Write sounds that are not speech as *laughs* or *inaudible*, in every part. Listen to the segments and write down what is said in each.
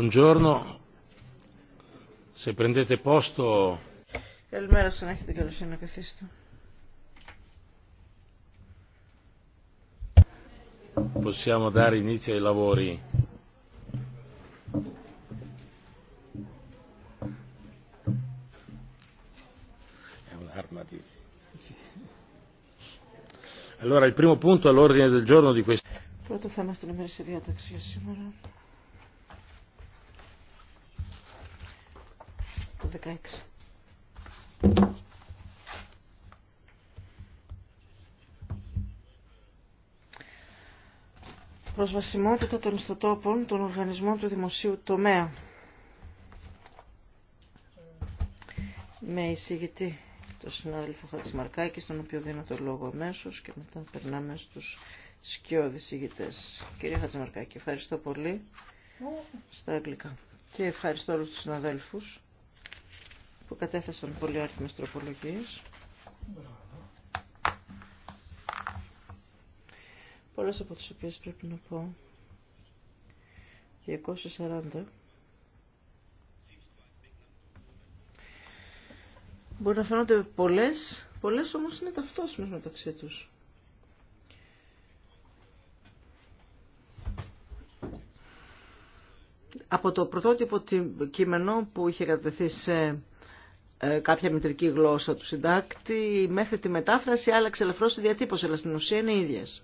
Buongiorno. Se prendete posto. Καλημέρα σα, έχετε καλοσύνη να καθίσετε. Possiamo dare inizio ai lavori. È un'arma di... Allora, il primo punto all'ordine del giorno di questo... Πρώτο θέμα στην ημερήσια διάταξη για σήμερα 16. Προσβασιμότητα των ιστοτόπων των οργανισμών του δημοσίου τομέα. Με εισηγητή τον συνάδελφο Χατζημαρκάκη, στον οποίο δίνω το λόγο αμέσω και μετά περνάμε στου σκιώδει ηγητέ. Κύριε Χατζημαρκάκη, ευχαριστώ πολύ στα αγγλικά και ευχαριστώ όλου τους συναδέλφους που κατέθεσαν πολύ άριθμες τροπολογίες. Πολλές από τις οποίες πρέπει να πω 240 Μπορεί να φαίνονται πολλές, πολλές όμως είναι ταυτόσιμες μεταξύ τους. Από το πρωτότυπο κείμενο που είχε κατατεθεί σε ε, κάποια μητρική γλώσσα του συντάκτη, μέχρι τη μετάφραση άλλαξε ελαφρώς διατύπωση, αλλά στην ουσία είναι ίδιες.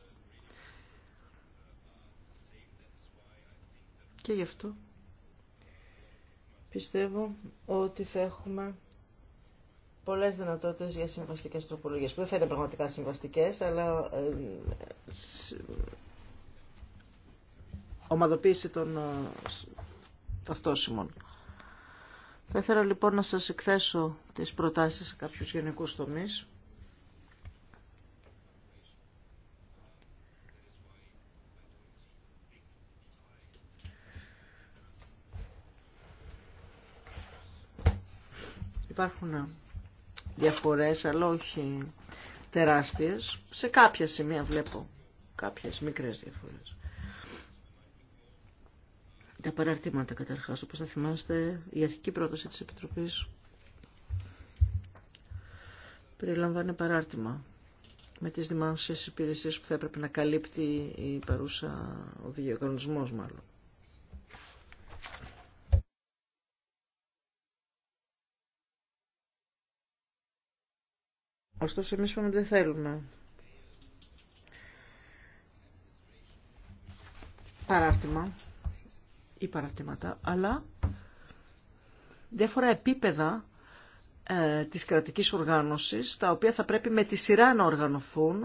Και γι' αυτό πιστεύω ότι θα έχουμε πολλές δυνατότητες για συμβαστικές τροπολογίες, που δεν θα είναι πραγματικά συμβαστικές, αλλά ε, ομαδοποίηση των ε, ταυτόσημων. Θα ήθελα λοιπόν να σας εκθέσω τις προτάσεις σε κάποιους γενικούς τομείς. Υπάρχουν διαφορές, αλλά όχι τεράστιες. Σε κάποια σημεία βλέπω κάποιες μικρές διαφορές. Τα παραρτήματα καταρχάς, όπως θα θυμάστε, η αρχική πρόταση της Επιτροπής περιλαμβάνει παράρτημα με τις δημόσιες υπηρεσίες που θα έπρεπε να καλύπτει η παρούσα οδηγία, μάλλον. Ωστόσο, εμείς είπαμε δεν θέλουμε παράρτημα ή παραρτήματα, αλλά διάφορα επίπεδα ε, της κρατικής οργάνωσης, τα οποία θα πρέπει με τη σειρά να οργανωθούν,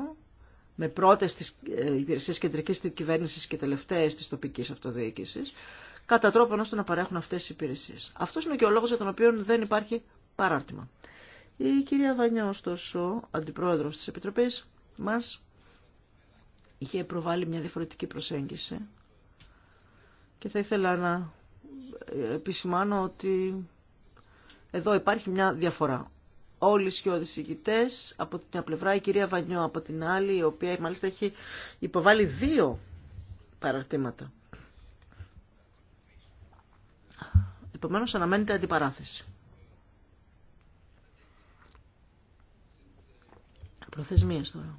με πρώτες τις ε, υπηρεσίες κεντρικής κυβέρνησης και τελευταίες της τοπικής αυτοδιοίκησης, κατά τρόπον ώστε να παρέχουν αυτές τις υπηρεσίες. Αυτός είναι και ο λόγος για τον οποίο δεν υπάρχει παράρτημα. Η κυρία Βανιά, ωστόσο, αντιπρόεδρος της Επιτροπής, μας είχε προβάλει μια διαφορετική προσέγγιση και θα ήθελα να επισημάνω ότι εδώ υπάρχει μια διαφορά. Όλοι οι σκιώδεις ηγητές, από την μια πλευρά η κυρία Βανιό από την άλλη, η οποία μάλιστα έχει υποβάλει δύο παραρτήματα. Επομένω αναμένεται αντιπαράθεση. Προθεσμίες τώρα.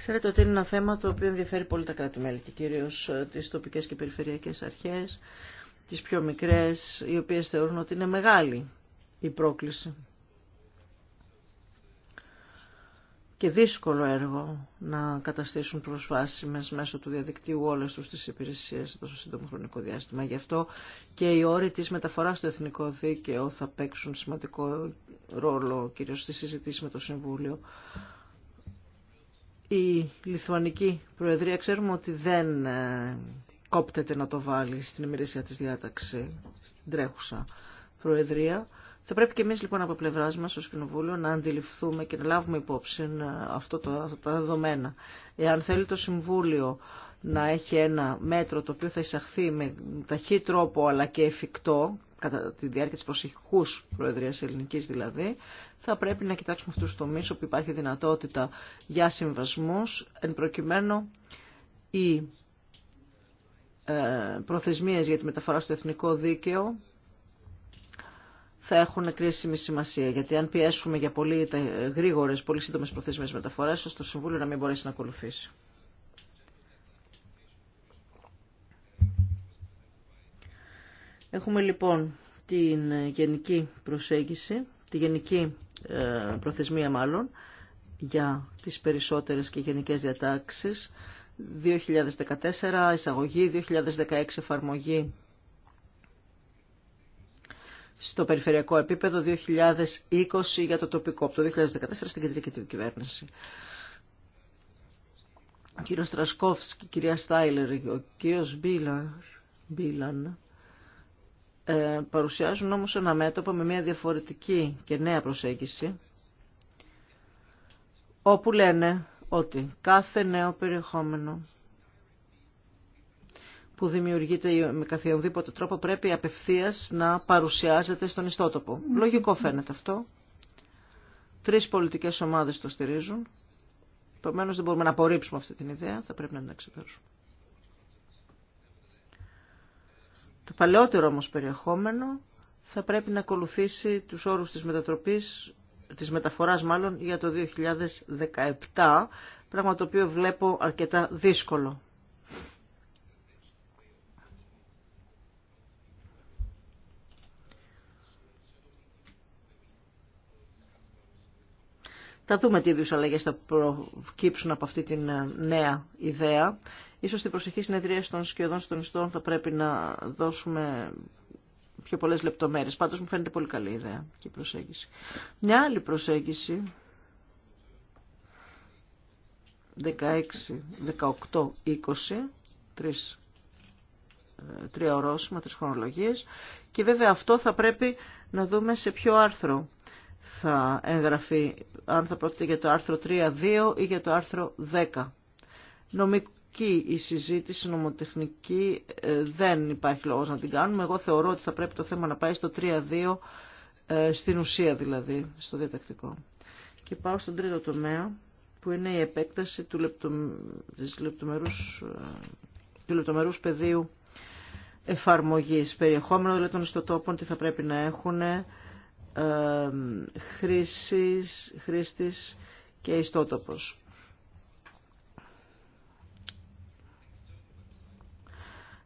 Ξέρετε ότι είναι ένα θέμα το οποίο ενδιαφέρει πολύ τα κράτη-μέλη και κυρίως ε, τις τοπικές και περιφερειακές αρχές, τις πιο μικρές, οι οποίες θεωρούν ότι είναι μεγάλη η πρόκληση. Και δύσκολο έργο να καταστήσουν προσβάσιμες μέσω του διαδικτύου όλες τους τις υπηρεσίες σε τόσο σύντομο χρονικό διάστημα. Γι' αυτό και οι όροι της μεταφοράς στο εθνικό δίκαιο θα παίξουν σημαντικό ρόλο, κυρίως στη συζήτηση με το Συμβούλιο η Λιθουανική Προεδρία ξέρουμε ότι δεν ε, κόπτεται να το βάλει στην ημερήσια της διάταξη, στην τρέχουσα Προεδρία. Θα πρέπει και εμείς λοιπόν από πλευρά μας ως Κοινοβούλιο να αντιληφθούμε και να λάβουμε υπόψη ε, αυτό το, αυτά τα δεδομένα. Εάν θέλει το Συμβούλιο να έχει ένα μέτρο το οποίο θα εισαχθεί με ταχύ τρόπο αλλά και εφικτό κατά τη διάρκεια της προσεχούς Προεδρίας Ελληνικής δηλαδή, θα πρέπει να κοιτάξουμε αυτούς τους τομείς όπου υπάρχει δυνατότητα για συμβασμούς, εν προκειμένου οι ε, προθεσμίες για τη μεταφορά στο εθνικό δίκαιο θα έχουν κρίσιμη σημασία. Γιατί αν πιέσουμε για πολύ γρήγορες, πολύ σύντομες προθεσμίες μεταφορές, στο Συμβούλιο να μην μπορέσει να ακολουθήσει. Έχουμε λοιπόν την ε, γενική προσέγγιση, τη γενική ε, προθεσμία μάλλον, για τις περισσότερες και γενικές διατάξεις. 2014 εισαγωγή, 2016 εφαρμογή στο περιφερειακό επίπεδο, 2020 για το τοπικό, από το 2014 στην κεντρική κυβέρνηση. Ο κύριος Τρασκόφσκι, η κυρία Στάιλερ, ο κύριος Μπίλαν, Μπίλαν ε, παρουσιάζουν όμως ένα μέτωπο με μια διαφορετική και νέα προσέγγιση, όπου λένε ότι κάθε νέο περιεχόμενο που δημιουργείται με καθιονδήποτε τρόπο πρέπει απευθείας να παρουσιάζεται στον ιστότοπο. Λογικό φαίνεται αυτό. Τρεις πολιτικές ομάδες το στηρίζουν. Επομένω δεν μπορούμε να απορρίψουμε αυτή την ιδέα, θα πρέπει να την εξετάσουμε. Το παλαιότερο όμως περιεχόμενο θα πρέπει να ακολουθήσει τους όρους της μετατροπής, της μεταφοράς μάλλον, για το 2017, πράγμα το οποίο βλέπω αρκετά δύσκολο. Θα δούμε τι είδου αλλαγέ θα προκύψουν από αυτή την ε, νέα ιδέα. Ίσως στην προσεχή συνεδρία των σκιωδών στον ιστών θα πρέπει να δώσουμε πιο πολλέ λεπτομέρειε. Πάντω μου φαίνεται πολύ καλή ιδέα και προσέγγιση. Μια άλλη προσέγγιση. 16, 18, 20, τρία ορόσημα, τρεις χρονολογίες και βέβαια αυτό θα πρέπει να δούμε σε ποιο άρθρο θα εγγραφεί, αν θα πρόκειται για το άρθρο 3.2 ή για το άρθρο 10. Νομική η συζήτηση, νομοτεχνική, ε, δεν υπάρχει λόγος να την κάνουμε. Εγώ θεωρώ ότι θα πρέπει το θέμα να πάει στο 3.2, ε, στην ουσία δηλαδή, στο διατακτικό. Και πάω στον τρίτο τομέα, που είναι η επέκταση του, λεπτο, της λεπτομερούς, ε, λεπτομερούς πεδίου εφαρμογής, περιεχόμενο δηλαδή των ιστοτόπων, τι θα πρέπει να έχουν, χρήσης, χρήστης και ιστότοπος.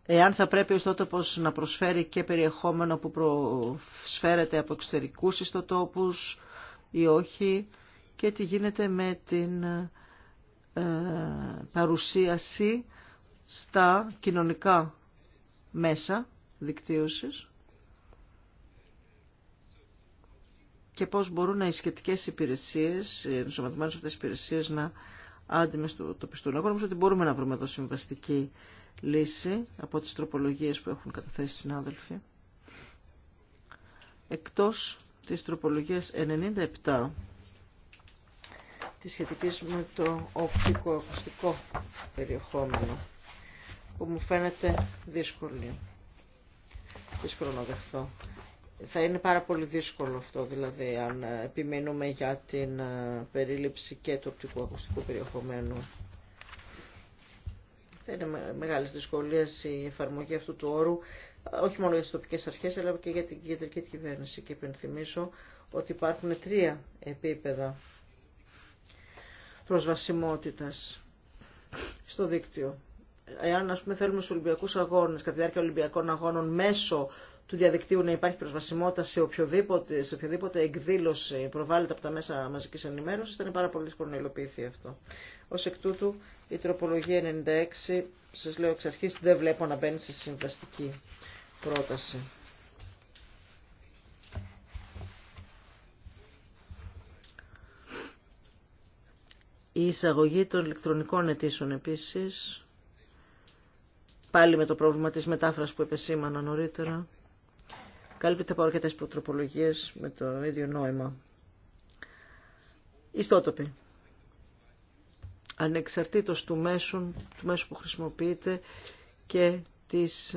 Εάν θα πρέπει ο ιστότοπος να προσφέρει και περιεχόμενο που προσφέρεται από εξωτερικούς ιστοτόπους ή όχι και τι γίνεται με την ε, παρουσίαση στα κοινωνικά μέσα δικτύωσης. και πώς μπορούν οι σχετικές υπηρεσίες, οι ενσωματωμένες αυτές υπηρεσίες να αντιμετωπιστούν. Εγώ νομίζω ότι μπορούμε να βρούμε εδώ συμβαστική λύση από τις τροπολογίες που έχουν καταθέσει οι συνάδελφοι. Εκτός της τροπολογίας 97, τη σχετική με το οπτικο-ακουστικό περιεχόμενο, που μου φαίνεται δύσκολη. Δύσκολο να δεχθώ θα είναι πάρα πολύ δύσκολο αυτό, δηλαδή, αν ε, επιμείνουμε για την ε, περίληψη και του ακουστικού περιεχομένου. Θα είναι μεγάλες δυσκολίες η εφαρμογή αυτού του όρου, ε, όχι μόνο για τις τοπικές αρχές, αλλά και για την κεντρική κυβέρνηση. Και υπενθυμίσω ότι υπάρχουν τρία επίπεδα προσβασιμότητας στο δίκτυο. Εάν ας πούμε θέλουμε στους Ολυμπιακούς Αγώνες, κατά τη διάρκεια Ολυμπιακών Αγώνων, μέσω του διαδικτύου να υπάρχει προσβασιμότητα σε οποιοδήποτε, σε οποιοδήποτε εκδήλωση προβάλλεται από τα μέσα μαζικής ενημέρωσης, ήταν πάρα πολύ δύσκολο να υλοποιηθεί αυτό. Ω εκ τούτου, η τροπολογία 96, Σα λέω εξ αρχή δεν βλέπω να μπαίνει σε συμβαστική πρόταση. Η εισαγωγή των ηλεκτρονικών αιτήσεων επίσης, πάλι με το πρόβλημα της μετάφρασης που επεσήμανα νωρίτερα. Καλύπτεται από αρκετέ προτροπολογίε με το ίδιο νόημα. Ιστότοποι. Ανεξαρτήτως του μέσου, του μέσου που χρησιμοποιείται και της,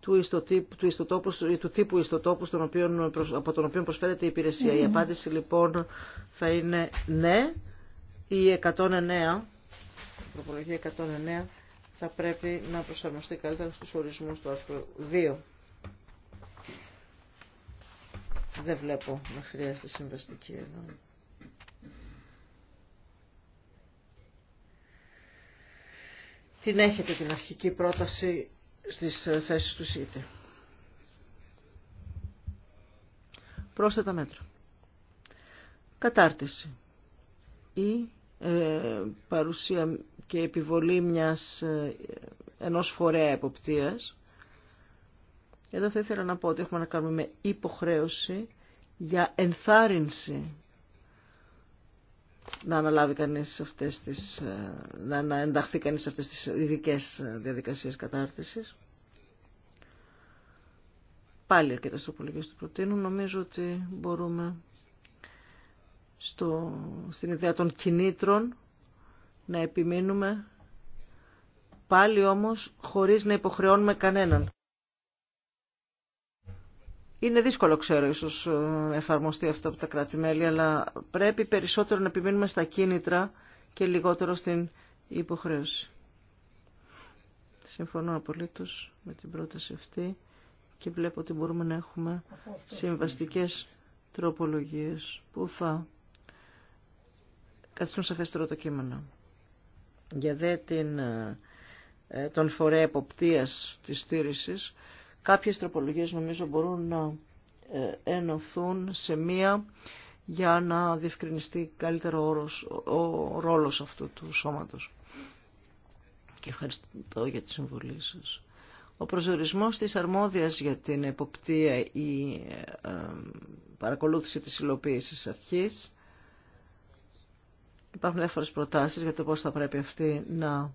του, ιστοτύπου, του, ιστοτόπου, του τύπου ιστοτόπου στον οποίο, από τον οποίο προσφέρεται η υπηρεσία. Η απάντηση λοιπόν θα είναι ναι ή 109, προπολογία 109, θα πρέπει να προσαρμοστεί καλύτερα στους ορισμούς του άρθρου 2. Δεν βλέπω να χρειάζεται συμβαστική εδώ. Την έχετε την αρχική πρόταση στις ε, θέσεις του ΣΥΤΕ. Πρόσθετα μέτρα. Κατάρτιση ή ε, παρουσία και επιβολή μιας, ε, ενός φορέα εποπτείας εδώ θα ήθελα να πω ότι έχουμε να κάνουμε με υποχρέωση για ενθάρρυνση να αναλάβει κανείς αυτές τις, ε, να, να ενταχθεί κανείς σε αυτές τις ειδικέ διαδικασίες κατάρτισης. Πάλι αρκετά τροπολογίες του προτείνουν. Νομίζω ότι μπορούμε στο, στην ιδέα των κινήτρων να επιμείνουμε πάλι όμως χωρίς να υποχρεώνουμε κανέναν. Είναι δύσκολο, ξέρω, ίσως ε, εφαρμοστεί αυτό από τα κράτη-μέλη, αλλά πρέπει περισσότερο να επιμείνουμε στα κίνητρα και λιγότερο στην υποχρέωση. Συμφωνώ απολύτως με την πρόταση αυτή και βλέπω ότι μπορούμε να έχουμε συμβαστικές τροπολογίες που θα καθιστούν σαφέστερο το κείμενο. Για δε την, ε, ε, τον φορέα εποπτείας της στήρησης, Κάποιες τροπολογίες νομίζω μπορούν να ε, ενωθούν σε μία για να διευκρινιστεί καλύτερο όρος, ο ρόλος αυτού του σώματος. Και ευχαριστώ για τη συμβουλή σας. Ο προσορισμός της αρμόδιας για την εποπτεία ή ε, ε, παρακολούθηση της υλοποίησης αρχής. Υπάρχουν διάφορε προτάσεις για το πώς θα πρέπει αυτή να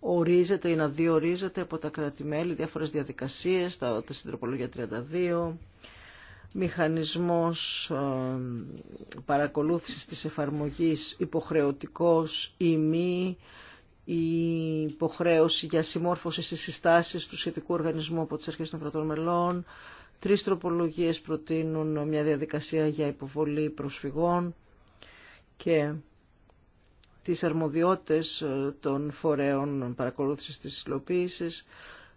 ορίζεται ή να διορίζεται από τα κράτη-μέλη, διάφορες διαδικασίες, τα, τα συντροπολογία 32, μηχανισμός ε, παρακολούθησης της εφαρμογής υποχρεωτικός ή μη, η υποχρέωση για συμμόρφωση στις συστάσεις του σχετικού οργανισμού από τις αρχές των κρατών μελών. Τρεις τροπολογίες προτείνουν μια διαδικασία για υποβολή προσφυγών και τις αρμοδιότητες ε, των φορέων παρακολούθησης της υλοποίησης.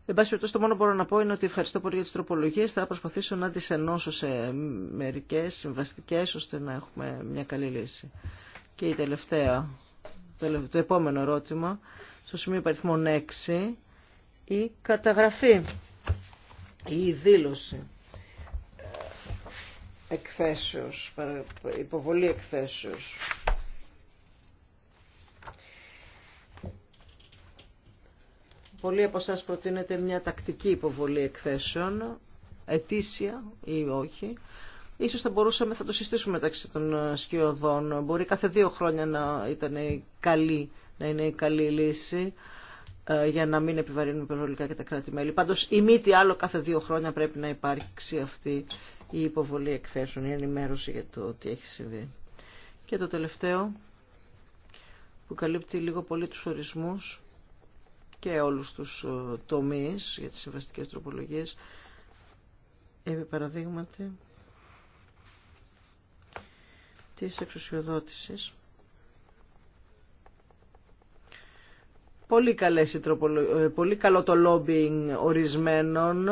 Εν πάση περιπτώσει, το μόνο που μπορώ να πω είναι ότι ευχαριστώ πολύ για τις τροπολογίες. Θα προσπαθήσω να τις ενώσω σε μερικές συμβαστικές, ώστε να έχουμε μια καλή λύση. Και η τελευταία, το επόμενο ερώτημα, στο σημείο υπαριθμών 6, η καταγραφή ή η δήλωση ε, εκθέσεως, υποβολή εκθέσεως Πολλοί από εσά προτείνετε μια τακτική υποβολή εκθέσεων, ετήσια ή όχι. Ίσως θα μπορούσαμε, θα το συστήσουμε μεταξύ των ε, σκιωδών. Μπορεί κάθε δύο χρόνια να, ήταν καλή, να είναι η καλή λύση ε, για να μην επιβαρύνουμε υπερβολικά και τα κράτη-μέλη. Πάντως, η μύτη άλλο κάθε δύο χρόνια πρέπει να υπάρξει αυτή η υποβολή εκθέσεων, η ενημέρωση για το τι έχει συμβεί. Και το τελευταίο, που καλύπτει λίγο πολύ τους ορισμούς, και όλους τους ε, τομείς για τις συμβαστικές τροπολογίες. Επί παραδείγματι της εξουσιοδότησης. Πολύ, καλές οι ε, πολύ καλό το lobbying ορισμένων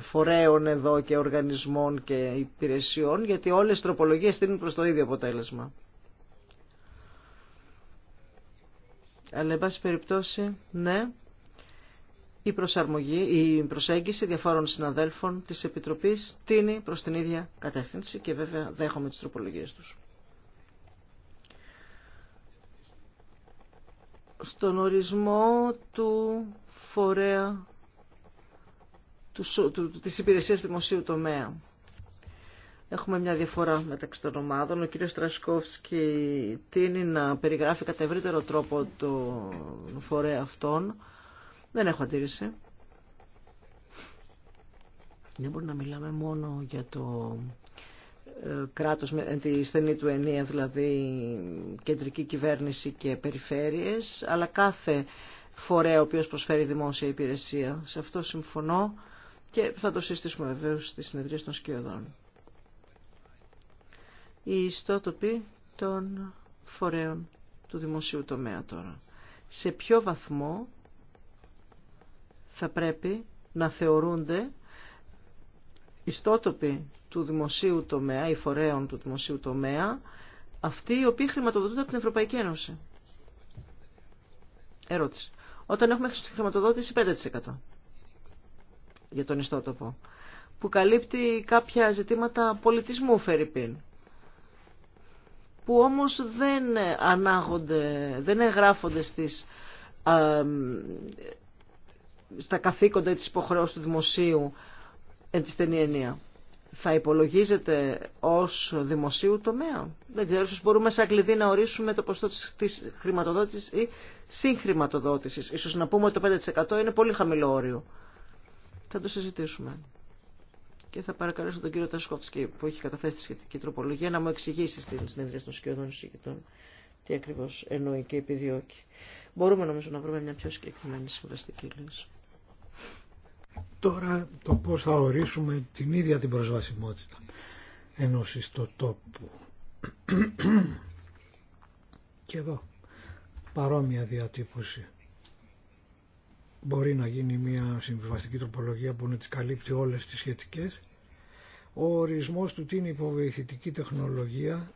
φορέων εδώ και οργανισμών και υπηρεσιών, γιατί όλες οι τροπολογίες στείλουν προς το ίδιο αποτέλεσμα. Αλλά, εν πάση περιπτώσει, ναι, η, προσαρμογή, η προσέγγιση διαφόρων συναδέλφων της Επιτροπής τίνει προς την ίδια κατεύθυνση και βέβαια δέχομαι τις τροπολογίες τους. Στον ορισμό του φορέα του, του, της υπηρεσίας δημοσίου τομέα. Έχουμε μια διαφορά μεταξύ των ομάδων. Ο κύριος Στρασκόφσκι τίνει να περιγράφει κατά ευρύτερο τρόπο τον φορέα αυτόν. Δεν έχω αντίρρηση. Δεν μπορούμε να μιλάμε μόνο για το ε, κράτος με τη στενή του ενία, δηλαδή κεντρική κυβέρνηση και περιφέρειες, αλλά κάθε φορέα ο οποίος προσφέρει δημόσια υπηρεσία. Σε αυτό συμφωνώ και θα το συστήσουμε βεβαίως στη συνεδρία των σκιωδών οι ιστότοποι των φορέων του δημοσίου τομέα τώρα. Σε ποιο βαθμό θα πρέπει να θεωρούνται ιστότοποι του δημοσίου τομέα οι φορέων του δημοσίου τομέα αυτοί οι οποίοι χρηματοδοτούνται από την Ευρωπαϊκή Ένωση. Ερώτηση. Όταν έχουμε χρηματοδότηση 5% για τον ιστότοπο που καλύπτει κάποια ζητήματα πολιτισμού Φερρυπίν που όμως δεν ανάγονται, δεν εγγράφονται στις, στα καθήκοντα της υποχρεώσης του δημοσίου εν της στενή Θα υπολογίζεται ως δημοσίου τομέα. Δεν ξέρω, ίσως μπορούμε σαν κλειδί να ορίσουμε το ποστό της χρηματοδότησης ή συγχρηματοδότησης. Ίσως να πούμε ότι το 5% είναι πολύ χαμηλό όριο. Θα το συζητήσουμε και θα παρακαλέσω τον κύριο Τασκόφσκι που έχει καταθέσει τη σχετική τροπολογία να μου εξηγήσει στην συνέδρια των σκιωδών συγκεκριτών τι ακριβώς εννοεί και επιδιώκει. Μπορούμε νομίζω να βρούμε μια πιο συγκεκριμένη συμβαστική λύση. Τώρα το πώς θα ορίσουμε την ίδια την προσβασιμότητα ενό ιστοτόπου. και εδώ παρόμοια διατύπωση μπορεί να γίνει μια συμβιβαστική τροπολογία που να τις καλύπτει όλες τις σχετικές. Ο ορισμός του τι είναι υποβοηθητική τεχνολογία,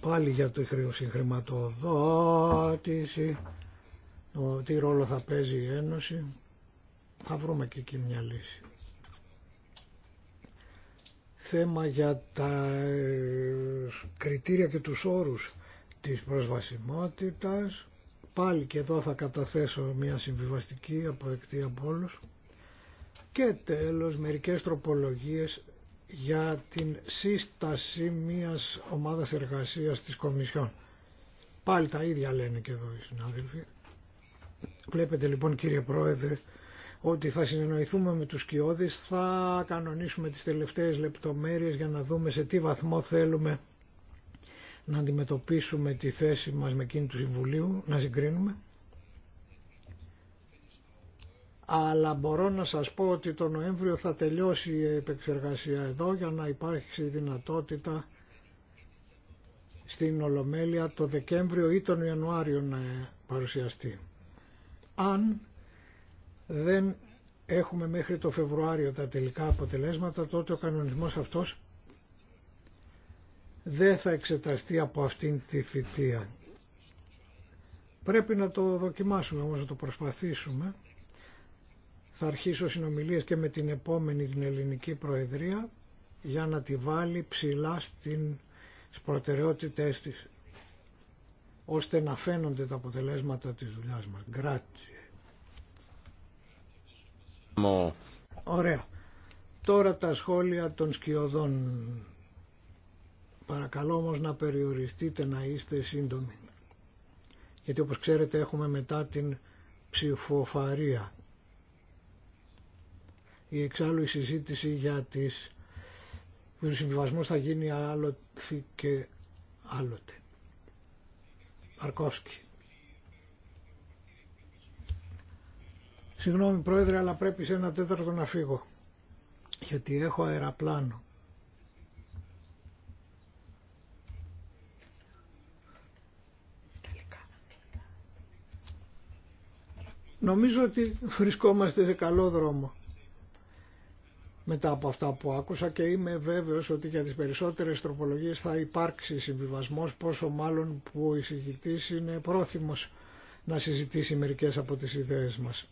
πάλι για το χρηματοδότηση, το τι ρόλο θα παίζει η Ένωση, θα βρούμε και εκεί μια λύση. Θέμα για τα ε, κριτήρια και τους όρους της προσβασιμότητας, πάλι και εδώ θα καταθέσω μια συμβιβαστική αποδεκτή από όλους. Και τέλος μερικές τροπολογίες για την σύσταση μιας ομάδας εργασίας της Κομισιόν. Πάλι τα ίδια λένε και εδώ οι συνάδελφοι. Βλέπετε λοιπόν κύριε Πρόεδρε ότι θα συνεννοηθούμε με τους κοιόδης, θα κανονίσουμε τις τελευταίες λεπτομέρειες για να δούμε σε τι βαθμό θέλουμε να αντιμετωπίσουμε τη θέση μας με εκείνη του Συμβουλίου, να συγκρίνουμε. Αλλά μπορώ να σας πω ότι το Νοέμβριο θα τελειώσει η επεξεργασία εδώ για να υπάρξει δυνατότητα στην Ολομέλεια το Δεκέμβριο ή τον Ιανουάριο να παρουσιαστεί. Αν δεν έχουμε μέχρι το Φεβρουάριο τα τελικά αποτελέσματα, τότε ο κανονισμός αυτός δεν θα εξεταστεί από αυτήν τη θητεία. Πρέπει να το δοκιμάσουμε όμως, να το προσπαθήσουμε. Θα αρχίσω συνομιλίες και με την επόμενη την ελληνική προεδρία για να τη βάλει ψηλά στην προτεραιότητε της ώστε να φαίνονται τα αποτελέσματα της δουλειάς μας. Γκράτσι. Ωραία. Τώρα τα σχόλια των σκιωδών Παρακαλώ όμως να περιοριστείτε να είστε σύντομοι. Γιατί όπως ξέρετε έχουμε μετά την ψηφοφαρία. Η εξάλλου η συζήτηση για τις που θα γίνει άλλοτε και άλλοτε. Αρκόφσκι. Συγγνώμη πρόεδρε αλλά πρέπει σε ένα τέταρτο να φύγω. Γιατί έχω αεραπλάνο. Νομίζω ότι βρισκόμαστε σε καλό δρόμο μετά από αυτά που άκουσα και είμαι βέβαιος ότι για τις περισσότερες τροπολογίες θα υπάρξει συμβιβασμός πόσο μάλλον που ο εισηγητής είναι πρόθυμος να συζητήσει μερικές από τις ιδέες μας.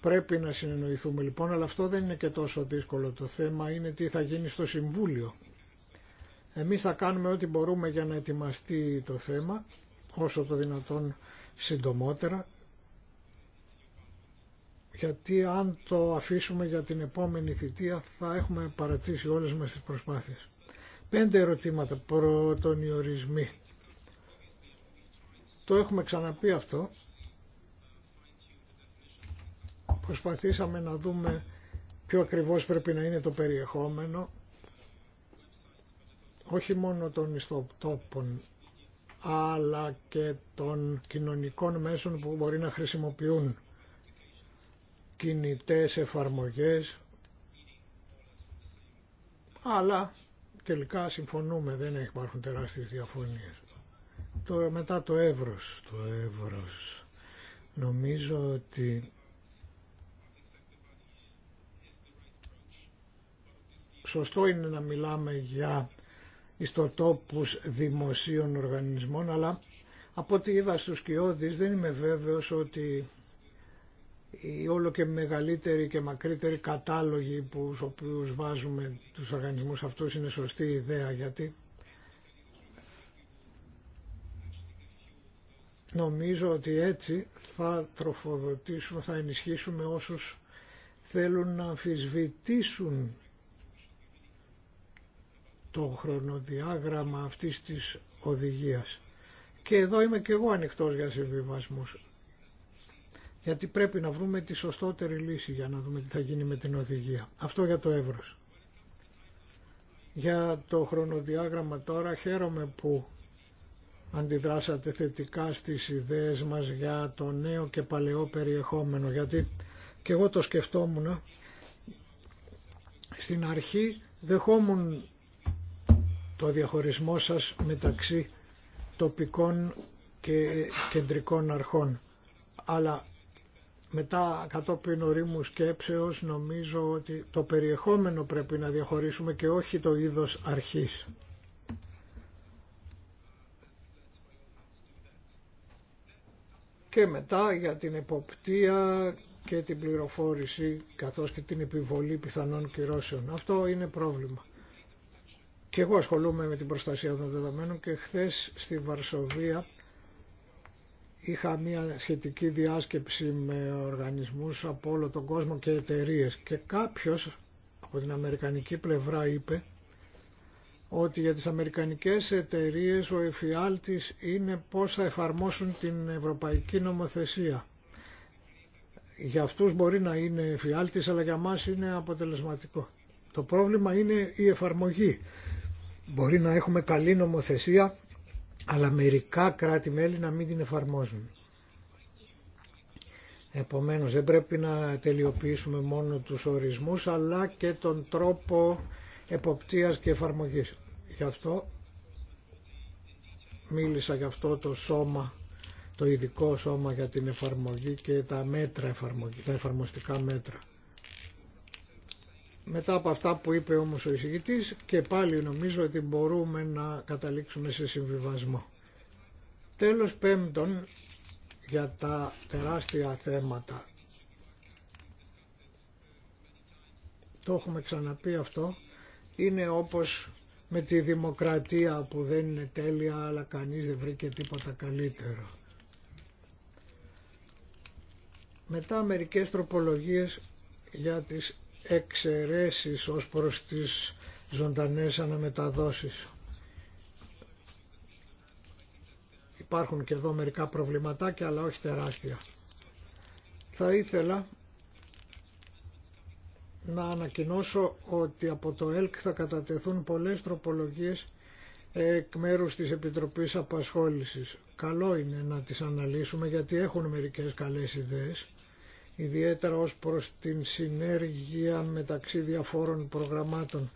Πρέπει να συνεννοηθούμε λοιπόν, αλλά αυτό δεν είναι και τόσο δύσκολο. Το θέμα είναι τι θα γίνει στο Συμβούλιο. Εμείς θα κάνουμε ό,τι μπορούμε για να ετοιμαστεί το θέμα όσο το δυνατόν συντομότερα γιατί αν το αφήσουμε για την επόμενη θητεία θα έχουμε παρατήσει όλες μας τις προσπάθειες. Πέντε ερωτήματα. προ οι ορισμοί. Το έχουμε ξαναπεί αυτό. Προσπαθήσαμε να δούμε ποιο ακριβώς πρέπει να είναι το περιεχόμενο όχι μόνο των ιστοτόπων αλλά και των κοινωνικών μέσων που μπορεί να χρησιμοποιούν κινητές εφαρμογές αλλά τελικά συμφωνούμε δεν υπάρχουν τεράστιες διαφωνίες το, μετά το εύρος το εύρος νομίζω ότι σωστό είναι να μιλάμε για ιστοτόπους δημοσίων οργανισμών, αλλά από ό,τι είδα στους κοιόδης δεν είμαι βέβαιος ότι οι όλο και μεγαλύτεροι και μακρύτεροι κατάλογοι που στους οποίους βάζουμε τους οργανισμούς αυτούς είναι σωστή ιδέα γιατί νομίζω ότι έτσι θα τροφοδοτήσουμε, θα ενισχύσουμε όσους θέλουν να αμφισβητήσουν το χρονοδιάγραμμα αυτής της οδηγίας. Και εδώ είμαι και εγώ ανοιχτός για συμβιβασμούς. Γιατί πρέπει να βρούμε τη σωστότερη λύση για να δούμε τι θα γίνει με την οδηγία. Αυτό για το εύρος. Για το χρονοδιάγραμμα τώρα χαίρομαι που αντιδράσατε θετικά στις ιδέες μας για το νέο και παλαιό περιεχόμενο. Γιατί και εγώ το σκεφτόμουν στην αρχή δεχόμουν το διαχωρισμό σας μεταξύ τοπικών και κεντρικών αρχών. Αλλά μετά κατόπιν ορίμου σκέψεως νομίζω ότι το περιεχόμενο πρέπει να διαχωρίσουμε και όχι το είδος αρχής. Και μετά για την εποπτεία και την πληροφόρηση καθώς και την επιβολή πιθανών κυρώσεων. Αυτό είναι πρόβλημα. Και εγώ ασχολούμαι με την προστασία των δεδομένων και χθες στη Βαρσοβία είχα μια σχετική διάσκεψη με οργανισμούς από όλο τον κόσμο και εταιρείε. και κάποιος από την αμερικανική πλευρά είπε ότι για τις αμερικανικές εταιρείε ο εφιάλτης είναι πώς θα εφαρμόσουν την ευρωπαϊκή νομοθεσία. Για αυτούς μπορεί να είναι εφιάλτης αλλά για μας είναι αποτελεσματικό. Το πρόβλημα είναι η εφαρμογή Μπορεί να έχουμε καλή νομοθεσία, αλλά μερικά κράτη-μέλη να μην την εφαρμόζουν. Επομένως δεν πρέπει να τελειοποιήσουμε μόνο τους ορισμούς αλλά και τον τρόπο εποπτείας και εφαρμογής. Γι' αυτό μίλησα γι' αυτό το σώμα, το ειδικό σώμα για την εφαρμογή και τα μέτρα εφαρμογή, τα εφαρμοστικά μέτρα. Μετά από αυτά που είπε όμως ο εισηγητής και πάλι νομίζω ότι μπορούμε να καταλήξουμε σε συμβιβασμό. Τέλος πέμπτον, για τα τεράστια θέματα. Το έχουμε ξαναπεί αυτό. Είναι όπως με τη δημοκρατία που δεν είναι τέλεια αλλά κανείς δεν βρήκε τίποτα καλύτερο. Μετά μερικές τροπολογίες για τις εξαιρέσεις ως προς τις ζωντανές αναμεταδόσεις. Υπάρχουν και εδώ μερικά προβληματάκια αλλά όχι τεράστια. Θα ήθελα να ανακοινώσω ότι από το ΕΛΚ θα κατατεθούν πολλές τροπολογίες εκ μέρους της Επιτροπής Απασχόλησης. Καλό είναι να τις αναλύσουμε γιατί έχουν μερικές καλές ιδέες ιδιαίτερα ως προς την συνέργεια μεταξύ διαφόρων προγραμμάτων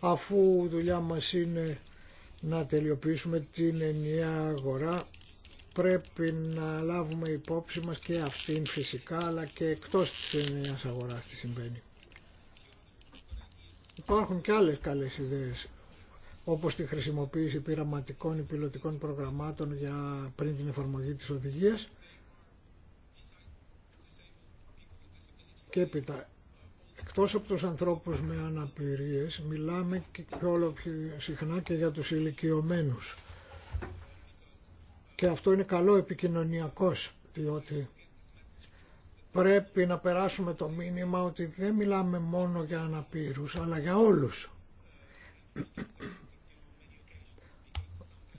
αφού η δουλειά μας είναι να τελειοποιήσουμε την ενιαία αγορά πρέπει να λάβουμε υπόψη μας και αυτήν φυσικά αλλά και εκτός της ενιαίας αγοράς τι συμβαίνει. Υπάρχουν και άλλες καλές ιδέες όπως τη χρησιμοποίηση πειραματικών ή πιλωτικών προγραμμάτων για πριν την εφαρμογή της οδηγίας και έπειτα εκτός από τους ανθρώπους με αναπηρίες μιλάμε και όλο πιο συχνά και για τους ηλικιωμένου. και αυτό είναι καλό επικοινωνιακός διότι πρέπει να περάσουμε το μήνυμα ότι δεν μιλάμε μόνο για αναπήρους αλλά για όλους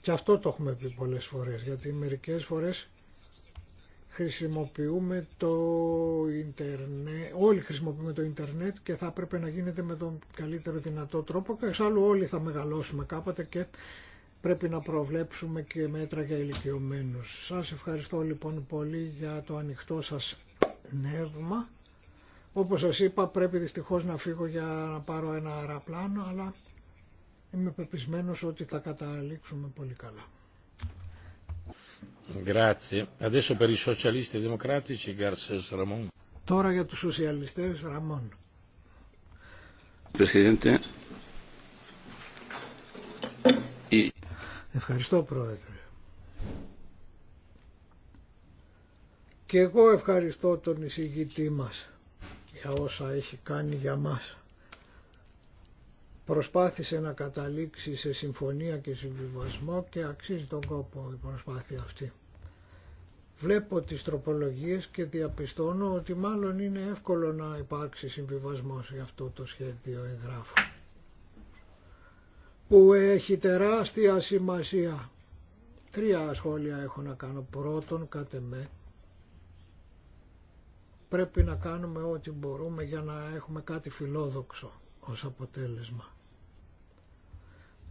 και αυτό το έχουμε πει πολλές φορές γιατί μερικές φορές χρησιμοποιούμε το ίντερνετ, όλοι χρησιμοποιούμε το ίντερνετ και θα έπρεπε να γίνεται με τον καλύτερο δυνατό τρόπο και εξάλλου όλοι θα μεγαλώσουμε κάποτε και πρέπει να προβλέψουμε και μέτρα για ηλικιωμένου. Σας ευχαριστώ λοιπόν πολύ για το ανοιχτό σας νεύμα. Όπως σας είπα πρέπει δυστυχώς να φύγω για να πάρω ένα αεραπλάνο αλλά είμαι πεπισμένος ότι θα καταλήξουμε πολύ καλά. E Τώρα για τους σοσιαλιστές Ραμόν. Ευχαριστώ Πρόεδρε. Και εγώ ευχαριστώ τον εισηγητή μας για όσα έχει κάνει για μας προσπάθησε να καταλήξει σε συμφωνία και συμβιβασμό και αξίζει τον κόπο η προσπάθεια αυτή. Βλέπω τις τροπολογίες και διαπιστώνω ότι μάλλον είναι εύκολο να υπάρξει συμβιβασμός για αυτό το σχέδιο εγγράφου που έχει τεράστια σημασία. Τρία σχόλια έχω να κάνω. Πρώτον, κάτε με, πρέπει να κάνουμε ό,τι μπορούμε για να έχουμε κάτι φιλόδοξο ως αποτέλεσμα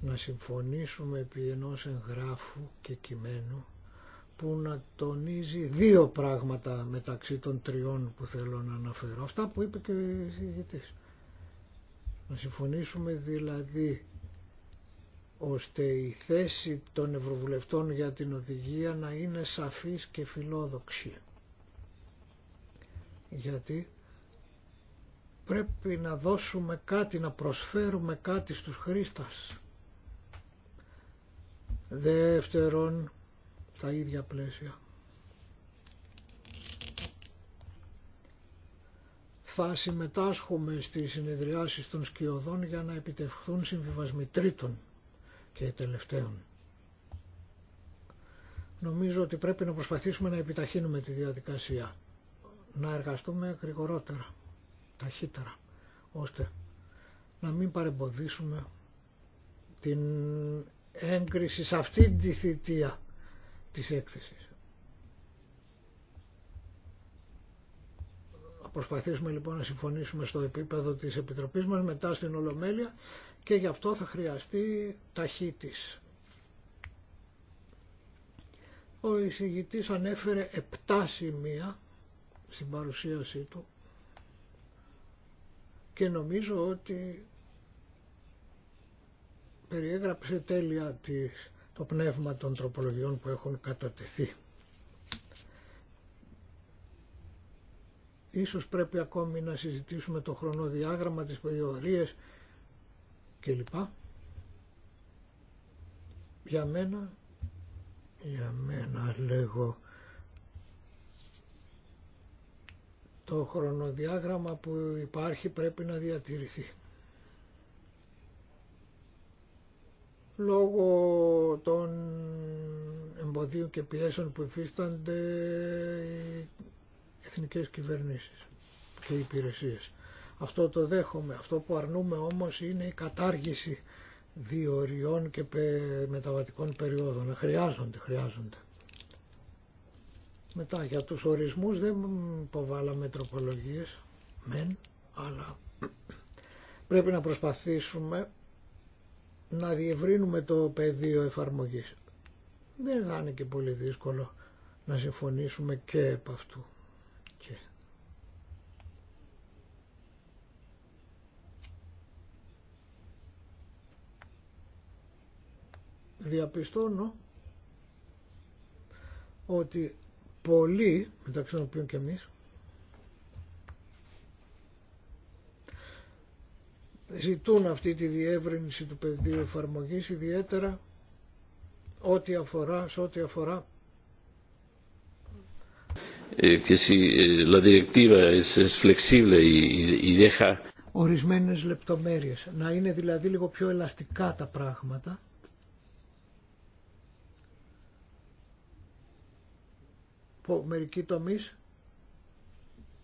να συμφωνήσουμε επί ενός εγγράφου και κειμένου που να τονίζει δύο πράγματα μεταξύ των τριών που θέλω να αναφέρω. Αυτά που είπε και ο συγητής. Να συμφωνήσουμε δηλαδή ώστε η θέση των Ευρωβουλευτών για την οδηγία να είναι σαφής και φιλόδοξη. Γιατί πρέπει να δώσουμε κάτι, να προσφέρουμε κάτι στους χρήστες Δεύτερον, τα ίδια πλαίσια. Θα συμμετάσχουμε στις συνεδριάσεις των σκιωδών για να επιτευχθούν συμβιβασμοί τρίτων και τελευταίων. Νομίζω ότι πρέπει να προσπαθήσουμε να επιταχύνουμε τη διαδικασία, να εργαστούμε γρηγορότερα, ταχύτερα, ώστε να μην παρεμποδίσουμε την έγκριση σε αυτή τη θητεία της έκθεσης. Θα προσπαθήσουμε λοιπόν να συμφωνήσουμε στο επίπεδο της Επιτροπής μας μετά στην Ολομέλεια και γι' αυτό θα χρειαστεί ταχύτης. Ο εισηγητής ανέφερε 7 σημεία στην παρουσίασή του και νομίζω ότι περιέγραψε τέλεια το πνεύμα των τροπολογιών που έχουν κατατεθεί. Ίσως πρέπει ακόμη να συζητήσουμε το χρονοδιάγραμμα, της περιορίες κλπ. Για μένα, για μένα λέγω, το χρονοδιάγραμμα που υπάρχει πρέπει να διατηρηθεί. λόγω των εμποδίων και πιέσεων που υφίστανται οι εθνικές κυβερνήσεις και οι υπηρεσίες. Αυτό το δέχομαι. Αυτό που αρνούμε όμως είναι η κατάργηση διοριών και μεταβατικών περιόδων. Χρειάζονται, χρειάζονται. Μετά για τους ορισμούς δεν υποβάλαμε τροπολογίες, μεν, αλλά πρέπει να προσπαθήσουμε να διευρύνουμε το πεδίο εφαρμογής. Δεν θα είναι και πολύ δύσκολο να συμφωνήσουμε και επ' αυτού. Και... Διαπιστώνω ότι πολλοί, μεταξύ των οποίων και εμείς, ζητούν αυτή τη διεύρυνση του πεδίου εφαρμογή ιδιαίτερα ό,τι αφορά, σε ό,τι αφορά και ορισμένες λεπτομέρειες να είναι δηλαδή λίγο πιο ελαστικά τα πράγματα που μερικοί τομείς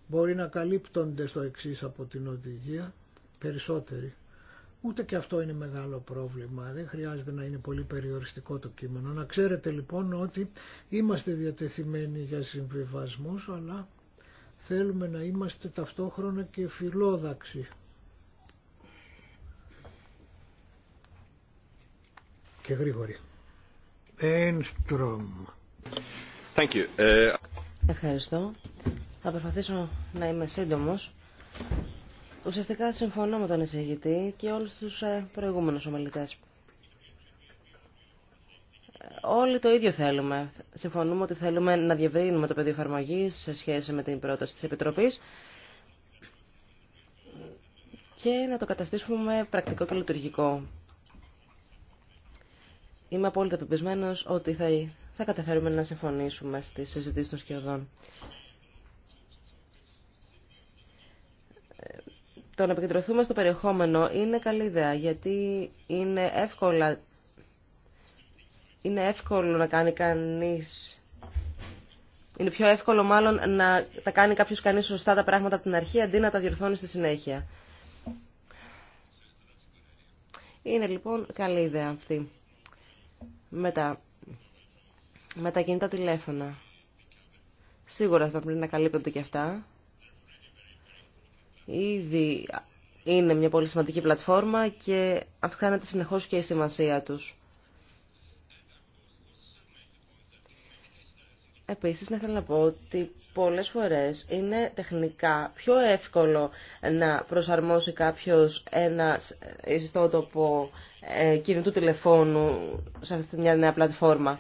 μπορεί να καλύπτονται στο εξής από την οδηγία περισσότεροι. Ούτε και αυτό είναι μεγάλο πρόβλημα. Δεν χρειάζεται να είναι πολύ περιοριστικό το κείμενο. Να ξέρετε λοιπόν ότι είμαστε διατεθειμένοι για συμβιβασμούς, αλλά θέλουμε να είμαστε ταυτόχρονα και φιλόδαξοι. Και γρήγοροι. Ε, Ευχαριστώ. Θα προσπαθήσω να είμαι σύντομος. Ουσιαστικά συμφωνώ με τον εισηγητή και όλους τους ε, προηγούμενους ομιλητές. Όλοι το ίδιο θέλουμε. Συμφωνούμε ότι θέλουμε να διευρύνουμε το πεδίο εφαρμογή σε σχέση με την πρόταση της Επιτροπής και να το καταστήσουμε πρακτικό και λειτουργικό. Είμαι απόλυτα πεπισμένος ότι θα, θα καταφέρουμε να συμφωνήσουμε στις συζητήσεις των σχεδόν. το να επικεντρωθούμε στο περιεχόμενο είναι καλή ιδέα, γιατί είναι, εύκολα, είναι εύκολο να κάνει κανείς... Είναι πιο εύκολο μάλλον να τα κάνει κάποιος κανείς σωστά τα πράγματα από την αρχή, αντί να τα διορθώνει στη συνέχεια. Είναι λοιπόν καλή ιδέα αυτή. με τα κινητά τηλέφωνα. Σίγουρα θα πρέπει να καλύπτονται και αυτά ήδη είναι μια πολύ σημαντική πλατφόρμα και αυξάνεται συνεχώς και η σημασία τους. Επίσης, να θέλω να πω ότι πολλές φορές είναι τεχνικά πιο εύκολο να προσαρμόσει κάποιος ένα ιστότοπο ε, κινητού τηλεφώνου σε αυτή μια νέα πλατφόρμα.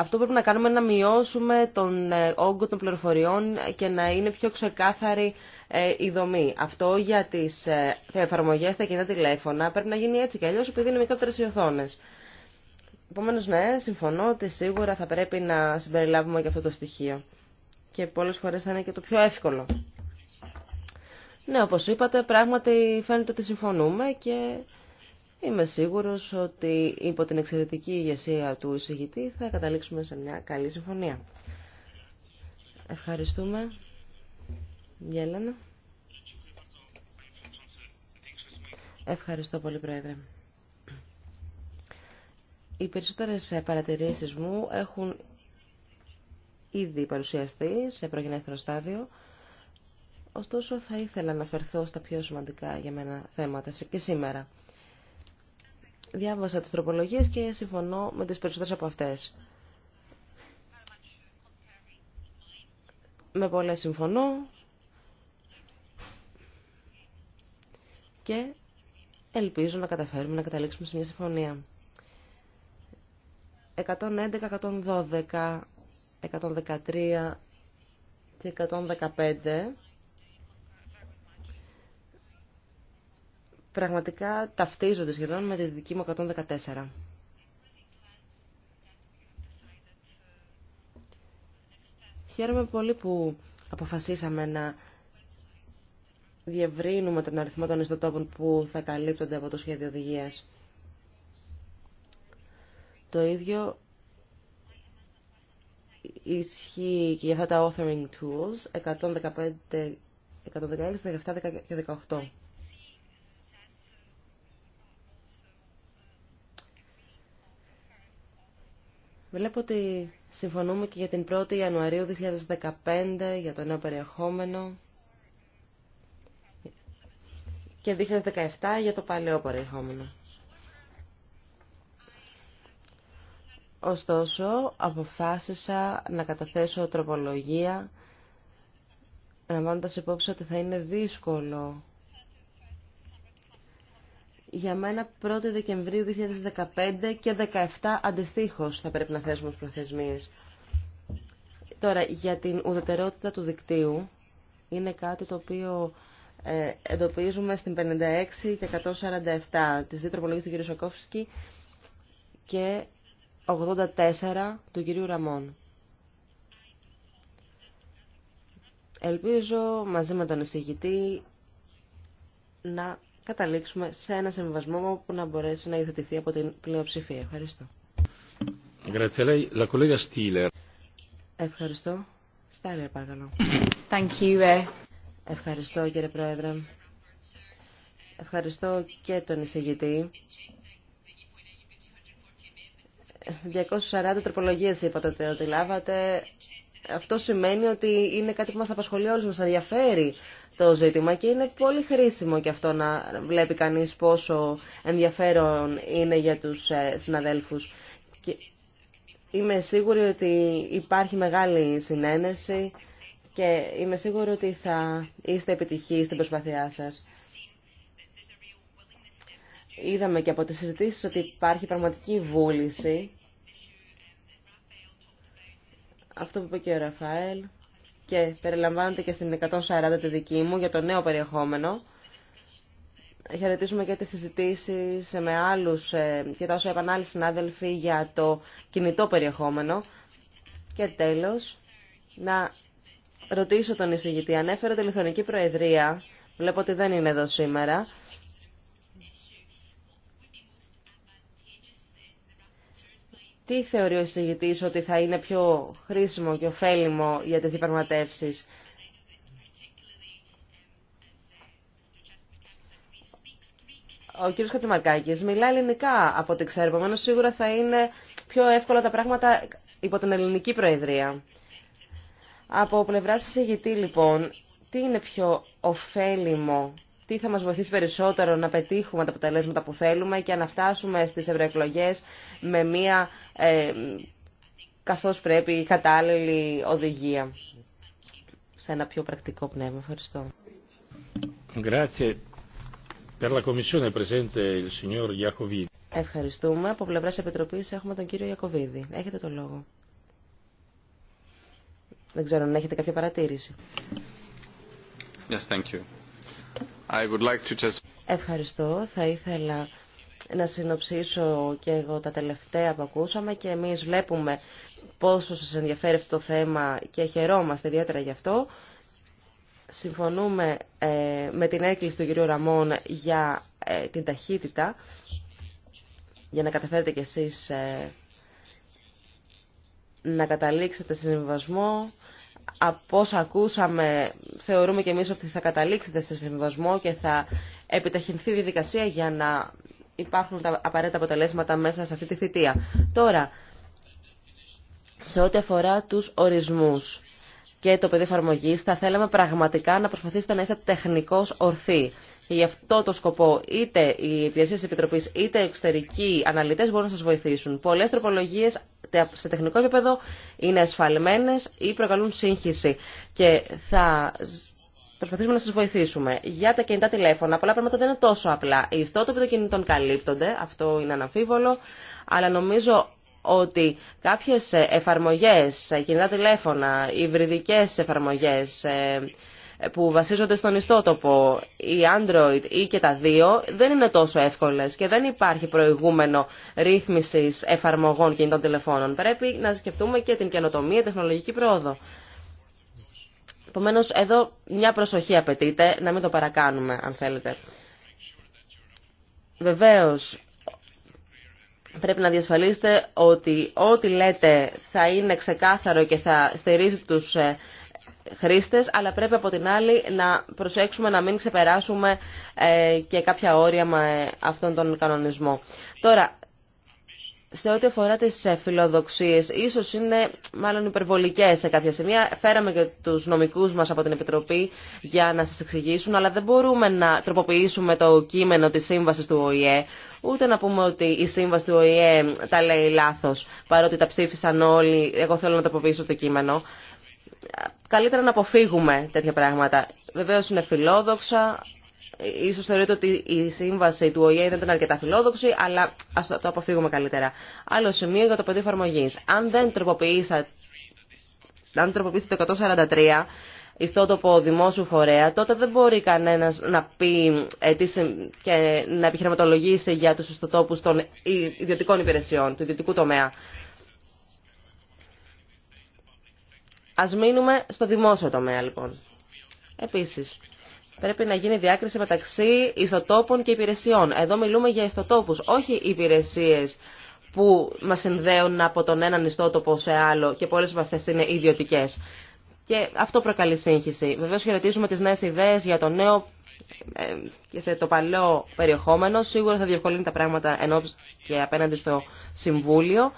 Αυτό που πρέπει να κάνουμε είναι να μειώσουμε τον ε, όγκο των πληροφοριών και να είναι πιο ξεκάθαρη ε, η δομή. Αυτό για τι ε, εφαρμογέ στα κινητά τηλέφωνα πρέπει να γίνει έτσι και αλλιώ επειδή είναι μικρότερε οι οθόνε. Επομένω, ναι, συμφωνώ ότι σίγουρα θα πρέπει να συμπεριλάβουμε και αυτό το στοιχείο. Και πολλέ φορέ θα είναι και το πιο εύκολο. Ναι, όπως είπατε, πράγματι φαίνεται ότι συμφωνούμε και Είμαι σίγουρος ότι υπό την εξαιρετική ηγεσία του εισηγητή θα καταλήξουμε σε μια καλή συμφωνία. Ευχαριστούμε. Γέλανα. Ευχαριστώ πολύ, Πρόεδρε. Οι περισσότερες παρατηρήσεις μου έχουν ήδη παρουσιαστεί σε προγενέστερο στάδιο. Ωστόσο, θα ήθελα να αναφερθώ στα πιο σημαντικά για μένα θέματα και σήμερα. Διάβασα τις τροπολογίες και συμφωνώ με τις περισσότερες από αυτές. Με πολλές συμφωνώ και ελπίζω να καταφέρουμε να καταλήξουμε σε μια συμφωνία. 111, 112, 113 και 115 πραγματικά ταυτίζονται σχεδόν με τη δική μου 114. Χαίρομαι πολύ που αποφασίσαμε να διευρύνουμε τον αριθμό των ιστοτόπων που θα καλύπτονται από το σχέδιο οδηγία. Το ίδιο ισχύει και για αυτά τα authoring tools 115, 116, 17 και 18. Βλέπω ότι συμφωνούμε και για την 1η Ιανουαρίου 2015 για το νέο περιεχόμενο και 2017 για το παλαιό περιεχόμενο. Ωστόσο, αποφάσισα να καταθέσω τροπολογία λαμβάνοντα υπόψη ότι θα είναι δύσκολο για μένα 1η Δεκεμβρίου 2015 και 17 αντιστοίχως θα πρέπει να θέσουμε προθεσμίες. Τώρα, για την ουδετερότητα του δικτύου, είναι κάτι το οποίο ε, εντοπίζουμε στην 56 και 147 της διτροπολογίας του κ. Σακόφσκη και 84 του κ. Ραμών. Ελπίζω μαζί με τον εισηγητή να καταλήξουμε σε ένα συμβασμό που να μπορέσει να υιοθετηθεί από την πλειοψηφία. Ευχαριστώ. Ευχαριστώ. Στάλερ, παρακαλώ. Ε. Ευχαριστώ, κύριε Πρόεδρε. Ευχαριστώ και τον εισηγητή. 240 τροπολογίες είπατε ότι λάβατε. Αυτό σημαίνει ότι είναι κάτι που μας απασχολεί όλους, μας ενδιαφέρει το ζήτημα και είναι πολύ χρήσιμο και αυτό να βλέπει κανείς πόσο ενδιαφέρον είναι για τους ε, συναδέλφους. Και είμαι σίγουρη ότι υπάρχει μεγάλη συνένεση και είμαι σίγουρη ότι θα είστε επιτυχείς στην προσπάθειά σας. Είδαμε και από τις συζητήσεις ότι υπάρχει πραγματική βούληση. Αυτό που είπε και ο Ραφαέλ και περιλαμβάνεται και στην 140 τη δική μου για το νέο περιεχόμενο. Χαιρετίζουμε και τις συζητήσει με άλλους ε, και τα όσα είπαν άλλοι συνάδελφοι για το κινητό περιεχόμενο. Και τέλος, να ρωτήσω τον εισηγητή. Ανέφερε τη Λιθωνική Προεδρία, βλέπω ότι δεν είναι εδώ σήμερα, τι θεωρεί ο εισηγητής ότι θα είναι πιο χρήσιμο και ωφέλιμο για τις διαπραγματεύσει. Ο κ. Χατζημαρκάκης μιλά ελληνικά από ό,τι ξέρω, επομένω σίγουρα θα είναι πιο εύκολα τα πράγματα υπό την ελληνική προεδρία. Από πλευρά εισηγητή λοιπόν, τι είναι πιο ωφέλιμο τι θα μας βοηθήσει περισσότερο να πετύχουμε τα αποτελέσματα που θέλουμε και να φτάσουμε στις ευρωεκλογέ με μια ε, καθώς πρέπει κατάλληλη οδηγία σε ένα πιο πρακτικό πνεύμα. Ευχαριστώ. Ευχαριστούμε. Από πλευράς Επιτροπής έχουμε τον κύριο Γιακοβίδη. Έχετε το λόγο. Δεν ξέρω αν έχετε κάποια παρατήρηση. Yes, thank you. Ευχαριστώ. Θα ήθελα να συνοψίσω και εγώ τα τελευταία που ακούσαμε και εμείς βλέπουμε πόσο σας ενδιαφέρει αυτό το θέμα και χαιρόμαστε ιδιαίτερα γι' αυτό. Συμφωνούμε ε, με την έκκληση του κυρίου Ραμών για ε, την ταχύτητα, για να καταφέρετε κι εσείς ε, να καταλήξετε σε συμβασμό από όσα ακούσαμε, θεωρούμε και εμείς ότι θα καταλήξετε σε συμβασμό και θα επιταχυνθεί η διαδικασία για να υπάρχουν τα απαραίτητα αποτελέσματα μέσα σε αυτή τη θητεία. Τώρα, σε ό,τι αφορά τους ορισμούς και το πεδίο εφαρμογή, θα θέλαμε πραγματικά να προσπαθήσετε να είστε τεχνικώς ορθοί. Και γι' αυτό το σκοπό είτε οι υπηρεσίε τη Επιτροπή είτε εξωτερικοί αναλυτέ μπορούν να σα βοηθήσουν. Πολλέ τροπολογίε σε τεχνικό επίπεδο είναι ασφαλμένε ή προκαλούν σύγχυση. Και θα προσπαθήσουμε να σα βοηθήσουμε. Για τα κινητά τηλέφωνα, πολλά πράγματα δεν είναι τόσο απλά. Οι ιστότοποι των κινητών καλύπτονται, αυτό είναι αναμφίβολο, αλλά νομίζω ότι κάποιες ε, εφαρμογές, ε, κινητά τηλέφωνα, υβριδικές εφαρμογές, ε, που βασίζονται στον ιστότοπο, η Android ή και τα δύο, δεν είναι τόσο εύκολες και δεν υπάρχει προηγούμενο ρύθμισης εφαρμογών κινητών τηλεφώνων. Πρέπει να σκεφτούμε και την καινοτομία, τεχνολογική πρόοδο. Επομένω, εδώ μια προσοχή απαιτείται, να μην το παρακάνουμε, αν θέλετε. Βεβαίως, πρέπει να διασφαλίσετε ότι ό,τι λέτε θα είναι ξεκάθαρο και θα στηρίζει τους ε, χρήστες, αλλά πρέπει από την άλλη να προσέξουμε να μην ξεπεράσουμε ε, και κάποια όρια με αυτόν τον κανονισμό. Τώρα, σε ό,τι αφορά τις ε, φιλοδοξίες, ίσως είναι μάλλον υπερβολικές σε κάποια σημεία. Φέραμε και τους νομικούς μας από την Επιτροπή για να σας εξηγήσουν, αλλά δεν μπορούμε να τροποποιήσουμε το κείμενο της σύμβασης του ΟΗΕ, ούτε να πούμε ότι η σύμβαση του ΟΗΕ ε, τα λέει λάθος, παρότι τα ψήφισαν όλοι, εγώ θέλω να τροποποιήσω το κείμενο καλύτερα να αποφύγουμε τέτοια πράγματα. Βεβαίω είναι φιλόδοξα, ίσως θεωρείτε ότι η σύμβαση του ΟΗΕ δεν ήταν αρκετά φιλόδοξη, αλλά ας το, αποφύγουμε καλύτερα. Άλλο σημείο για το πεδίο εφαρμογή. Αν δεν τροποποιήσα, αν τροποποιήσετε το 143, ιστότοπο δημόσιου φορέα, τότε δεν μπορεί κανένας να πει ε, και να επιχειρηματολογήσει για τους ιστοτόπους των ιδιωτικών υπηρεσιών, του ιδιωτικού τομέα. Ας μείνουμε στο δημόσιο τομέα λοιπόν. Επίσης, πρέπει να γίνει διάκριση μεταξύ ιστοτόπων και υπηρεσιών. Εδώ μιλούμε για ιστοτόπους, όχι υπηρεσίες που μας συνδέουν από τον έναν ιστότοπο σε άλλο και πολλές από αυτές είναι ιδιωτικές. Και αυτό προκαλεί σύγχυση. Βεβαίως χαιρετίζουμε τις νέες ιδέες για το νέο ε, και σε το παλαιό περιεχόμενο. Σίγουρα θα διευκολύνει τα πράγματα ενώ και απέναντι στο Συμβούλιο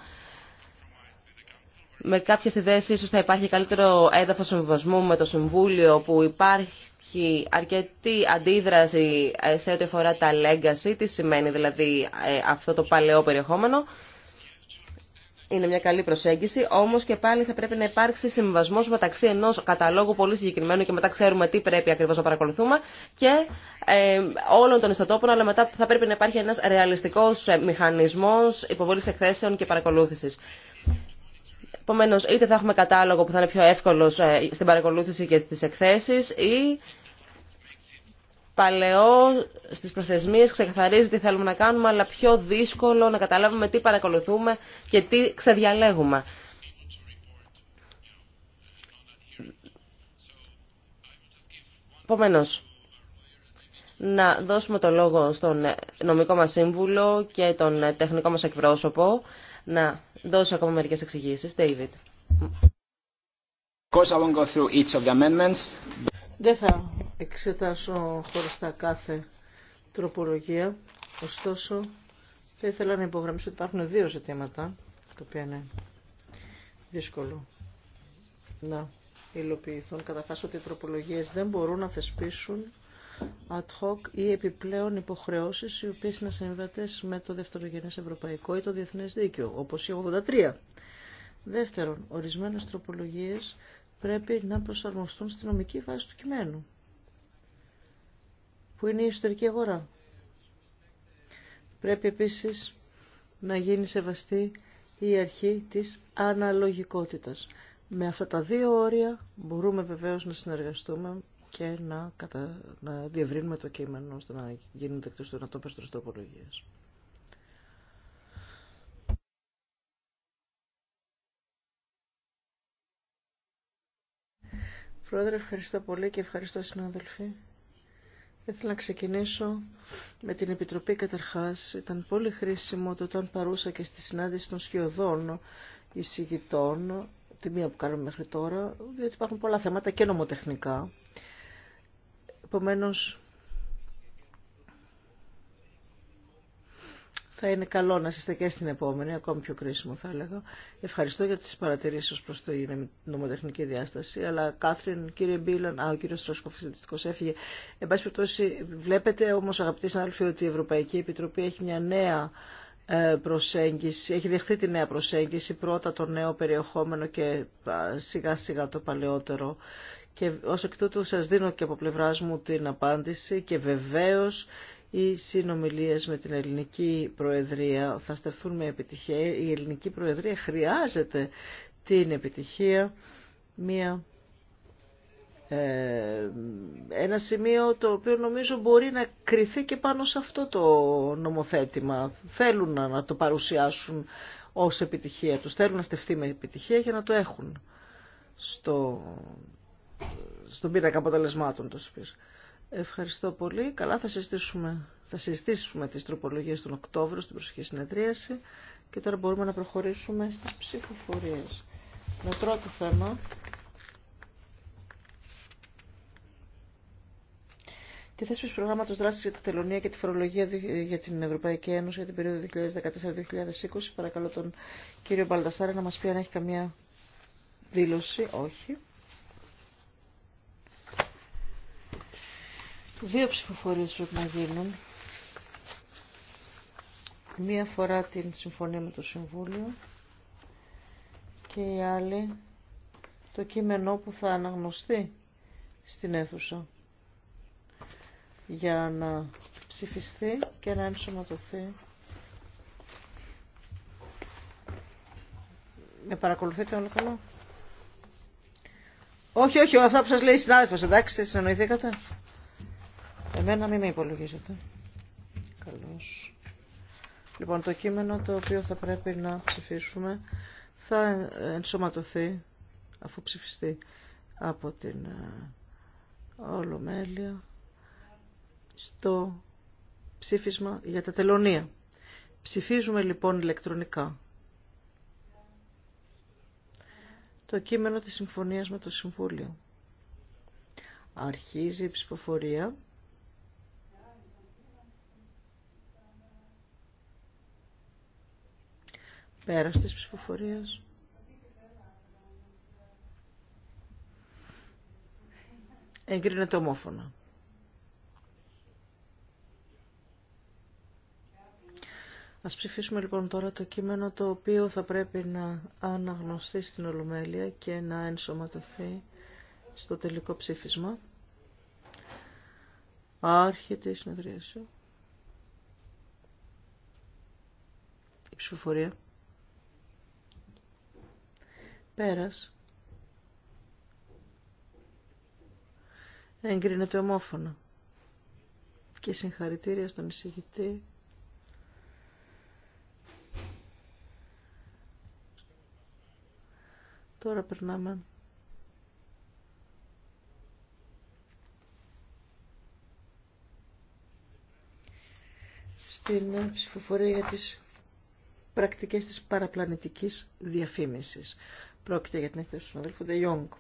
με κάποιε ιδέες ίσω θα υπάρχει καλύτερο έδαφο συμβιβασμού με το Συμβούλιο που υπάρχει αρκετή αντίδραση ε, σε ό,τι αφορά τα legacy, τι σημαίνει δηλαδή ε, αυτό το παλαιό περιεχόμενο. Είναι μια καλή προσέγγιση, όμως και πάλι θα πρέπει να υπάρξει συμβασμός μεταξύ ενός καταλόγου πολύ συγκεκριμένου και μετά ξέρουμε τι πρέπει ακριβώς να παρακολουθούμε και ε, όλων των ιστοτόπων, αλλά μετά θα πρέπει να υπάρχει ένας ρεαλιστικός μηχανισμός υποβολή εκθέσεων και παρακολούθηση. Επομένω, είτε θα έχουμε κατάλογο που θα είναι πιο εύκολο ε, στην παρακολούθηση και στι εκθέσει, ή παλαιό στι προθεσμίε ξεκαθαρίζει τι θέλουμε να κάνουμε, αλλά πιο δύσκολο να καταλάβουμε τι παρακολουθούμε και τι ξεδιαλέγουμε. Επομένω, να δώσουμε το λόγο στον νομικό μας σύμβουλο και τον τεχνικό μας εκπρόσωπο να δώσω ακόμα μερικές εξηγήσεις. David. Δεν θα εξετάσω χωριστά κάθε τροπολογία, ωστόσο θα ήθελα να υπογραμμίσω ότι υπάρχουν δύο ζητήματα, τα οποία είναι δύσκολο να υλοποιηθούν. Καταρχάς ότι οι τροπολογίες δεν μπορούν να θεσπίσουν ad hoc ή επιπλέον υποχρεώσεις οι οποίες είναι συμβατε με το δευτερογενές ευρωπαϊκό ή το διεθνές δίκαιο, όπως η 83. Δεύτερον, ορισμένες τροπολογίες πρέπει να προσαρμοστούν στη νομική βάση του κειμένου, που είναι η εσωτερική αγορά. Πρέπει επίσης να γίνει σεβαστή η αρχή της αναλογικότητας. Με αυτά τα δύο όρια μπορούμε βεβαίως να συνεργαστούμε και να, κατα... να διευρύνουμε το κείμενο ώστε να γίνουν δεκτές των ατόμων τροπολογίες. Πρόεδρε, ευχαριστώ πολύ και ευχαριστώ συνάδελφοι. Ήθελα να ξεκινήσω με την Επιτροπή καταρχάς. Ήταν πολύ χρήσιμο το όταν παρούσα και στη συνάντηση των σχεδόν εισηγητών, τη μία που κάνουμε μέχρι τώρα, διότι υπάρχουν πολλά θέματα και νομοτεχνικά Επομένως, θα είναι καλό να είστε και στην επόμενη, ακόμη πιο κρίσιμο θα έλεγα. Ευχαριστώ για τις παρατηρήσεις ως προς το νομοτεχνική διάσταση, αλλά Κάθριν, κύριε Μπίλαν, α, ο κύριος Στροσκοφιστικός δυστυχώς έφυγε. Εν πάση περιπτώσει, βλέπετε όμως αγαπητοί συνάδελφοι ότι η Ευρωπαϊκή Επιτροπή έχει μια νέα ε, προσέγγιση, έχει δεχθεί τη νέα προσέγγιση, πρώτα το νέο περιεχόμενο και σιγά σιγά το παλαιότερο και ως εκ τούτου σας δίνω και από πλευράς μου την απάντηση και βεβαίως οι συνομιλίες με την ελληνική προεδρία θα στεφθούν με επιτυχία. Η ελληνική προεδρία χρειάζεται την επιτυχία μια ε, ένα σημείο το οποίο νομίζω μπορεί να κριθεί και πάνω σε αυτό το νομοθέτημα. Θέλουν να το παρουσιάσουν ως επιτυχία τους. Θέλουν να στεφθεί με επιτυχία για να το έχουν στο στον πίνακα αποτελεσμάτων το Ευχαριστώ πολύ. Καλά θα συζητήσουμε, θα συζητήσουμε τις τροπολογίες τον Οκτώβριο στην προσοχή συνεδρίαση και τώρα μπορούμε να προχωρήσουμε στις ψηφοφορίες. Με πρώτο θέμα τη της προγράμματος δράσης για τη τελωνία και τη φορολογία για την Ευρωπαϊκή Ένωση για την περίοδο 2014-2020. Παρακαλώ τον κύριο Μπαλτασάρη να μας πει αν έχει καμία δήλωση. Όχι. Δύο ψηφοφορίες πρέπει να γίνουν. Μία φορά την συμφωνία με το Συμβούλιο και η άλλη το κείμενο που θα αναγνωστεί στην αίθουσα για να ψηφιστεί και να ενσωματωθεί. Με παρακολουθείτε όλο καλό. Όχι, όχι, αυτά που σας λέει η συνάδελφος, εντάξει, συνεννοηθήκατε. Εμένα μην με υπολογίζετε. Καλώς. Λοιπόν, το κείμενο το οποίο θα πρέπει να ψηφίσουμε θα ενσωματωθεί, αφού ψηφιστεί από την ε, Ολομέλεια, στο ψήφισμα για τα τελωνία. Ψηφίζουμε λοιπόν ηλεκτρονικά. Το κείμενο της συμφωνίας με το Συμβούλιο. Αρχίζει η ψηφοφορία. Πέρας της ψηφοφορίας. Εγκρίνεται ομόφωνα. Ας ψηφίσουμε λοιπόν τώρα το κείμενο το οποίο θα πρέπει να αναγνωστεί στην Ολομέλεια και να ενσωματωθεί στο τελικό ψήφισμα. Άρχεται η συνεδρίαση. Η ψηφοφορία. Πέρας. Εγκρίνεται ομόφωνα. Και συγχαρητήρια στον εισηγητή. Τώρα περνάμε. Στην ψηφοφορία για τις πρακτικές της παραπλανητικής διαφήμισης. Πρόκειται για την έκθεση του συναδέλφου De Jong.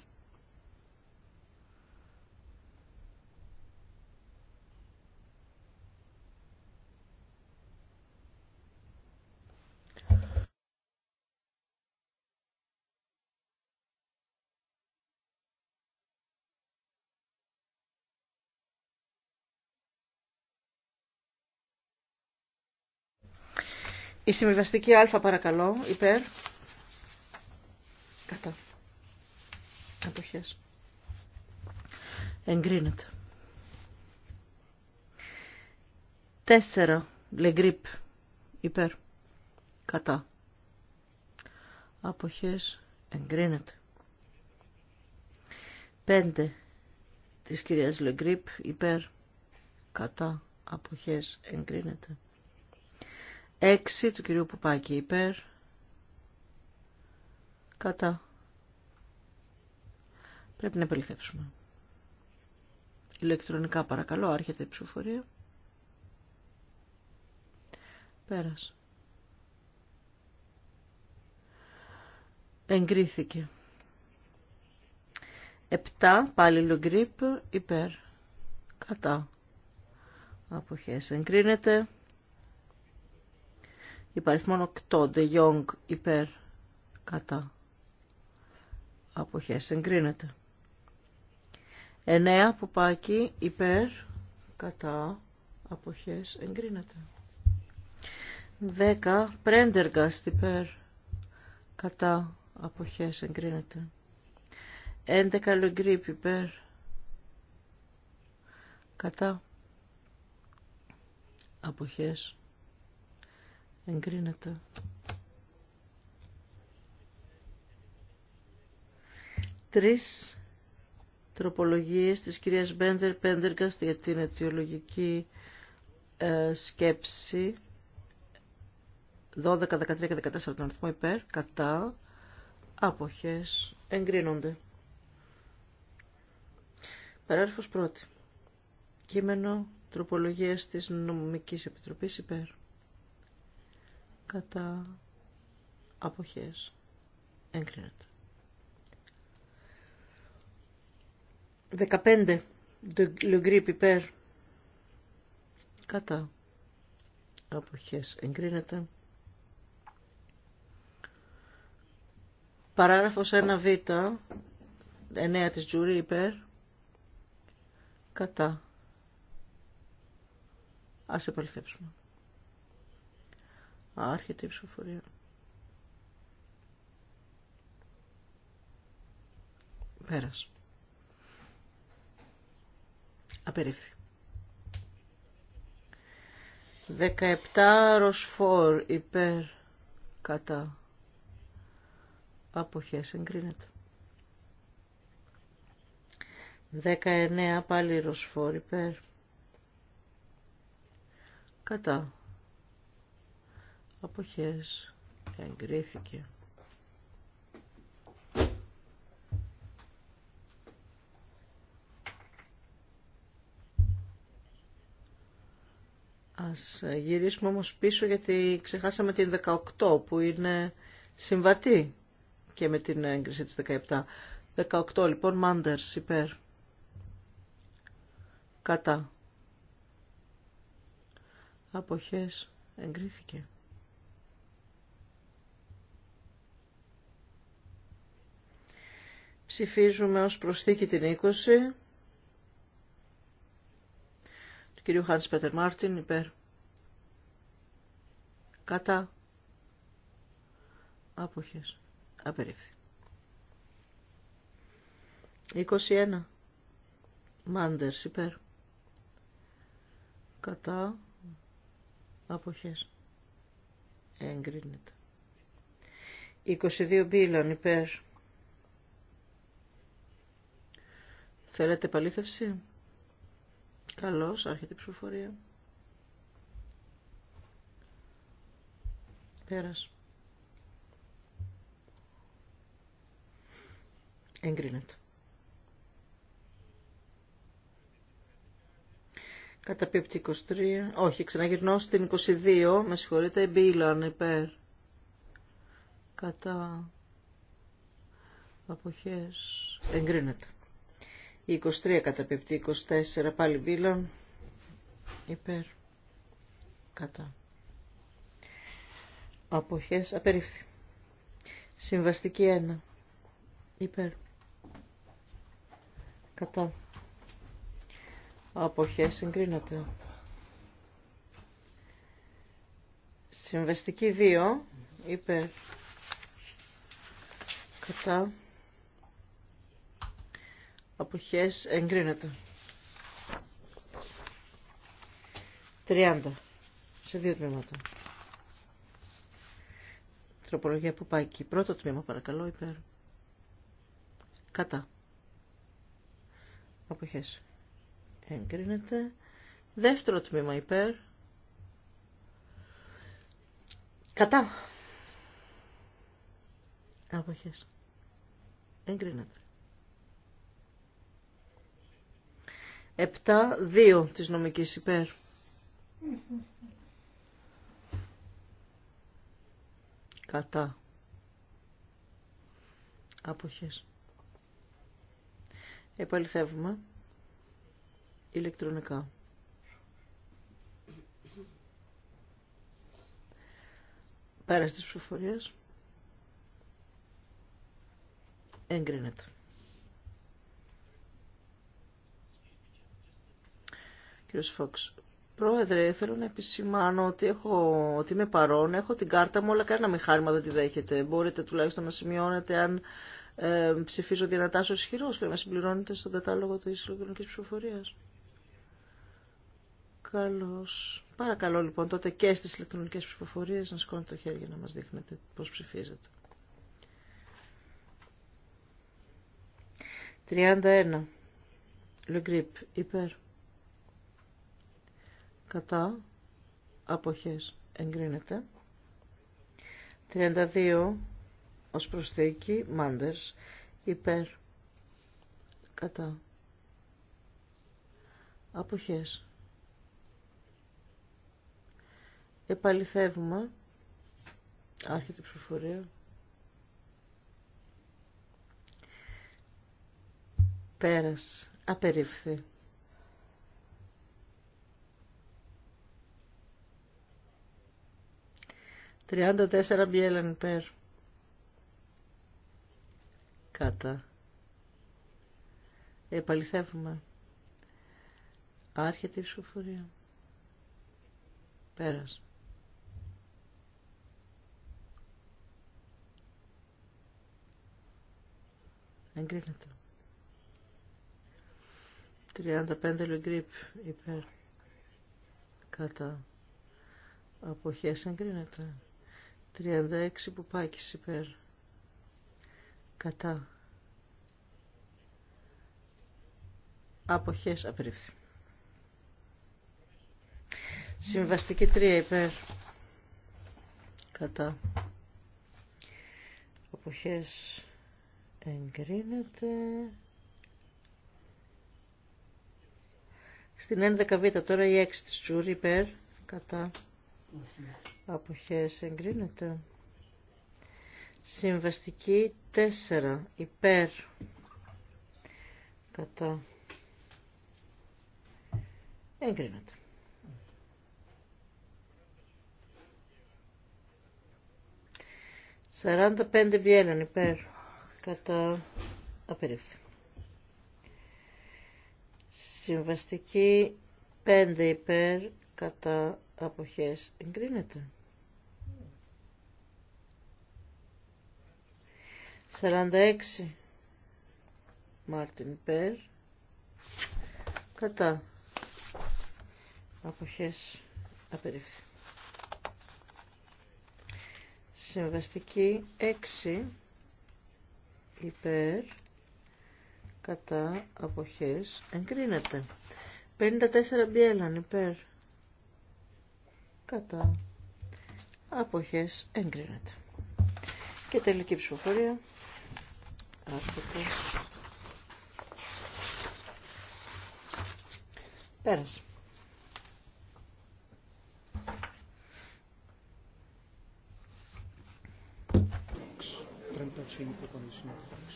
Η συμβιβαστική α παρακαλώ, υπέρ. αποχές. Εγκρίνεται. Τέσσερα. Λεγκρίπ. Υπέρ. Κατά. Αποχές. Εγκρίνεται. Πέντε. Της κυρίας Λεγκρίπ. Υπέρ. Κατά. Αποχές. Εγκρίνεται. Έξι. Του κυρίου Πουπάκη. Υπέρ. Κατά. Πρέπει να επελθέψουμε. Ηλεκτρονικά παρακαλώ, άρχεται η ψηφοφορία. Πέρασε. Εγκρίθηκε. Επτά. Πάλι γκριπ υπέρ. Κατά. Αποχές εγκρίνεται. Υπάρχει μόνο οκτώ. Δε γιόγκ, υπέρ. Κατά. Αποχές εγκρίνεται. Εννέα πουπάκι υπέρ κατά αποχές εγκρίνεται. Δέκα πρέντεργαστ υπέρ κατά αποχές εγκρίνεται. Έντεκα λογκρίπ υπέρ κατά αποχές εγκρίνεται. Τρεις τροπολογίες της κυρίας Μπέντερ Πέντεργκαστ για την αιτιολογική ε, σκέψη 12, 13 και 14 τον αριθμό υπέρ, κατά, αποχές, εγκρίνονται. Παράγραφος 1. Κείμενο τροπολογίες της νομικής επιτροπής υπέρ. Κατά αποχές. εγκρίνονται. 15. Gris υπερ υπέρ. Κατά. Αποχές εγκρίνεται. Παράγραφος 1β. 9 της Τζουρί υπέρ. Κατά. Ας επαληθεύσουμε. Άρχεται η ψηφοφορία. Πέρασε. Απερίφθη. 17 ροσφόρ υπέρ κατά αποχές εγκρίνεται. 19 πάλι ροσφόρ υπέρ κατά αποχές εγκρίθηκε. Ας γυρίσουμε όμως πίσω γιατί ξεχάσαμε την 18 που είναι συμβατή και με την έγκριση της 17. 18 λοιπόν, Μάντερς υπέρ. Κατά. Αποχές εγκρίθηκε. Ψηφίζουμε ως προσθήκη την 20 του κυρίου Χάνς Πέτερ Μάρτιν υπέρ κατά άποχες απερίφθη 21 Μάντερς υπέρ κατά άποχες εγκρίνεται 22 Μπίλαν υπέρ Θέλετε παλήθευση. Καλώς, άρχεται η ψηφοφορία. Πέρας. Εγκρίνεται. Καταπίπτει 23. Όχι, ξαναγυρνώ στην 22. Με συγχωρείτε, εμπίλαν υπέρ. Κατά αποχές. Εγκρίνεται. 23 καταπίπτει, 24 πάλι Μπίλαν. Υπέρ. Κατά. Αποχές απερίφθη. Συμβαστική 1. Υπέρ. Κατά. Αποχές συγκρίνεται. Συμβαστική 2. Υπέρ. Κατά αποχές εγκρίνεται. 30 σε δύο τμήματα. Τροπολογία που πάει εκεί. Πρώτο τμήμα παρακαλώ υπέρ. Κατά. Αποχές. Εγκρίνεται. Δεύτερο τμήμα υπέρ. Κατά. Αποχές. Εγκρίνεται. 7-2 της νομικής υπέρ. Κατά. Άποχες. Επαληθεύουμε. Ηλεκτρονικά. Πέρα στις ψηφοφορίες. Εγκρίνεται. Κύριος Φόξ. Πρόεδρε, θέλω να επισημάνω ότι, έχω, ότι είμαι παρόν, έχω την κάρτα μου, αλλά κανένα μηχάνημα δεν τη δέχεται. Μπορείτε τουλάχιστον να σημειώνετε αν ε, ψηφίζω δυνατά ως ισχυρό και να συμπληρώνετε στον κατάλογο τη ηλεκτρονικής ψηφοφορία. Καλώ. Παρακαλώ λοιπόν τότε και στι ηλεκτρονικέ ψηφοφορίες να σηκώνετε το χέρι για να μα δείχνετε πώ ψηφίζετε. 31. Λεγκρυπ, Υπέρ κατά αποχές εγκρίνεται 32 ως προσθήκη μάντες υπέρ κατά αποχές επαληθεύουμε άρχεται η ψηφοφορία πέρας απερίφθη 34 μπιέλαν υπέρ. Κατά. Επαληθεύουμε. Άρχεται η ψηφοφορία. πέρας Εγκρίνεται. 35 λεγκρίπ υπέρ. Κατά. Αποχές εγκρίνεται. 36 που πάει υπέρ. Κατά. Αποχές απερίφθη. Συμβαστική 3 υπέρ. Κατά. Αποχές εγκρίνεται. Στην 11β τώρα η 6 της τσούρ υπέρ. Κατά αποχές εγκρίνεται. Συμβαστική 4 υπέρ κατά εγκρίνεται. Σαράντα πέντε υπέρ κατά απερίφθη. Συμβαστική 5 υπέρ κατά αποχές εγκρίνεται. 46 Μάρτιν Περ κατά αποχές απερίφθη. Συμβαστική 6 υπέρ κατά αποχές εγκρίνεται. 54 μπιέλαν υπέρ κατά αποχές εγκρίνεται. Και τελική ψηφοφορία. Άρχεται. Πέρασε.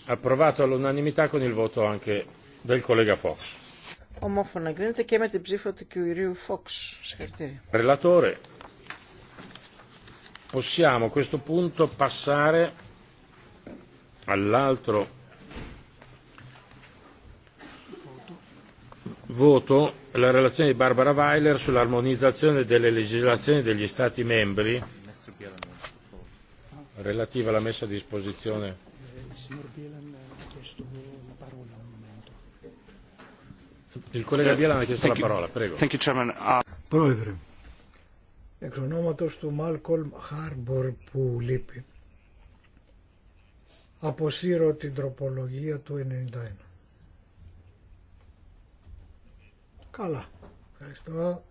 Approvato all'unanimità con il voto anche del collega Fox ομόφωνα εγκρίνεται και με την ψήφο του κυρίου Φόξ. Συγχαρητήρια. Relatore, possiamo a questo punto passare all'altro voto la relazione di Barbara Weiler sull'armonizzazione delle legislazioni degli Stati membri relativa alla messa a disposizione. Uh, Πρόεδρε, εξ ονόματος του Μάλκολμ Χάρμπορ που λείπει, αποσύρω την τροπολογία του 91. Καλά. Ευχαριστώ.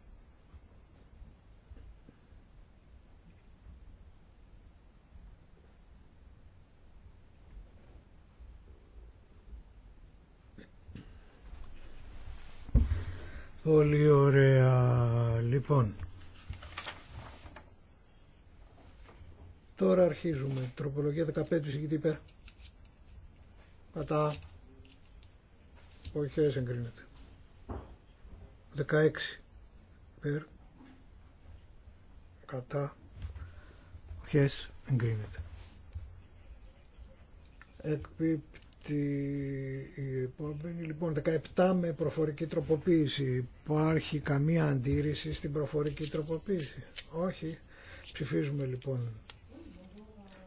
Πολύ ωραία. Λοιπόν, τώρα αρχίζουμε. Τροπολογία 15 συγκητή υπέρ. Κατά. Όχι, δεν εγκρίνεται. 16 Περ, Κατά. Όχι, εγκρίνεται. Εκπίπτει η επόμενη, λοιπόν, 17 με προφορική τροποποίηση. Υπάρχει καμία αντίρρηση στην προφορική τροποποίηση. Όχι. Ψηφίζουμε λοιπόν.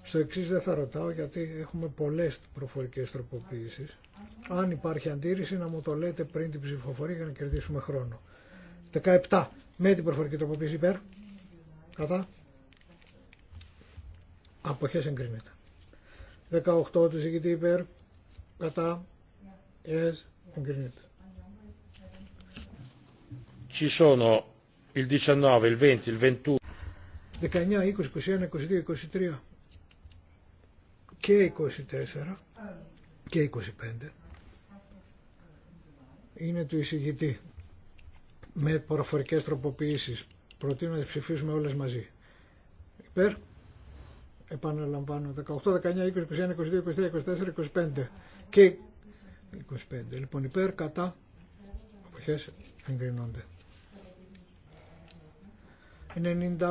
Στο εξή δεν θα ρωτάω γιατί έχουμε πολλές προφορικές τροποποίησεις. Αν υπάρχει αντίρρηση να μου το λέτε πριν την ψηφοφορία για να κερδίσουμε χρόνο. 17 με την προφορική τροποποίηση υπέρ. Κατά. Αποχές εγκρίνεται. 18 του ζητητή υπέρ κατά εσ εγκρίνεται. Ci sono il 19, il 20, il 21. 19, 20, 21, 22, 23 και 24 και 25 είναι του εισηγητή με προφορικές τροποποιήσει. Προτείνω να τις ψηφίσουμε ολε μαζί. Υπέρ, επαναλαμβάνω, 18, 19, 20, 21, 22, 23, 24, 25 και 25. Λοιπόν, υπέρ, κατά, αποχές εγκρίνονται. 95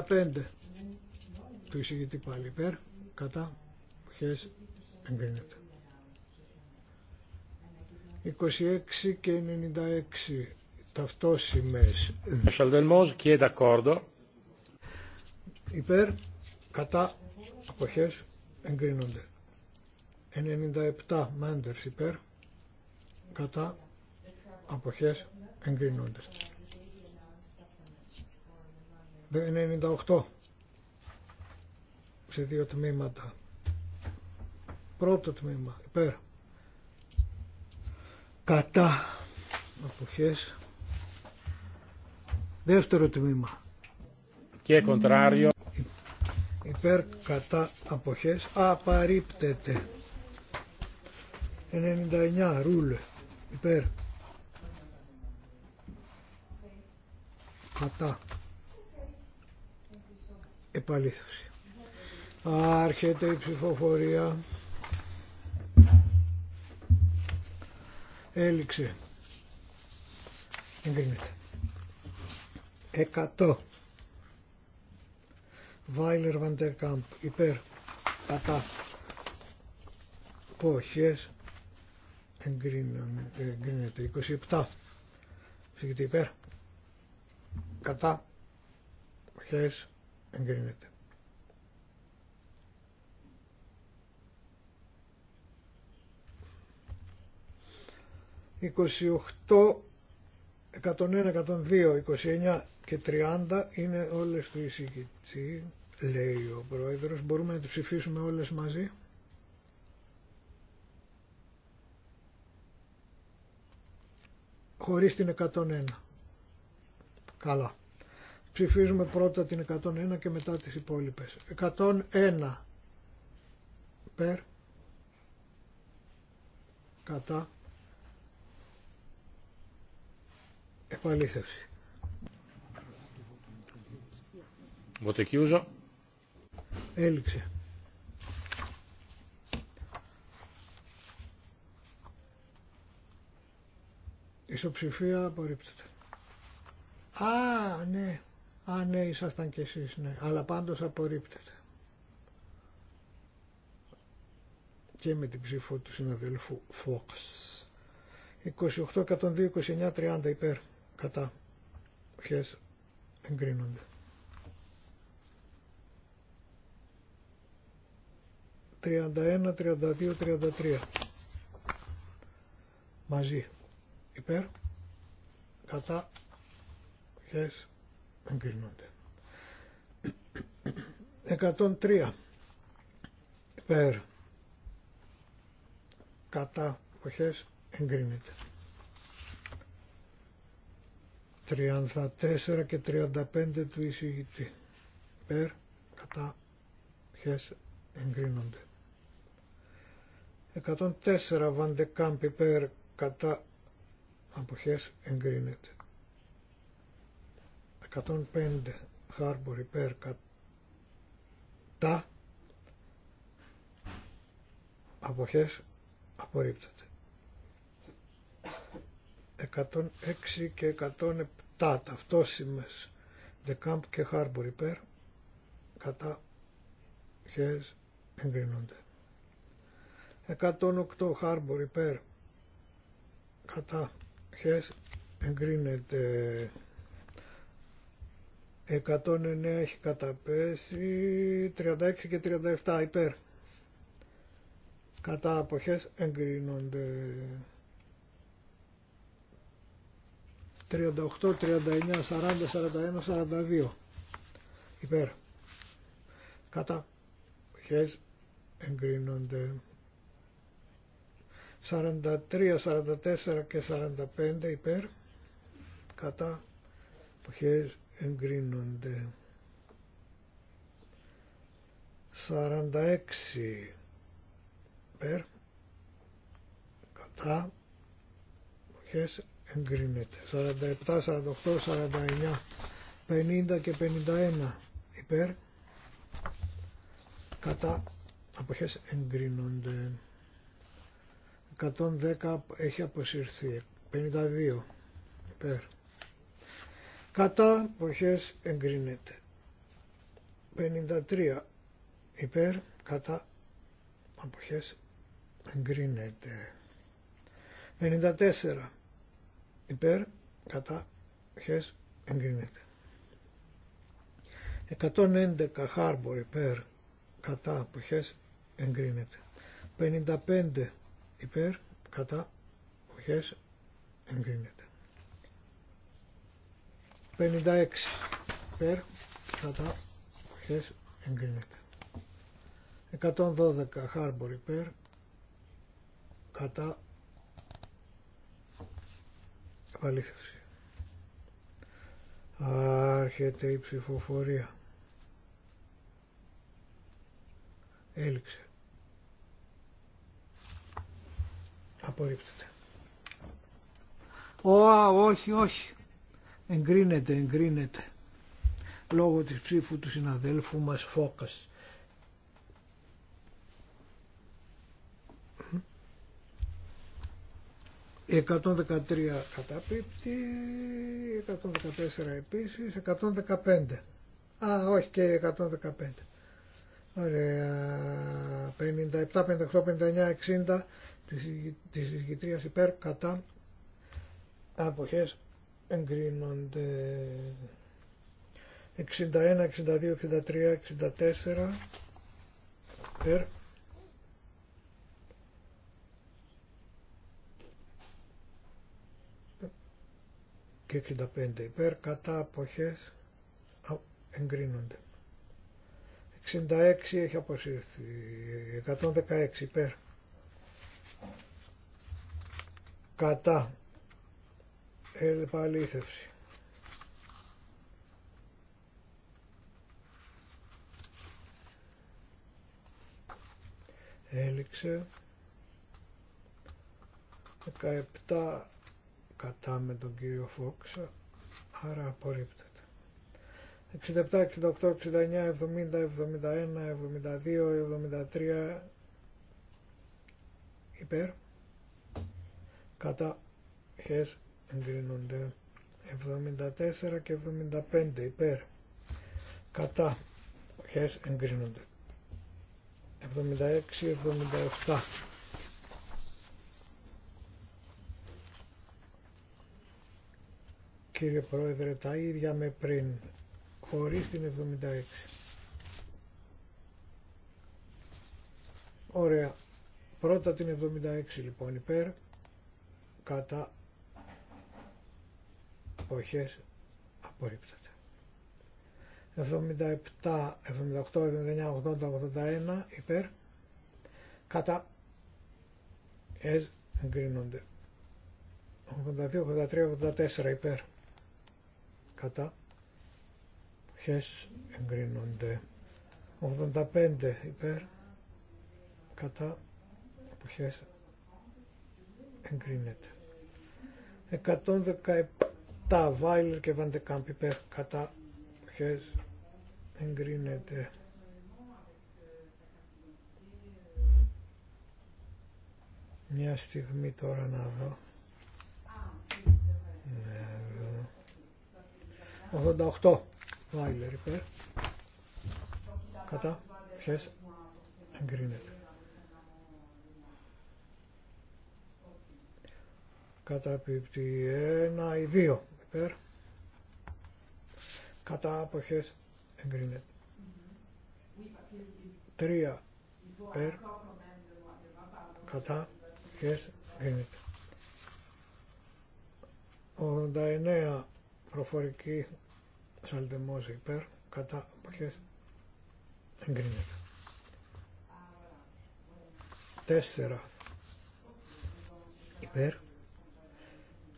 του εισηγητή πάλι υπέρ, κατά, αποχές εγκρίνεται. 26 και 96 ταυτόσημες. Σαλδελμός και d'accordo. Υπέρ, κατά, αποχές εγκρίνονται. 97 μέντερ, υπέρ κατά αποχές εγκρίνονται. 98 σε δύο τμήματα. Πρώτο τμήμα υπέρ κατά αποχές. Δεύτερο τμήμα. Και κοντράριο. Υπέρ κατά αποχές απαρρίπτεται. 99 ρούλ υπέρ κατά Επαλήθωση. Άρχεται η ψηφοφορία. Έληξε. Εγκρίνεται. 100. Βάιλερ Βαντερκάμπ υπέρ κατά ποχές εγκρίνεται 27 ψυχητή υπέρ κατά χες εγκρίνεται «28, 101, 102, 29 και 30 είναι όλες του εισηγητή», λέει ο Πρόεδρος. «Μπορούμε να τις ψηφίσουμε όλες μαζί» χωρίς την 101. Καλά. Ψηφίζουμε πρώτα την 101 και μετά τις υπόλοιπες. 101 περ κατά επαλήθευση. Βοτεκίουζα. Έληξε. Ισοψηφία απορρίπτεται. Α, ναι. Α, ναι, ήσασταν κι εσείς, ναι. Αλλά πάντως απορρίπτεται. Και με την ψήφο του συναδέλφου Φόξ. 28, 102, 29, 30 υπέρ. Κατά. Ποιες εγκρίνονται. 31, 32, 33. Μαζί υπέρ κατά ποιες εγκρίνονται 103 υπέρ κατά ποιες εγκρίνεται 34 και 35 του εισηγητή υπέρ κατά ποιες εγκρίνονται 104 Βαντεκάμπ υπέρ κατά αποχές εγκρίνεται. 105 Harbor υπέρ κατά αποχές απορρίπτεται. 106 και 107 ταυτόσιμες Camp και Harbor υπέρ κατά χες εγκρίνονται. 108 Harbor υπέρ κατά Αποχές εγκρίνεται 109 έχει καταπέσει 36 και 37 υπέρ κατά αποχές εγκρίνονται 38, 39, 40, 41, 42 υπέρ κατά αποχές εγκρίνονται 43, 44 και 45 υπέρ κατά εποχές εγκρίνονται. 46 υπέρ κατά εποχές εγκρίνεται. 47, 48, 49, 50 και 51 υπέρ κατά αποχές εγκρίνονται. 110 έχει αποσυρθεί. 52 πέρ. Κατά ποχές εγκρίνεται. 53 υπέρ. Κατά αποχές εγκρίνεται. 54 υπέρ. Κατά αποχές εγκρίνεται. 111 χάρμπορ υπέρ. Κατά αποχές εγκρίνεται. 55 υπέρ κατά οχές, εγκρίνεται 56 υπέρ κατά οχές, εγκρίνεται 112 χάρμπορ υπέρ κατά επαλήθευση άρχεται η ψηφοφορία έληξε απορρίπτεται. Ω, όχι, όχι. Εγκρίνεται, εγκρίνεται. Λόγω της ψήφου του συναδέλφου μας Φώκας. Η 113 καταπίπτει, 114 επίσης, 115. Α, όχι και 115. Ωραία, 57, 58, 59, 60, Τη εισηγητρίας υπέρ κατά αποχε εγκρίνονται 61, 62, 63, 64 υπέρ και 65 υπέρ κατά αποχές εγκρίνονται 66 έχει αποσύρθει 116 υπέρ κατά ελπαλήθευση. Έληξε 17 κατά με τον κύριο Φόξ, άρα απορρίπτεται. 67, 68, 69, 70, 71, 72, 73 υπέρ κατά χες εγκρίνονται 74 και 75 υπέρ κατά χες εγκρίνονται 76-77 Κύριε Πρόεδρε τα ίδια με πριν χωρίς την 76 Ωραία πρώτα την 76 λοιπόν υπέρ κατά αποχές απορρίπτεται. 77, 78, 79, 80, 81 υπέρ κατά εσ εγκρίνονται. 82, 83, 84 υπέρ κατά χες εγκρίνονται. 85 υπέρ κατά εποχές εγκρίνεται. 117 Βάιλερ και Βαντεκάμπ υπέρ κατά ποιες εγκρίνεται. Μια στιγμή τώρα να δω. Ναι, 88 Βάιλερ υπέρ κατά ποιες εγκρίνεται. Κατά πίπτη 1 ή 2 υπέρ κατά αποχές εγκρίνεται 3 υπέρ κατά αποχές εγκρίνεται 89 προφορική σαλτεμόζη υπέρ κατά αποχές εγκρίνεται 4 υπέρ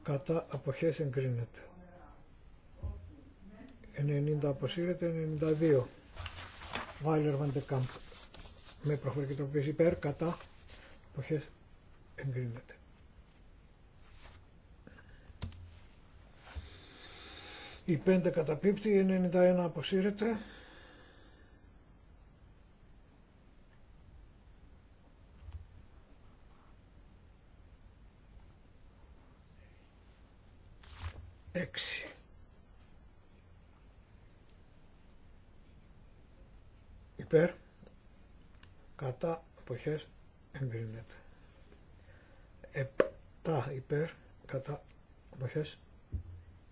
κατά αποχές εγκρίνεται. 90 αποσύρεται, 92. Βάιλερ Βαντεκάμπ. Με προφορική τροποποίηση υπέρ, κατά αποχές εγκρίνεται. Οι 5 καταπίπτει, 91 αποσύρεται. υπέρ κατά εποχέ εγκρίνεται Επτά υπέρ κατά εποχέ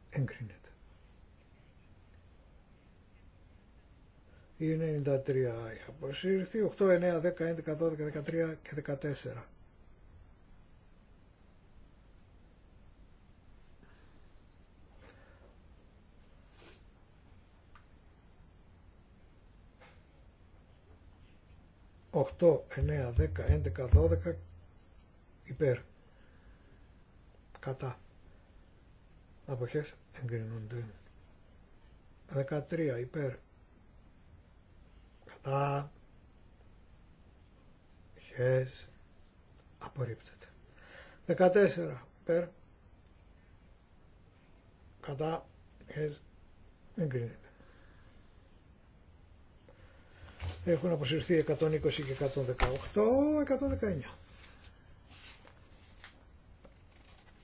εγκρίνεται Η 93 έχει αποσύρθει, 8, 9, 10, 11, 12, 13 και 14. 8, 9, 10, 11, 12 υπέρ. Κατά. Αποχές εγκρίνονται. 13 υπέρ. Κατά. Χες. Απορρίπτεται. 14 υπέρ. Κατά. Χες. Εγκρίνεται. Έχουν αποσυρθεί 120 και 118, 119.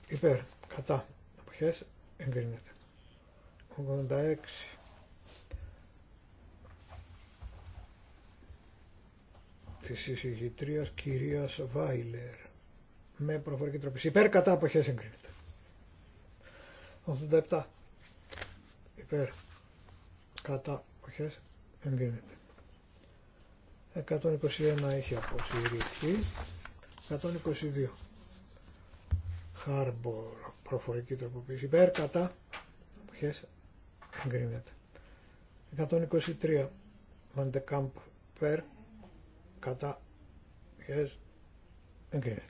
Υπέρ, κατά, αποχές, εγκρίνεται. 86. της εισηγητρίας κυρίας Βάιλερ με προφορική τροπή. Υπέρ κατά αποχές εγκρίνεται. 87. Υπέρ κατά αποχές εγκρίνεται. 121 έχει αποσυρθεί. 122. Χάρμπορ, προφορική τροποποίηση. Υπέρ, κατά, αποχές, εγκρίνεται. 123. Βαντεκάμπ, πέρ κατά, αποχές, εγκρίνεται.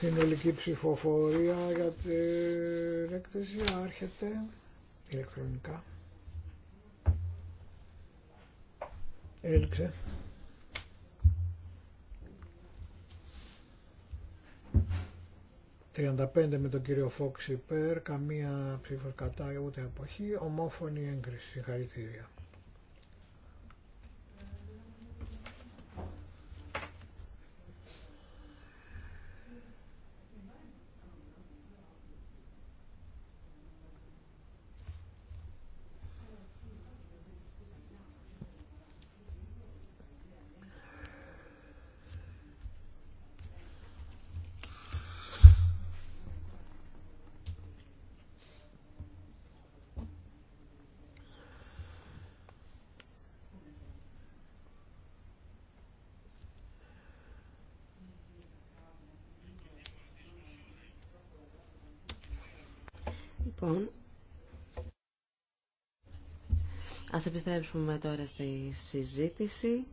Συνολική ψηφοφορία για την έκθεση άρχεται ηλεκτρονικά. Έλξε. ...35 με τον κύριο Φόξ υπέρ, καμία ψήφος κατά, ούτε αποχή, ομόφωνη έγκριση, συγχαρητήρια. Ας επιστρέψουμε τώρα στη συζήτηση.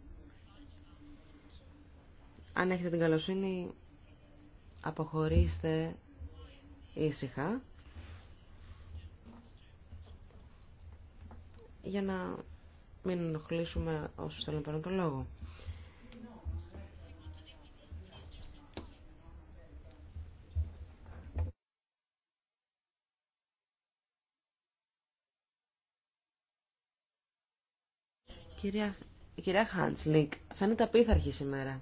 Αν έχετε την καλοσύνη, αποχωρήστε ήσυχα. για να μην ενοχλήσουμε όσους θέλουν να τον λόγο. Κυρία, κυρία Χάντσλικ, φαίνεται απίθαρχη σήμερα.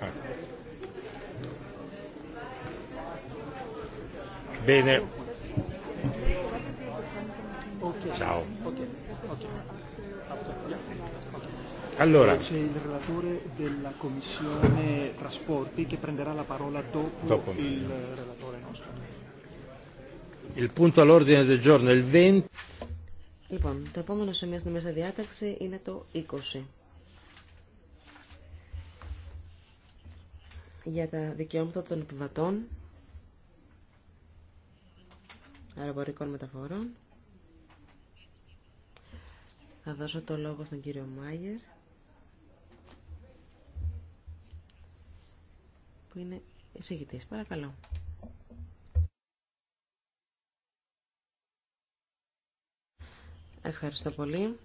Ah. Bene. Ciao. Λοιπόν, το επόμενο σημείο στην μέσα διάταξη είναι το 20. Για τα δικαιώματα των επιβατών αεροπορικών μεταφορών. Θα δώσω το λόγο στον κύριο Μάγερ. που είναι εισηγητής. Παρακαλώ. Ευχαριστώ πολύ.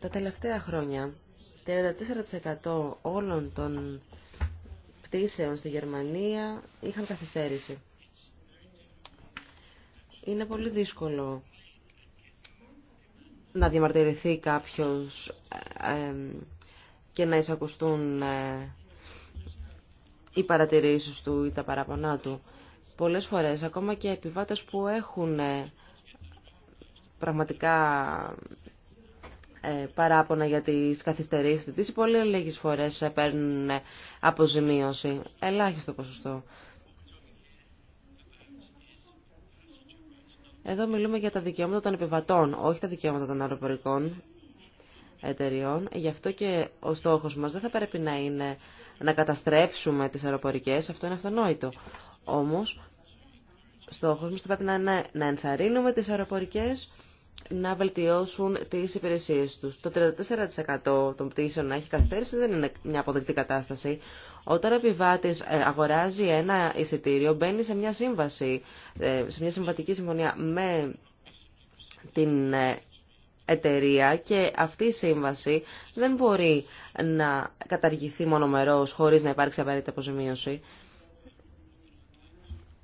Τα τελευταία χρόνια, 34% όλων των πτήσεων στη Γερμανία είχαν καθυστέρηση είναι πολύ δύσκολο να διαμαρτυρηθεί κάποιος ε, ε, και να εισακουστούν ε, οι παρατηρήσεις του ή τα παραπονά του. Πολλές φορές, ακόμα και επιβάτες που έχουν πραγματικά παράπονα για τις καθυστερήσεις τις πολύ λίγες φορές παίρνουν αποζημίωση, ελάχιστο ποσοστό. Εδώ μιλούμε για τα δικαιώματα των επιβατών, όχι τα δικαιώματα των αεροπορικών εταιριών. Γι' αυτό και ο στόχο μας δεν θα πρέπει να είναι να καταστρέψουμε τις αεροπορικές, αυτό είναι αυτονόητο. Όμως, στόχος μας θα πρέπει να είναι να ενθαρρύνουμε τις αεροπορικές να βελτιώσουν τις υπηρεσίες τους. Το 34% των πτήσεων να έχει καθυστέρηση δεν είναι μια αποδεκτή κατάσταση. Όταν ο επιβάτης ε, αγοράζει ένα εισιτήριο, μπαίνει σε μια σύμβαση, ε, σε μια συμβατική συμφωνία με την ε, εταιρεία και αυτή η σύμβαση δεν μπορεί να καταργηθεί μονομερώς χωρίς να υπάρξει απαραίτητη αποζημίωση.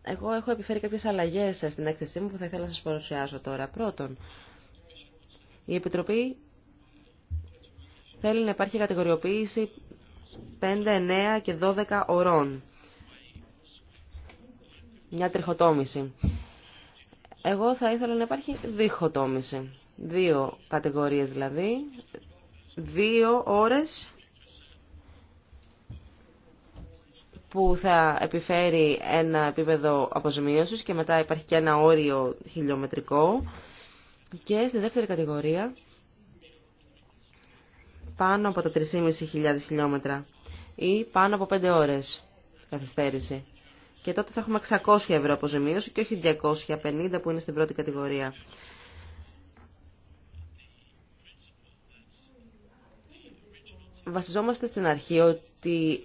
Εγώ έχω επιφέρει κάποιες αλλαγές στην έκθεσή μου που θα ήθελα να σας παρουσιάσω τώρα. Πρώτον, η Επιτροπή θέλει να υπάρχει κατηγοριοποίηση 5, 9 και 12 ωρών. Μια τριχοτόμηση. Εγώ θα ήθελα να υπάρχει διχοτόμηση. Δύο κατηγορίες δηλαδή, δύο ώρες που θα επιφέρει ένα επίπεδο αποζημίωσης και μετά υπάρχει και ένα όριο χιλιομετρικό. Και στη δεύτερη κατηγορία, πάνω από τα 3.500 χιλιόμετρα ή πάνω από 5 ώρες καθυστέρηση. Και τότε θα έχουμε 600 ευρώ αποζημίωση και όχι 250 που είναι στην πρώτη κατηγορία. Βασιζόμαστε στην αρχή ότι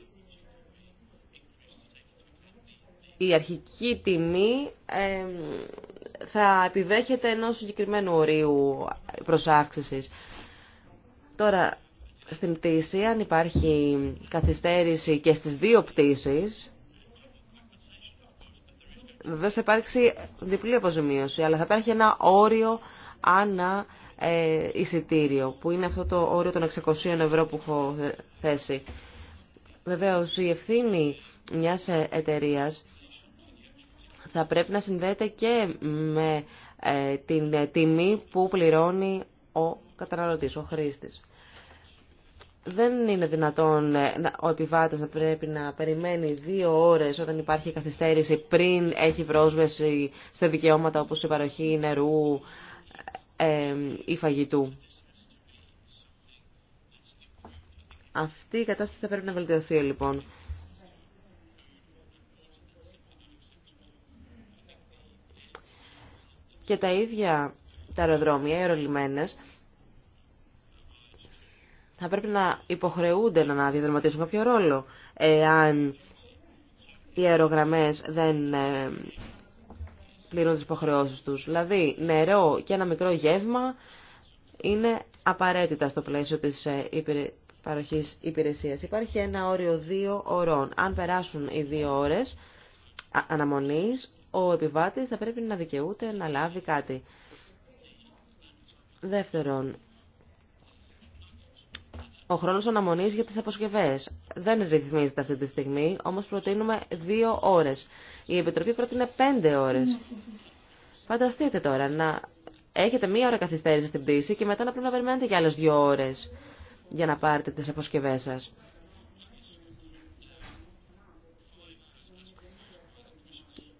η αρχική τιμή θα επιδέχεται ενός συγκεκριμένου ορίου προσάξησης. Τώρα, στην πτήση, αν υπάρχει καθυστέρηση και στις δύο πτήσεις, βεβαίως θα υπάρξει διπλή αποζημίωση, αλλά θα υπάρχει ένα όριο ανά ε, εισιτήριο, που είναι αυτό το όριο των 600 ευρώ που έχω θέσει. Βεβαίως, η ευθύνη μιας εταιρείας θα πρέπει να συνδέεται και με ε, την τιμή που πληρώνει ο καταναλωτής, ο χρήστης. Δεν είναι δυνατόν ε, ο επιβάτης να πρέπει να περιμένει δύο ώρες όταν υπάρχει καθυστέρηση πριν έχει πρόσβεση σε δικαιώματα όπως η παροχή νερού ε, ή φαγητού. Αυτή η κατάσταση θα πρέπει να βελτιωθεί λοιπόν. και τα ίδια τα αεροδρόμια, οι θα πρέπει να υποχρεούνται να διαδραματίσουν κάποιο ρόλο εάν οι αερογραμμές δεν ε, πληρούν τις υποχρεώσεις τους. Δηλαδή, νερό και ένα μικρό γεύμα είναι απαραίτητα στο πλαίσιο της ε, παροχής υπηρεσίας. Υπάρχει ένα όριο δύο ωρών. Αν περάσουν οι δύο ώρες αναμονής, ο επιβάτης θα πρέπει να δικαιούται να λάβει κάτι. Δεύτερον, ο χρόνος αναμονή για τις αποσκευές δεν ρυθμίζεται αυτή τη στιγμή, όμως προτείνουμε δύο ώρες. Η Επιτροπή προτείνει πέντε ώρες. Φανταστείτε τώρα να έχετε μία ώρα καθυστέρηση στην πτήση και μετά να πρέπει να περιμένετε για άλλε δύο ώρε για να πάρετε τις αποσκευές σας.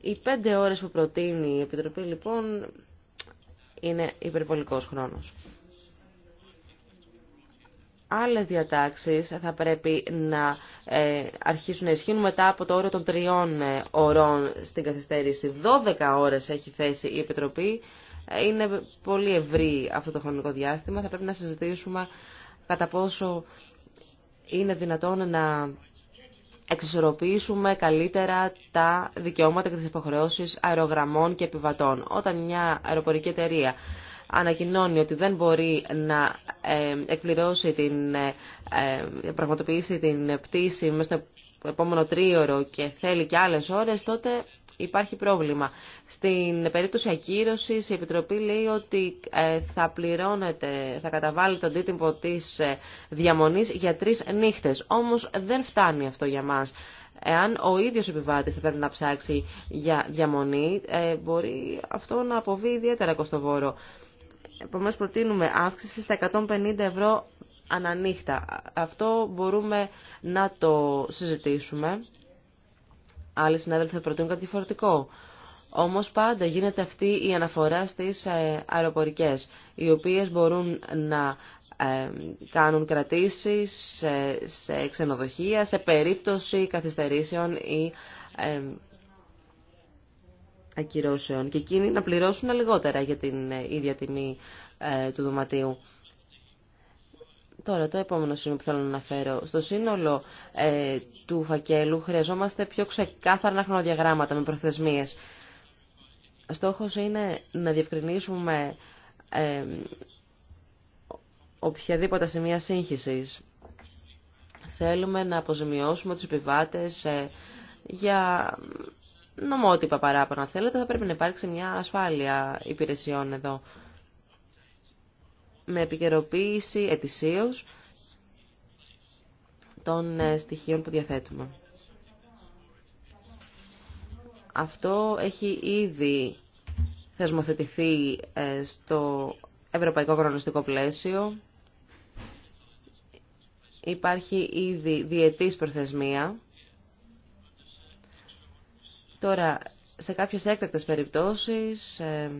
Οι πέντε ώρες που προτείνει η Επιτροπή λοιπόν είναι υπερβολικός χρόνος. Άλλες διατάξεις θα πρέπει να ε, αρχίσουν να ισχύουν μετά από το όριο των τριών ε, ωρών στην καθυστέρηση. 12 ώρες έχει θέσει η Επιτροπή. Ε, είναι πολύ ευρύ αυτό το χρονικό διάστημα. Θα πρέπει να συζητήσουμε κατά πόσο είναι δυνατόν να εξισορροπήσουμε καλύτερα τα δικαιώματα και τις υποχρεώσεις αερογραμμών και επιβατών. Όταν μια αεροπορική εταιρεία ανακοινώνει ότι δεν μπορεί να ε, εκπληρώσει την, ε, ε, πραγματοποιήσει την πτήση μέσα στο επόμενο τρίωρο και θέλει και άλλες ώρες, τότε υπάρχει πρόβλημα. Στην περίπτωση ακύρωσης η Επιτροπή λέει ότι ε, θα πληρώνεται, θα καταβάλει τον τίτυπο της ε, διαμονής για τρεις νύχτες. Όμως δεν φτάνει αυτό για μας. Εάν ο ίδιος επιβάτης θα πρέπει να ψάξει για διαμονή, ε, μπορεί αυτό να αποβεί ιδιαίτερα κοστοβόρο. Επομένως προτείνουμε αύξηση στα 150 ευρώ ανανύχτα. Αυτό μπορούμε να το συζητήσουμε Άλλοι συνάδελφοι θα προτείνουν κάτι διαφορετικό. Όμως πάντα γίνεται αυτή η αναφορά στις ε, αεροπορικές, οι οποίες μπορούν να ε, κάνουν κρατήσεις ε, σε ξενοδοχεία, σε περίπτωση καθυστερήσεων ή ακυρώσεων. Και εκείνοι να πληρώσουν λιγότερα για την ίδια τιμή του δωματίου. Τώρα, το επόμενο σύνολο που θέλω να αναφέρω. Στο σύνολο ε, του φακέλου χρειαζόμαστε πιο ξεκάθαρα χρονοδιαγράμματα με προθεσμίες. Στόχος είναι να διευκρινίσουμε ε, οποιαδήποτε σημεία σύγχυσης. Θέλουμε να αποζημιώσουμε τους επιβάτες ε, για νομότυπα παράπονα. Θέλετε, θα πρέπει να υπάρξει μια ασφάλεια υπηρεσιών εδώ με επικαιροποίηση ετησίως των ε, στοιχείων που διαθέτουμε. Αυτό έχει ήδη θεσμοθετηθεί ε, στο Ευρωπαϊκό Χρονιστικό Πλαίσιο. Υπάρχει ήδη διετής προθεσμία. Τώρα, σε κάποιες έκτακτες περιπτώσεις ε,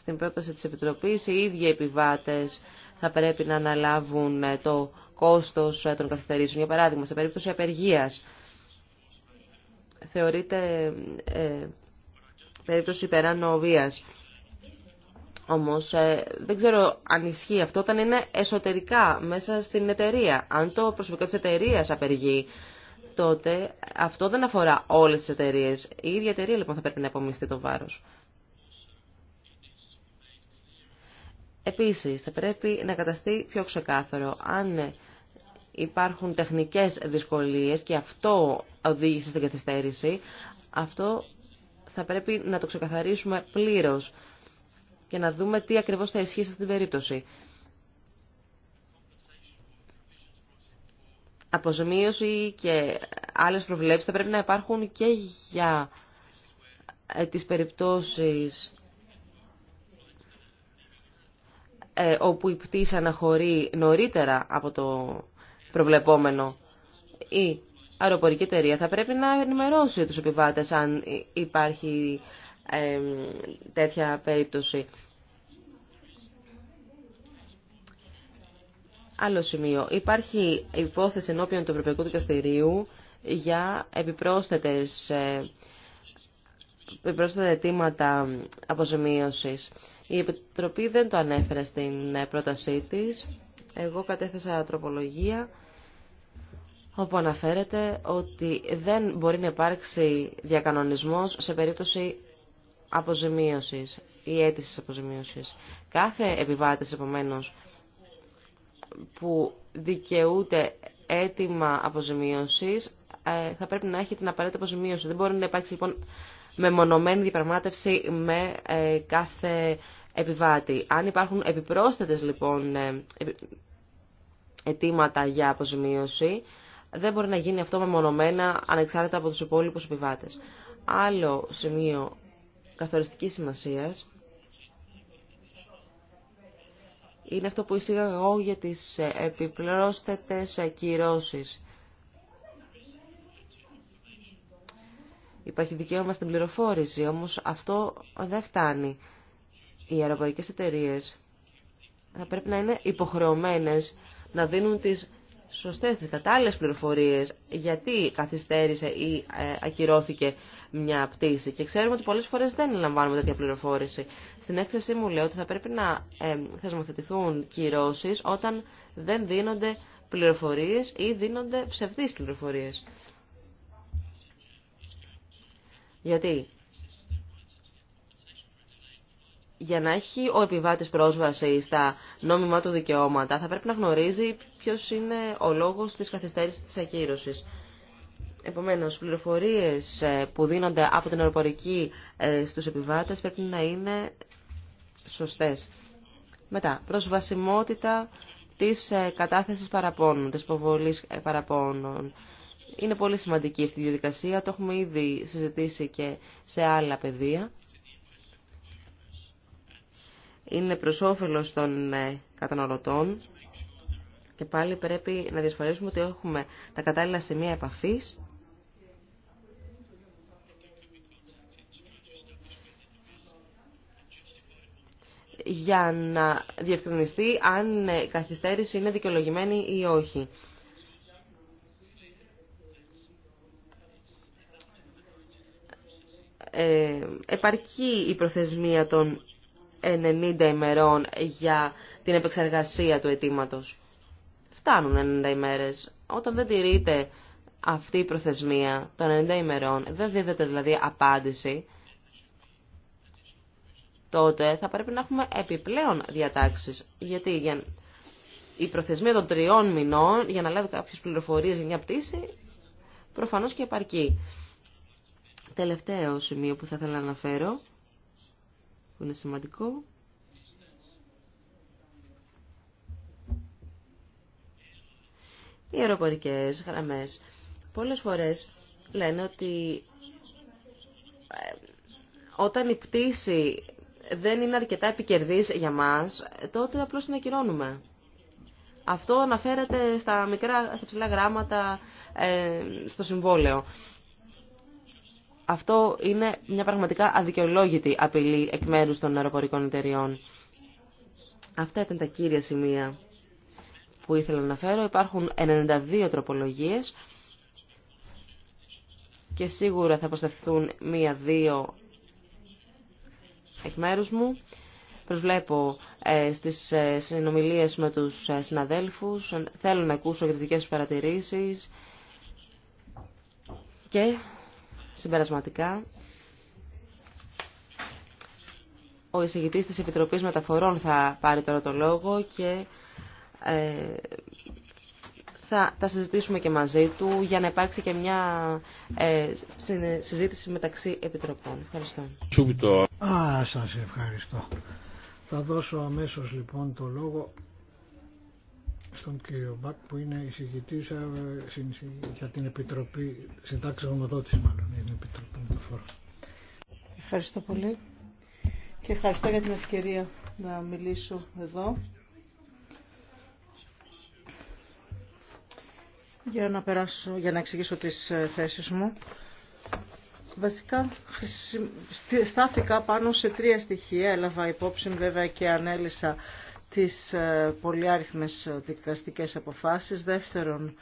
στην πρόταση της Επιτροπής οι ίδιοι επιβάτες θα πρέπει να αναλάβουν ε, το κόστος ε, των καθυστερήσεων. Για παράδειγμα, σε περίπτωση απεργίας θεωρείται ε, περίπτωση υπεράνω βίας. Όμως δεν ξέρω αν ισχύει αυτό όταν είναι εσωτερικά μέσα στην εταιρεία. Αν το προσωπικό της εταιρείας απεργεί, τότε αυτό δεν αφορά όλες τις εταιρείες. Η ίδια εταιρεία λοιπόν θα πρέπει να απομειστεί το βάρος. Επίσης, θα πρέπει να καταστεί πιο ξεκάθαρο αν υπάρχουν τεχνικές δυσκολίες και αυτό οδήγησε στην καθυστέρηση, αυτό θα πρέπει να το ξεκαθαρίσουμε πλήρως και να δούμε τι ακριβώς θα ισχύσει την περίπτωση. Αποζημίωση και άλλες προβλέψεις θα πρέπει να υπάρχουν και για ε, τις περιπτώσεις Ε, όπου η πτήση αναχωρεί νωρίτερα από το προβλεπόμενο η αεροπορική εταιρεία θα πρέπει να ενημερώσει τους επιβάτες αν υπάρχει τέτοια περίπτωση. Άλλο σημείο. Υπάρχει υπόθεση ενώπιον του Ευρωπαϊκού Δικαστηρίου για επιπρόσθετες, ε, επιπρόσθετα αιτήματα αποζημίωσης. Η Επιτροπή δεν το ανέφερε στην ε, πρότασή της. Εγώ κατέθεσα τροπολογία όπου αναφέρεται ότι δεν μπορεί να υπάρξει διακανονισμός σε περίπτωση αποζημίωσης ή αίτησης αποζημίωσης. Κάθε επιβάτης, επομένως, που δικαιούται αίτημα αποζημίωσης ε, θα πρέπει να έχει την απαραίτητη αποζημίωση. Δεν μπορεί να υπάρξει, λοιπόν, μεμονωμένη διαπραγμάτευση με ε, κάθε επιβάτη. Αν υπάρχουν επιπρόσθετες λοιπόν ε, αιτήματα για αποζημίωση, δεν μπορεί να γίνει αυτό μεμονωμένα ανεξάρτητα από τους υπόλοιπους επιβάτες. Άλλο σημείο καθοριστικής σημασίας είναι αυτό που εισήγαγα εγώ για τις ε, επιπρόσθετες ε, κυρώσεις. Υπάρχει δικαίωμα στην πληροφόρηση, όμως αυτό δεν φτάνει οι αεροπορικές εταιρείε θα πρέπει να είναι υποχρεωμένες να δίνουν τις σωστές, τις κατάλληλες πληροφορίες γιατί καθυστέρησε ή ε, ακυρώθηκε μια πτήση. Και ξέρουμε ότι πολλές φορές δεν λαμβάνουμε τέτοια πληροφόρηση. Στην έκθεσή μου λέω ότι θα πρέπει να ε, θεσμοθετηθούν κυρώσεις όταν δεν δίνονται πληροφορίες ή δίνονται ψευδείς πληροφορίες. Γιατί για να έχει ο επιβάτης πρόσβαση στα νόμιμα του δικαιώματα, θα πρέπει να γνωρίζει ποιος είναι ο λόγος της καθυστέρησης της ακύρωσης. Επομένως, πληροφορίες ε, που δίνονται από την αεροπορική ε, στους επιβάτες πρέπει να είναι σωστές. Μετά, προσβασιμότητα της ε, κατάθεσης παραπώνων, της υποβολής παραπώνων. Είναι πολύ σημαντική αυτή η διαδικασία, το έχουμε ήδη συζητήσει και σε άλλα πεδία είναι προς όφελος των ε, καταναλωτών και πάλι πρέπει να διασφαλίσουμε ότι έχουμε τα κατάλληλα σημεία επαφής για να διευκρινιστεί αν ε, η καθυστέρηση είναι δικαιολογημένη ή όχι. Ε, επαρκεί η προθεσμία των 90 ημερών για την επεξεργασία του αιτήματο. Φτάνουν 90 ημέρες. Όταν δεν τηρείται αυτή η προθεσμία των 90 ημερών, δεν δίδεται δηλαδή απάντηση, τότε θα πρέπει να έχουμε επιπλέον διατάξεις. Γιατί η προθεσμία των τριών μηνών για να λάβει κάποιε πληροφορίες για μια πτήση, προφανώς και επαρκεί. Τελευταίο σημείο που θα ήθελα να αναφέρω που είναι σημαντικό. Οι αεροπορικές γραμμές πολλές φορές λένε ότι ε, όταν η πτήση δεν είναι αρκετά επικερδής για μας, τότε απλώς ακυρώνουμε. Αυτό αναφέρεται στα, μικρά, στα ψηλά γράμματα ε, στο συμβόλαιο. Αυτό είναι μια πραγματικά αδικαιολόγητη απειλή εκ μέρους των αεροπορικών εταιριών. Αυτά ήταν τα κύρια σημεία που ήθελα να φέρω. Υπάρχουν 92 τροπολογίες και σίγουρα θα προσταθούν μία-δύο εκ μέρους μου. Προσβλέπω ε, στις ε, συνομιλίες με τους ε, συναδέλφους. Θέλω να ακούσω κριτικές παρατηρήσεις και Συμπερασματικά, ο εισηγητής της Επιτροπής Μεταφορών θα πάρει τώρα το λόγο και ε, θα τα συζητήσουμε και μαζί του για να υπάρξει και μια ε, συζήτηση μεταξύ επιτροπών. Ευχαριστώ. Α, σας ευχαριστώ. Θα δώσω αμέσως λοιπόν το λόγο στον κύριο Μπακ που είναι εισηγητής ε, για την Επιτροπή, Συντάξεων Ομοδότηση, μάλλον για την Επιτροπή μεταφορά. Ευχαριστώ πολύ και ευχαριστώ για την ευκαιρία να μιλήσω εδώ. Για να, περάσω, για να εξηγήσω τις ε, θέσεις μου. Βασικά στάθηκα πάνω σε τρία στοιχεία, έλαβα υπόψη βέβαια και ανέλησα τις ε, πολυάριθμες δικαστικές αποφάσεις. Δεύτερον,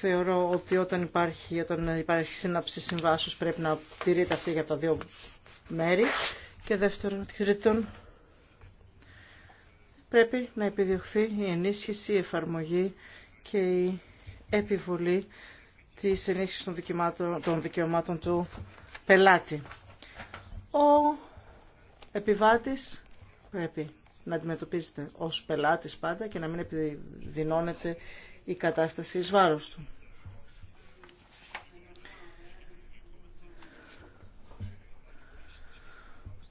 θεωρώ ότι όταν υπάρχει, όταν υπάρχει σύναψη συμβάσεως πρέπει να τηρείται αυτή για τα δύο μέρη. Και δεύτερον, τρίτον, πρέπει να επιδιωχθεί η ενίσχυση, η εφαρμογή και η επιβολή της ενίσχυσης των, των δικαιωμάτων του πελάτη. Ο επιβάτης πρέπει να αντιμετωπίζεται ως πελάτης πάντα και να μην επιδεινώνεται η κατάσταση εις βάρος του.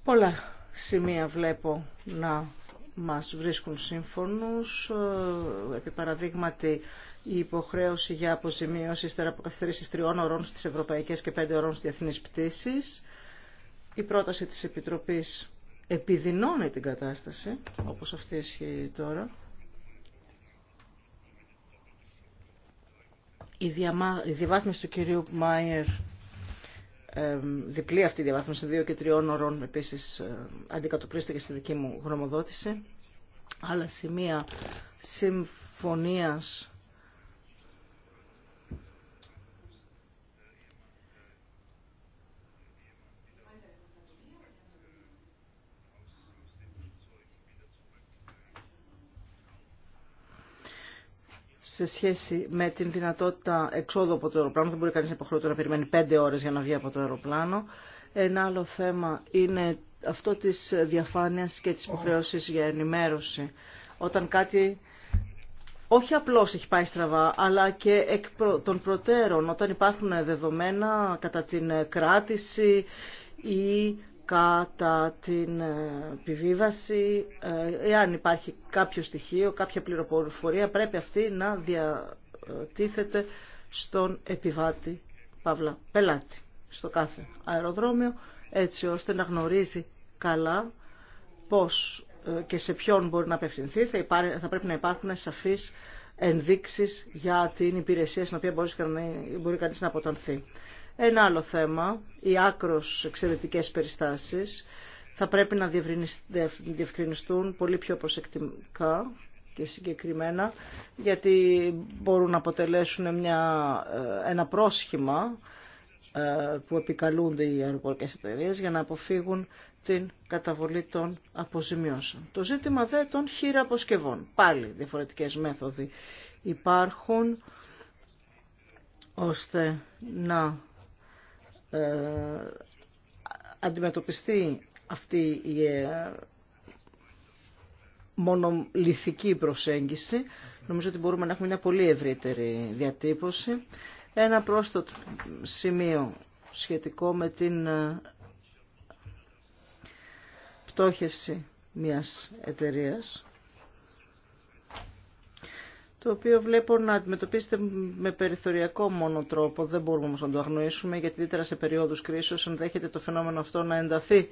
Πολλά σημεία βλέπω να μας βρίσκουν σύμφωνους, ε, επί παραδείγματι η υποχρέωση για αποζημίωση ύστερα από καθυστερήσεις τριών ωρών στις ευρωπαϊκές και πέντε ωρών στις διεθνείς πτήσεις, η πρόταση της Επιτροπής επιδεινώνει την κατάσταση, όπως αυτή ισχύει τώρα, η, διαμά... διαβάθμιση του κυρίου Μάιερ, διπλή αυτή η διαβάθμιση δύο και τριών ώρων, επίσης αντικατοπλίστηκε στη δική μου γνωμοδότηση. Άλλα σημεία συμφωνίας σε σχέση με την δυνατότητα εξόδου από το αεροπλάνο. Δεν μπορεί κανείς υποχρεωθεί να περιμένει πέντε ώρες για να βγει από το αεροπλάνο. Ένα άλλο θέμα είναι αυτό της διαφάνειας και της υποχρεώσης για ενημέρωση. Όταν κάτι όχι απλώς έχει πάει στραβά, αλλά και εκ των προτέρων, όταν υπάρχουν δεδομένα κατά την κράτηση ή κατά την ε, επιβίβαση, ε, εάν υπάρχει κάποιο στοιχείο, κάποια πληροφορία, πρέπει αυτή να διατίθεται στον επιβάτη, παύλα, πελάτη, στο κάθε αεροδρόμιο, έτσι ώστε να γνωρίζει καλά πώς ε, και σε ποιον μπορεί να απευθυνθεί, θα, θα πρέπει να υπάρχουν σαφείς ενδείξεις για την υπηρεσία στην οποία μπορεί, μπορεί κανείς να αποτανθεί. Ένα άλλο θέμα, οι άκρος εξαιρετικές περιστάσεις θα πρέπει να διευκρινιστούν πολύ πιο προσεκτικά και συγκεκριμένα γιατί μπορούν να αποτελέσουν μια, ε, ένα πρόσχημα ε, που επικαλούνται οι αεροπορικές εταιρείε για να αποφύγουν την καταβολή των αποζημιώσεων. Το ζήτημα δε των αποσκευών. Πάλι διαφορετικές μέθοδοι υπάρχουν ώστε να ε, αντιμετωπιστεί αυτή η ε, μονολυθική προσέγγιση, νομίζω ότι μπορούμε να έχουμε μια πολύ ευρύτερη διατύπωση. Ένα πρόσθετο σημείο σχετικό με την ε, πτώχευση μιας εταιρείας το οποίο βλέπω να αντιμετωπίσετε με περιθωριακό μόνο τρόπο. Δεν μπορούμε όμως να το αγνοήσουμε, γιατί ιδιαίτερα σε περίοδους κρίσεως ενδέχεται το φαινόμενο αυτό να ενταθεί.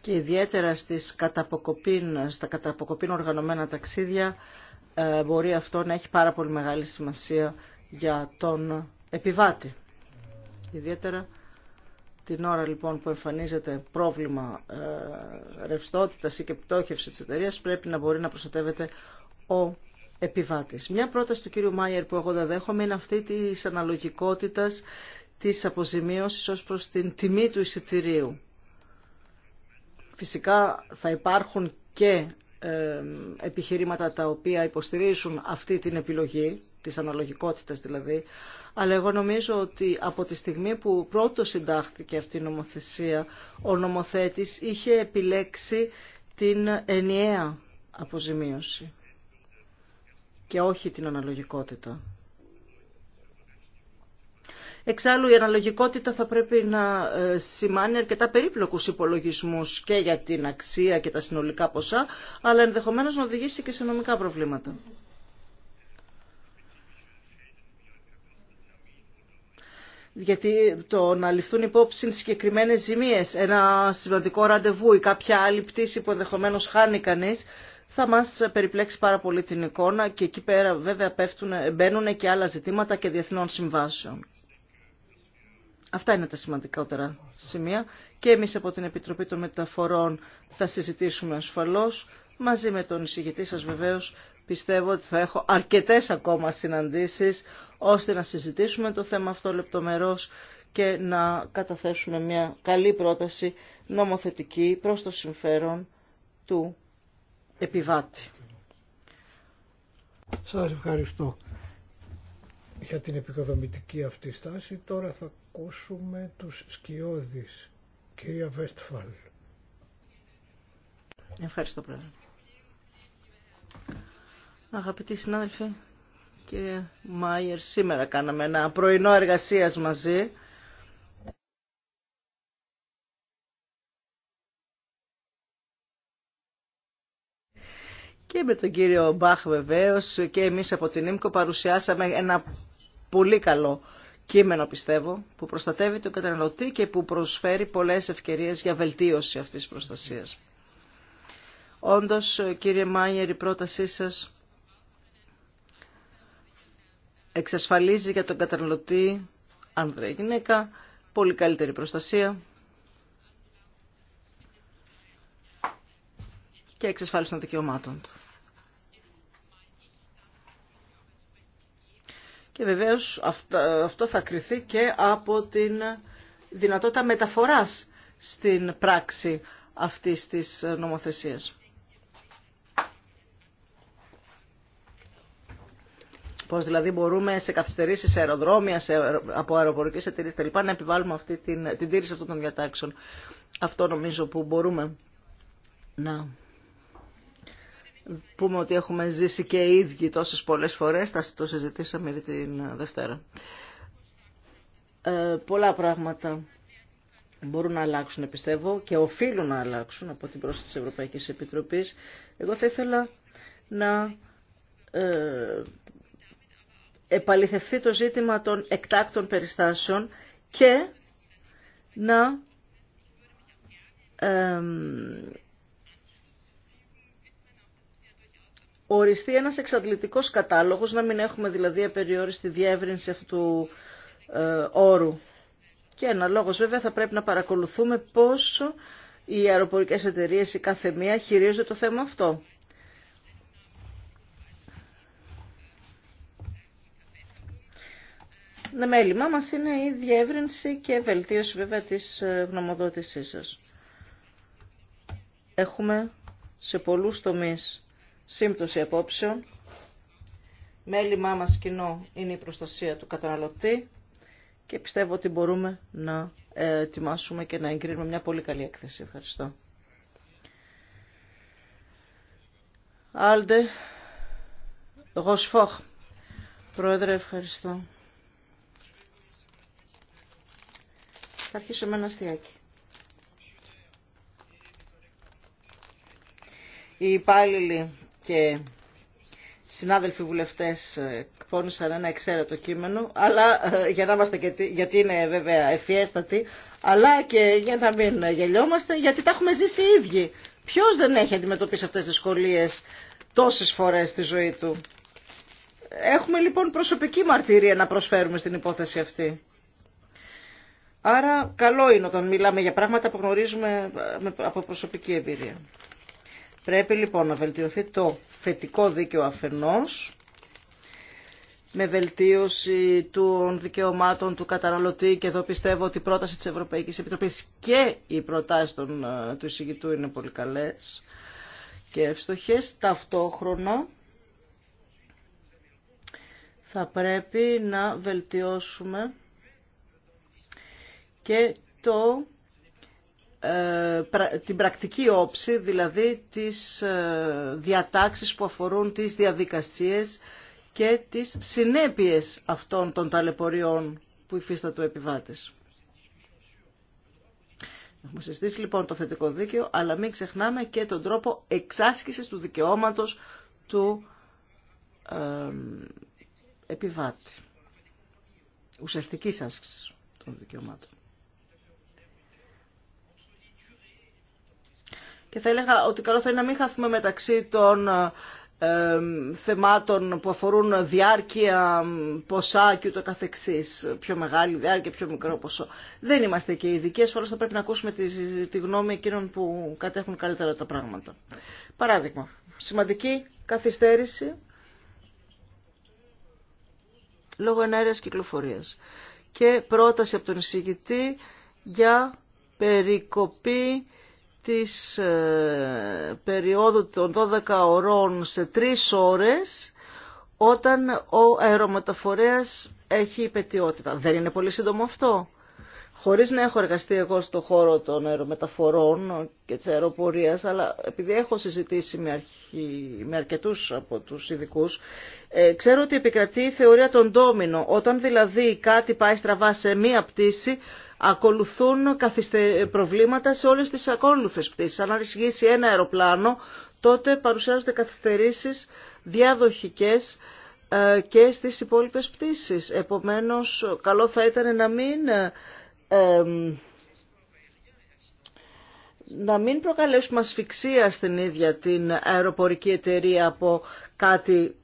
Και ιδιαίτερα στις καταποκοπήν, στα καταποκοπήν οργανωμένα ταξίδια ε, μπορεί αυτό να έχει πάρα πολύ μεγάλη σημασία για τον επιβάτη. Ιδιαίτερα την ώρα λοιπόν που εμφανίζεται πρόβλημα ε, ρευστότητας ή και πτώχευση της εταιρεία πρέπει να μπορεί να προστατεύεται ο επιβάτης. Μια πρόταση του κύριου Μάιερ που εγώ δεν δέχομαι είναι αυτή της αναλογικότητας της αποζημίωσης ως προς την τιμή του εισιτηρίου. Φυσικά θα υπάρχουν και ε, επιχειρήματα τα οποία υποστηρίζουν αυτή την επιλογή της αναλογικότητας δηλαδή, αλλά εγώ νομίζω ότι από τη στιγμή που πρώτο συντάχθηκε αυτή η νομοθεσία, ο νομοθέτης είχε επιλέξει την ενιαία αποζημίωση και όχι την αναλογικότητα. Εξάλλου η αναλογικότητα θα πρέπει να ε, σημάνει αρκετά περίπλοκους υπολογισμούς και για την αξία και τα συνολικά ποσά, αλλά ενδεχομένως να οδηγήσει και σε νομικά προβλήματα. γιατί το να ληφθούν υπόψη συγκεκριμένες ζημίες, ένα σημαντικό ραντεβού ή κάποια άλλη πτήση που ενδεχομένω χάνει κανείς, θα μας περιπλέξει πάρα πολύ την εικόνα και εκεί πέρα βέβαια πέφτουν, μπαίνουν και άλλα ζητήματα και διεθνών συμβάσεων. Αυτά είναι τα σημαντικότερα σημεία και εμείς από την Επιτροπή των Μεταφορών θα συζητήσουμε ασφαλώς μαζί με τον εισηγητή σας βεβαίως πιστεύω ότι θα έχω αρκετές ακόμα συναντήσεις ώστε να συζητήσουμε το θέμα αυτό λεπτομερώς και να καταθέσουμε μια καλή πρόταση νομοθετική προς το συμφέρον του επιβάτη. Σας ευχαριστώ για την επικοδομητική αυτή στάση. Τώρα θα ακούσουμε τους σκιώδεις. Κυρία Βέστφαλ. Ευχαριστώ πρόεδρε. Αγαπητοί συνάδελφοι, κύριε Μάιερ, σήμερα κάναμε ένα πρωινό εργασίας μαζί. Και με τον κύριο Μπαχ βεβαίως και εμείς από την ΙΜΚΟ παρουσιάσαμε ένα πολύ καλό κείμενο πιστεύω που προστατεύει τον καταναλωτή και που προσφέρει πολλές ευκαιρίες για βελτίωση αυτής της προστασίας. Όντως κύριε Μάιερ η πρότασή σας εξασφαλίζει για τον καταναλωτή, άνδρα ή γυναίκα, πολύ καλύτερη προστασία και εξασφάλιση των δικαιωμάτων του. Και βεβαίως αυτό θα κριθεί και από την δυνατότητα μεταφοράς στην πράξη αυτής της νομοθεσίας. Πώ δηλαδή μπορούμε σε καθυστερήσει σε αεροδρόμια, σε, από αεροπορικέ εταιρείε κτλ. να επιβάλλουμε αυτή την, την τήρηση αυτών των διατάξεων. Αυτό νομίζω που μπορούμε να πούμε ότι έχουμε ζήσει και οι ίδιοι τόσες πολλές φορές. Θα το συζητήσαμε ήδη την Δευτέρα. Ε, πολλά πράγματα μπορούν να αλλάξουν, πιστεύω, και οφείλουν να αλλάξουν από την πρόσθεση της Ευρωπαϊκής Επιτροπής. Εγώ θα ήθελα να ε, επαληθευτεί το ζήτημα των εκτάκτων περιστάσεων και να οριστεί ένας εξαντλητικός κατάλογος, να μην έχουμε δηλαδή απεριόριστη διεύρυνση αυτού του ε, όρου. Και λόγος, βέβαια θα πρέπει να παρακολουθούμε πόσο οι αεροπορικές εταιρείες η κάθε μία χειρίζεται το θέμα αυτό. Ναι, μέλημά μας είναι η διεύρυνση και βελτίωση βέβαια της ε, γνωμοδότησής σας. Έχουμε σε πολλούς τομείς σύμπτωση απόψεων. Μέλημά μας κοινό είναι η προστασία του καταναλωτή και πιστεύω ότι μπορούμε να ε, ετοιμάσουμε και να εγκρίνουμε μια πολύ καλή έκθεση. Ευχαριστώ. Άλντε, Ροσφόχ. Πρόεδρε, ευχαριστώ. Θα αρχίσω με ένα αστιακή. Οι υπάλληλοι και συνάδελφοι βουλευτές εκπώνησαν ένα εξαίρετο κείμενο, αλλά ε, για να είμαστε γιατί είναι βέβαια ευφιέστατοι, αλλά και για να μην γελιόμαστε, γιατί τα έχουμε ζήσει οι ίδιοι. Ποιος δεν έχει αντιμετωπίσει αυτές τις δυσκολίε τόσες φορές στη ζωή του. Έχουμε λοιπόν προσωπική μαρτυρία να προσφέρουμε στην υπόθεση αυτή. Άρα καλό είναι όταν μιλάμε για πράγματα που γνωρίζουμε ε, από προσωπική εμπειρία. Πρέπει λοιπόν να βελτιωθεί το θετικό δίκαιο αφενός, με βελτίωση των δικαιωμάτων του καταναλωτή και εδώ πιστεύω ότι η πρόταση της Ευρωπαϊκής Επιτροπής και οι προτάσεις των, ε, του εισηγητού είναι πολύ καλές και ευστοχές ταυτόχρονα θα πρέπει να βελτιώσουμε και το, ε, την πρακτική όψη, δηλαδή τις ε, διατάξεις που αφορούν τις διαδικασίες και τις συνέπειες αυτών των ταλαιπωριών που υφίσταται ο Έχουμε συστήσει λοιπόν το θετικό δίκαιο, αλλά μην ξεχνάμε και τον τρόπο εξάσκησης του δικαιώματος του ε, επιβάτη. Ουσιαστική άσκηση των δικαιωμάτων. και θα έλεγα ότι καλό θα είναι να μην χαθούμε μεταξύ των ε, θεμάτων που αφορούν διάρκεια, ποσά και ούτω καθεξής, πιο μεγάλη διάρκεια, πιο μικρό ποσό. Δεν είμαστε και ειδικοί, ασφαλώς θα πρέπει να ακούσουμε τη, τη γνώμη εκείνων που κατέχουν καλύτερα τα πράγματα. Παράδειγμα, σημαντική καθυστέρηση λόγω ενέργειας κυκλοφορίας και πρόταση από τον εισηγητή για περικοπή της ε, περίοδου των 12 ωρών σε 3 ώρες όταν ο αερομεταφορέας έχει υπετιότητα. Δεν είναι πολύ σύντομο αυτό. Χωρίς να έχω εργαστεί εγώ στον χώρο των αερομεταφορών και της αεροπορίας, αλλά επειδή έχω συζητήσει με, αρχι... αρκετούς από τους ειδικούς, ε, ξέρω ότι επικρατεί η θεωρία των ντόμινο. Όταν δηλαδή κάτι πάει στραβά σε μία πτήση, ακολουθούν προβλήματα σε όλες τις ακόλουθες πτήσεις. Αν αρχίσει ένα αεροπλάνο, τότε παρουσιάζονται καθυστερήσεις διαδοχικές ε, και στις υπόλοιπες πτήσεις. Επομένως, καλό θα ήταν να μην... Ε, να μην προκαλέσουμε ασφυξία στην ίδια την αεροπορική εταιρεία από κάτι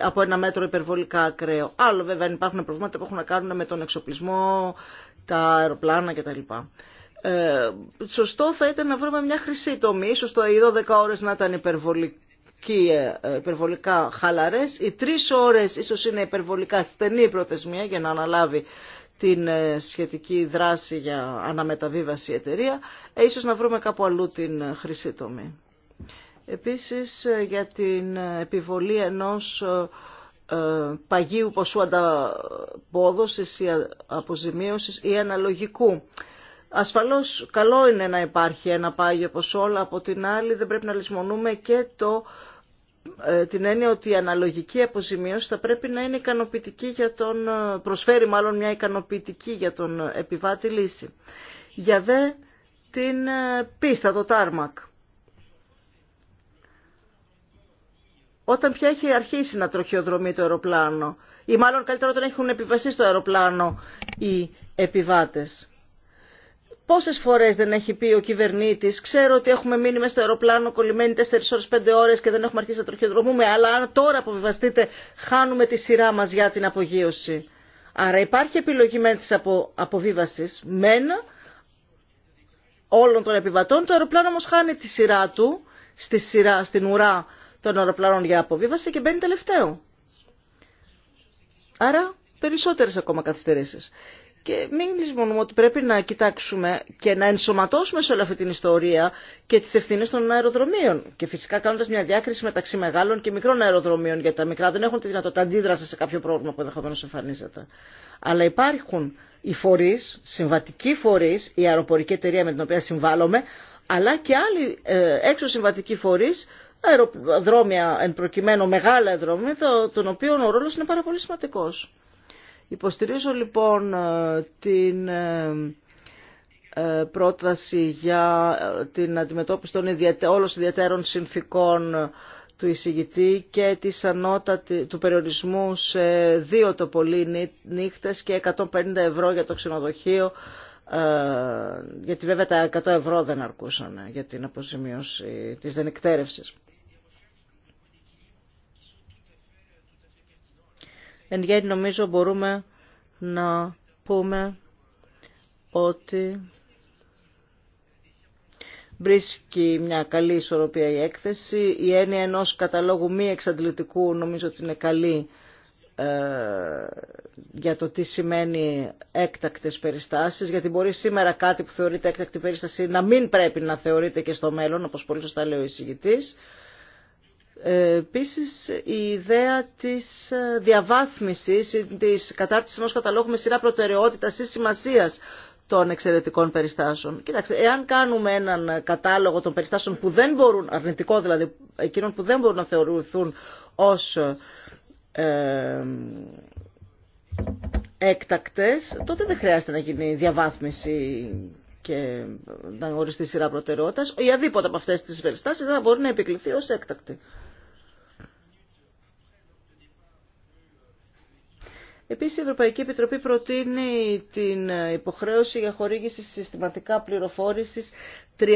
από ένα μέτρο υπερβολικά ακραίο. Άλλο βέβαια υπάρχουν προβλήματα που έχουν να κάνουν με τον εξοπλισμό, τα αεροπλάνα κτλ. Ε, σωστό θα ήταν να βρούμε μια χρυσή τομή, ίσως το οι 12 ώρες να ήταν υπερβολική, ε, ε, υπερβολικά χαλαρές, οι 3 ώρες ίσως είναι υπερβολικά στενή προθεσμία για να αναλάβει την ε, σχετική δράση για αναμεταβίβαση εταιρεία, ε, ίσως να βρούμε κάπου αλλού την χρυσή τομή. Επίσης για την επιβολή ενός ε, παγίου ποσού ανταπόδοσης ή αποζημίωσης ή αναλογικού. Ασφαλώς καλό είναι να υπάρχει ένα πάγιο ποσό, αλλά από την άλλη δεν πρέπει να λησμονούμε και το, ε, την έννοια ότι η αναλογική αποζημίωση θα πρέπει να είναι ικανοποιητική για τον, ε, προσφέρει μάλλον μια ικανοποιητική για τον επιβάτη λύση. Για δε την πίστα, το τάρμακ. όταν πια έχει αρχίσει να τροχιοδρομεί το αεροπλάνο ή μάλλον καλύτερα όταν έχουν επιβαστεί στο αεροπλάνο οι επιβάτες. Πόσες φορές δεν έχει πει ο κυβερνήτης, ξέρω ότι έχουμε μείνει μέσα στο αεροπλάνο κολλημένοι 4 ώρες, 5 ώρες και δεν έχουμε αρχίσει να τροχιοδρομούμε, αλλά αν τώρα αποβιβαστείτε χάνουμε τη σειρά μας για την απογείωση. Άρα υπάρχει επιλογή μεν της απο, αποβίβασης, μεν όλων των επιβατών, το αεροπλάνο όμω χάνει τη σειρά του, στη σειρά, στην ουρά των αεροπλάνων για αποβίβαση και μπαίνει τελευταίο. Άρα περισσότερες ακόμα καθυστερήσεις. Και μην λησμονούμε ότι πρέπει να κοιτάξουμε και να ενσωματώσουμε σε όλη αυτή την ιστορία και τι ευθύνε των αεροδρομίων. Και φυσικά κάνοντα μια διάκριση μεταξύ μεγάλων και μικρών αεροδρομίων, γιατί τα μικρά δεν έχουν τη δυνατότητα αντίδραση σε κάποιο πρόβλημα που ενδεχομένω εμφανίζεται. Αλλά υπάρχουν οι φορεί, συμβατικοί φορεί, η αεροπορική εταιρεία με την οποία συμβάλλομαι, αλλά και άλλοι ε, έξω συμβατικοί φορεί αεροδρόμια, εν προκειμένου μεγάλα αεροδρόμια, των οποίο ο ρόλος είναι πάρα πολύ σημαντικός. Υποστηρίζω λοιπόν ε, την ε, ε, πρόταση για την αντιμετώπιση των όλων ιδιαίτερων συνθήκων του εισηγητή και της ανώτατη, του περιορισμού σε δύο το πολύ νύχτες και 150 ευρώ για το ξενοδοχείο γιατί βέβαια τα 100 ευρώ δεν αρκούσαν για την αποζημίωση της εκτέρευσης. Εν γέννη νομίζω μπορούμε να πούμε ότι βρίσκει μια καλή ισορροπία η έκθεση. Η έννοια ενός καταλόγου μη εξαντλητικού νομίζω ότι είναι καλή ε, για το τι σημαίνει έκτακτες περιστάσεις, γιατί μπορεί σήμερα κάτι που θεωρείται έκτακτη περίσταση να μην πρέπει να θεωρείται και στο μέλλον, όπως πολύ σωστά λέει ο εισηγητής. Επίση, η ιδέα της ε, διαβάθμισης ή ε, της κατάρτισης ενός καταλόγου με σειρά προτεραιότητας ή σημασία των εξαιρετικών περιστάσεων. Κοιτάξτε, εάν κάνουμε έναν κατάλογο των περιστάσεων που δεν μπορούν, αρνητικό δηλαδή, εκείνων που δεν μπορούν να θεωρηθούν ως ε, έκτακτες, τότε δεν χρειάζεται να γίνει διαβάθμιση και να οριστεί σειρά προτεραιότητας. αδίποτε από αυτέ τι περιστάσει δεν θα μπορεί να επικληθεί ω έκτακτη. Επίσης η Ευρωπαϊκή Επιτροπή προτείνει την υποχρέωση για χορήγηση συστηματικά πληροφόρησης 30,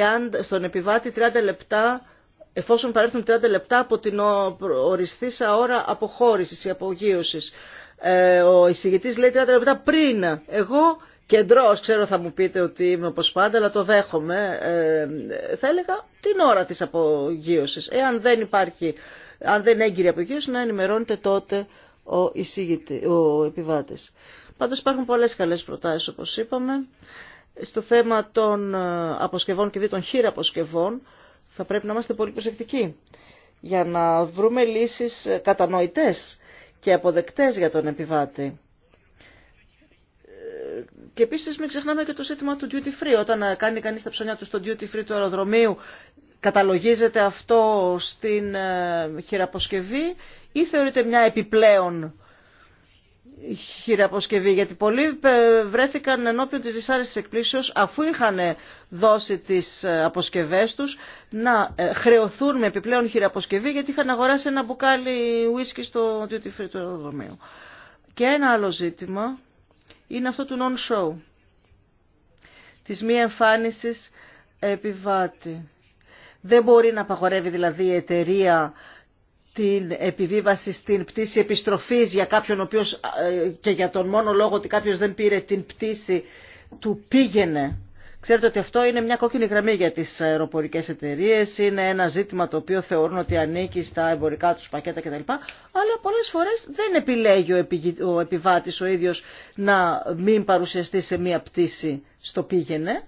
στον επιβάτη 30 λεπτά εφόσον παρέλθουν 30 λεπτά από την οριστήσα ώρα αποχώρησης ή απογείωσης. Ε, ο εισηγητής λέει 30 λεπτά πριν. Εγώ κεντρός, ξέρω θα μου πείτε ότι είμαι όπως πάντα, αλλά το δέχομαι. Ε, θα έλεγα την ώρα της απογείωσης. Εάν δεν υπάρχει, αν δεν έγκυρη απογείωση, να ενημερώνετε τότε ο, εισηγητή, ο επιβάτης. Πάντως υπάρχουν πολλές καλές προτάσεις όπως είπαμε. Στο θέμα των ε, αποσκευών και δι των χείρα αποσκευών θα πρέπει να είμαστε πολύ προσεκτικοί για να βρούμε λύσεις ε, κατανοητές και αποδεκτές για τον επιβάτη. Ε, και επίσης μην ξεχνάμε και το σύστημα του duty free. Όταν κάνει κανείς τα ψώνια του στο duty free του αεροδρομίου Καταλογίζεται αυτό στην ε, χειραποσκευή ή θεωρείται μια επιπλέον χειραποσκευή, γιατί πολλοί ε, βρέθηκαν ενώπιον της δυσάρεσης εκπλήσεως αφού είχαν δώσει τις ε, αποσκευές τους να χρεωθούν με επιπλέον χειραποσκευή γιατί είχαν αγοράσει ένα μπουκάλι ουίσκι στο duty free του αεροδρομίου. Και ένα άλλο ζήτημα είναι αυτό του non-show, της μη εμφάνισης επιβάτη. Δεν μπορεί να απαγορεύει δηλαδή η εταιρεία την επιβίβαση στην πτήση επιστροφής για κάποιον ο οποίος, ε, και για τον μόνο λόγο ότι κάποιος δεν πήρε την πτήση του πήγαινε. Ξέρετε ότι αυτό είναι μια κόκκινη γραμμή για τις αεροπορικές εταιρείες, είναι ένα ζήτημα το οποίο θεωρούν ότι ανήκει στα εμπορικά τους πακέτα κτλ. Αλλά πολλές φορές δεν επιλέγει ο επιβάτης ο ίδιος να μην παρουσιαστεί σε μια πτήση στο πήγαινε.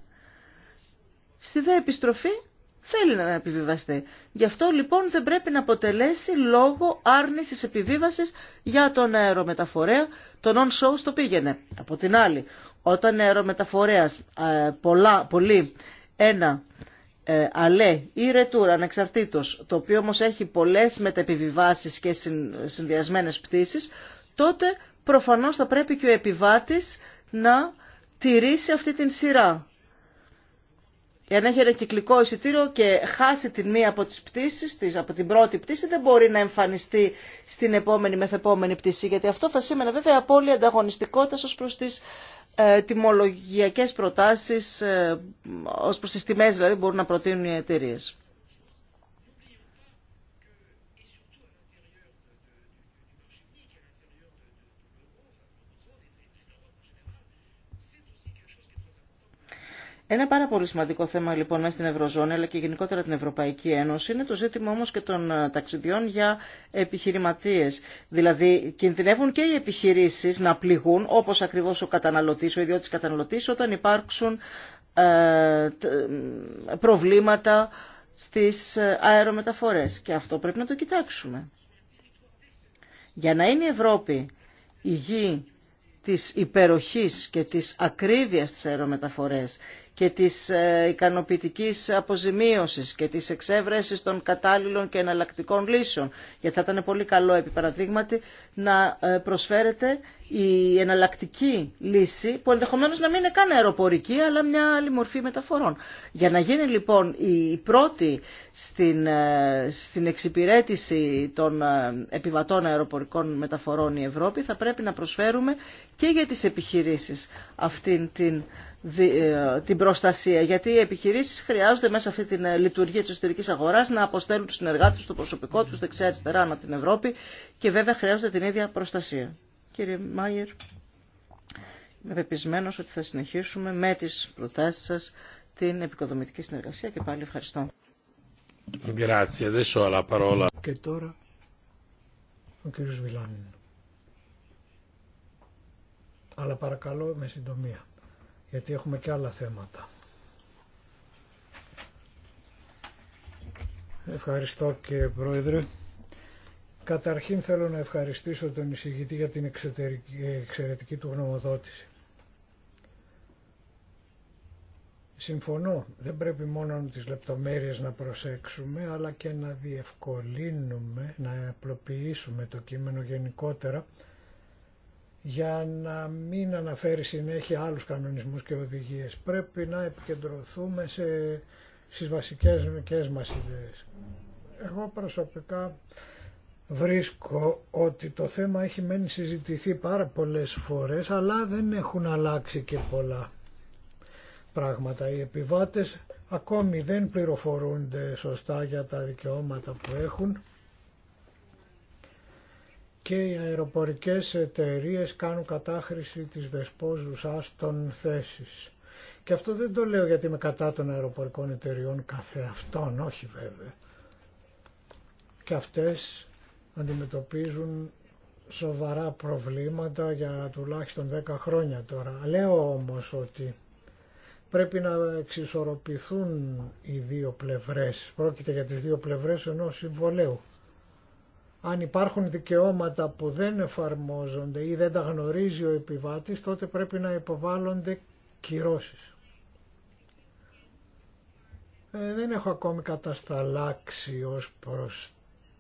Στη δε επιστροφή θέλει να επιβιβαστεί. Γι' αυτό λοιπόν δεν πρέπει να αποτελέσει λόγο άρνησης επιβίβασης για τον αερομεταφορέα, τον on-show στο πήγαινε. Από την άλλη, όταν αερομεταφορέας ε, πολλά, πολύ ένα ε, αλέ ή ρετούρ ανεξαρτήτως, το οποίο όμως έχει πολλές μεταπιβιβάσεις και συν, συνδυασμένες πτήσεις, τότε προφανώς θα πρέπει και ο επιβάτης να τηρήσει αυτή την σειρά Εάν έχει ένα κυκλικό εισιτήριο και χάσει την μία από τις πτήσεις της, από την πρώτη πτήση, δεν μπορεί να εμφανιστεί στην επόμενη μεθεπόμενη πτήση, γιατί αυτό θα σήμαινε βέβαια απόλυτη ανταγωνιστικότητα ως προς τις ε, τιμολογιακές προτάσεις, ε, ως προς τις τιμές δηλαδή μπορούν να προτείνουν οι εταιρείε. Ένα πάρα πολύ σημαντικό θέμα λοιπόν μέσα στην Ευρωζώνη αλλά και γενικότερα την Ευρωπαϊκή Ένωση είναι το ζήτημα όμως και των ε, ταξιδιών για επιχειρηματίες. Δηλαδή κινδυνεύουν και οι επιχειρήσεις να πληγούν όπως ακριβώς ο καταναλωτής, ο ιδιώτης καταναλωτής όταν υπάρξουν ε, ε, προβλήματα στις αερομεταφορές. Και αυτό πρέπει να το κοιτάξουμε. Για να είναι η Ευρώπη η γη της υπεροχής και της ακρίβειας της αερομεταφορές και της ε, ικανοποιητικής αποζημίωσης και της εξέβρεσης των κατάλληλων και εναλλακτικών λύσεων. Γιατί θα ήταν πολύ καλό, επί παραδείγματι, να ε, προσφέρεται η εναλλακτική λύση, που ενδεχομένως να μην είναι καν αεροπορική, αλλά μια άλλη μορφή μεταφορών. Για να γίνει λοιπόν η πρώτη στην, ε, εξυπηρέτηση των επιβατών αεροπορικών μεταφορών η Ευρώπη, θα πρέπει να προσφέρουμε και για τις επιχειρήσεις αυτήν την ε, την προστασία. Γιατί οι επιχειρήσεις χρειάζονται μέσα αυτή τη ε, λειτουργία της εσωτερική αγοράς να αποστέλουν τους συνεργάτε, το προσωπικό τους, δεξιά-αριστερά ανά την Ευρώπη και βέβαια χρειάζονται την ίδια προστασία. Κύριε Μάιερ, είμαι πεπισμένο ότι θα συνεχίσουμε με τις προτάσεις σα την επικοδομητική συνεργασία και πάλι ευχαριστώ. Και τώρα ο κύριος Βιλάνιν Αλλά παρακαλώ με συντομία γιατί έχουμε και άλλα θέματα. Ευχαριστώ και Πρόεδρε. Καταρχήν θέλω να ευχαριστήσω τον εισηγητή για την εξαιρετική του γνωμοδότηση. Συμφωνώ, δεν πρέπει μόνο τις λεπτομέρειες να προσέξουμε, αλλά και να διευκολύνουμε, να απλοποιήσουμε το κείμενο γενικότερα, για να μην αναφέρει συνέχεια άλλους κανονισμούς και οδηγίες. Πρέπει να επικεντρωθούμε σε, στις βασικές μας, μας ιδέες. Εγώ προσωπικά βρίσκω ότι το θέμα έχει μένει συζητηθεί πάρα πολλές φορές αλλά δεν έχουν αλλάξει και πολλά πράγματα. Οι επιβάτες ακόμη δεν πληροφορούνται σωστά για τα δικαιώματα που έχουν και οι αεροπορικές εταιρείες κάνουν κατάχρηση της δεσπόζουσας των θέσεις. Και αυτό δεν το λέω γιατί είμαι κατά των αεροπορικών εταιριών καθεαυτών, όχι βέβαια. Και αυτές αντιμετωπίζουν σοβαρά προβλήματα για τουλάχιστον 10 χρόνια τώρα. Λέω όμως ότι πρέπει να εξισορροπηθούν οι δύο πλευρές. Πρόκειται για τις δύο πλευρές ενός συμβολέου αν υπάρχουν δικαιώματα που δεν εφαρμόζονται ή δεν τα γνωρίζει ο επιβάτης, τότε πρέπει να υποβάλλονται κυρώσεις. Ε, δεν έχω ακόμη κατασταλάξει ως προς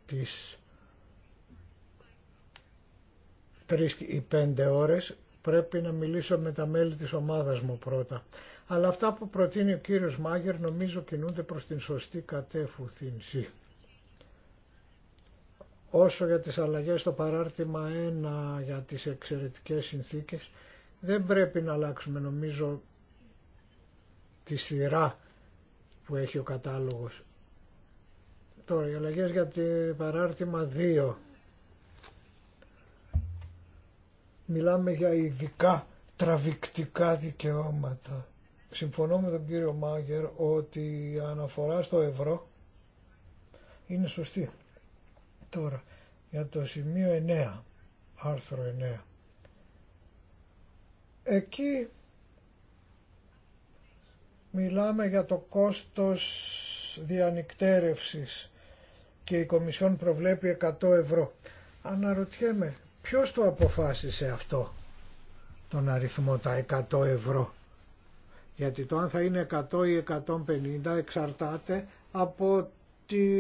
τις τρεις ή πέντε ώρες. Πρέπει να μιλήσω με τα μέλη της ομάδας μου πρώτα. Αλλά αυτά που προτείνει ο κύριος Μάγερ νομίζω κινούνται προς την σωστή κατεύθυνση. Όσο για τις αλλαγές στο παράρτημα 1 για τις εξαιρετικές συνθήκες, δεν πρέπει να αλλάξουμε νομίζω τη σειρά που έχει ο κατάλογος. Τώρα, οι αλλαγές για το παράρτημα 2. Μιλάμε για ειδικά τραβηκτικά δικαιώματα. Συμφωνώ με τον κύριο Μάγερ ότι η αναφορά στο ευρώ είναι σωστή. Τώρα, για το σημείο 9, άρθρο 9. Εκεί μιλάμε για το κόστος διανυκτέρευσης και η Κομισιόν προβλέπει 100 ευρώ. Αναρωτιέμαι, ποιος το αποφάσισε αυτό, τον αριθμό τα 100 ευρώ. Γιατί το αν θα είναι 100 ή 150 εξαρτάται από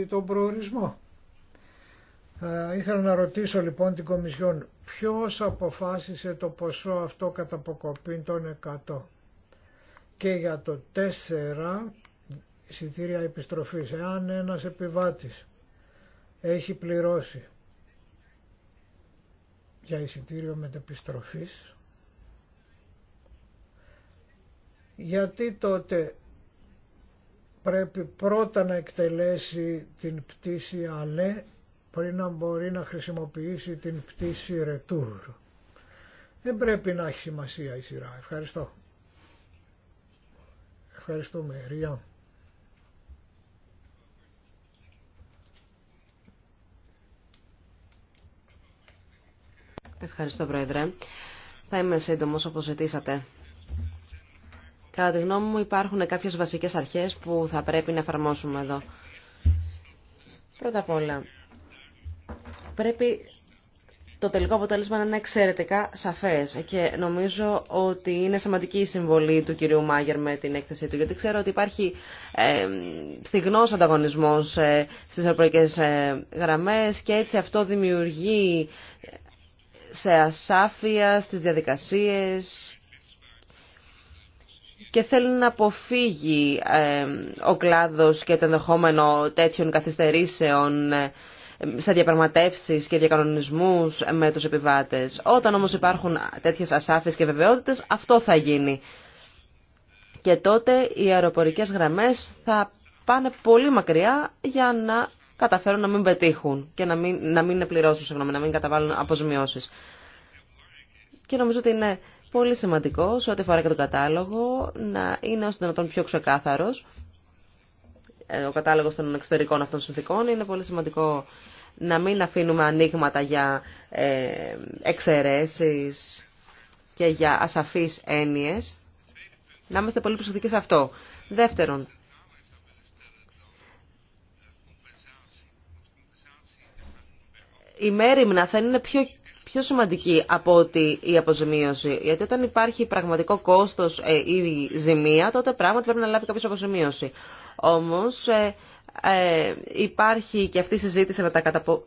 τον προορισμό. Ε, ήθελα να ρωτήσω λοιπόν την Κομισιόν ποιος αποφάσισε το ποσό αυτό κατά αποκοπή των 100 και για το 4 εισιτήρια επιστροφής εάν ένας επιβάτης έχει πληρώσει για εισιτήριο μετεπιστροφής γιατί τότε πρέπει πρώτα να εκτελέσει την πτήση ΑΛΕ πριν να μπορεί να χρησιμοποιήσει την πτήση ρετούρ. Δεν πρέπει να έχει σημασία η σειρά. Ευχαριστώ. Ευχαριστούμε. Ριά. Ευχαριστώ, Πρόεδρε. Θα είμαι σύντομο όπω ζητήσατε. Κατά τη γνώμη μου υπάρχουν κάποιες βασικές αρχές που θα πρέπει να εφαρμόσουμε εδώ. Πρώτα απ' όλα, πρέπει το τελικό αποτέλεσμα να είναι εξαιρετικά σαφές και νομίζω ότι είναι σημαντική η συμβολή του κυρίου Μάγερ με την έκθεσή του γιατί ξέρω ότι υπάρχει ε, στιγνός ανταγωνισμός ε, στις ευρωπαϊκές ε, γραμμές και έτσι αυτό δημιουργεί σε ασάφεια στις διαδικασίες και θέλει να αποφύγει ο κλάδος και το ενδεχόμενο τέτοιων καθυστερήσεων ε, σε διαπραγματεύσει και διακανονισμού με του επιβάτε. Όταν όμω υπάρχουν τέτοιε ασάφειε και βεβαιότητε, αυτό θα γίνει. Και τότε οι αεροπορικές γραμμές θα πάνε πολύ μακριά για να καταφέρουν να μην πετύχουν και να μην, να μην πληρώσουν, συγγνώμη, να μην καταβάλουν αποζημιώσεις. Και νομίζω ότι είναι πολύ σημαντικό σε ό,τι αφορά και τον κατάλογο να είναι ω δυνατόν πιο ξεκάθαρος. Ε, ο κατάλογο των εξωτερικών αυτών συνθήκων είναι πολύ σημαντικό να μην αφήνουμε ανοίγματα για ε, εξαιρέσει και για ασαφείς έννοιες. Να είμαστε πολύ προσεκτικοί σε αυτό. Δεύτερον, η μέρημνα θα είναι πιο, πιο σημαντική από ότι η αποζημίωση. Γιατί όταν υπάρχει πραγματικό κόστος ε, ή ζημία, τότε πράγματι πρέπει να λάβει κάποιο αποζημίωση. Όμως ε, ε, υπάρχει και αυτή η συζήτηση με τα καταπο,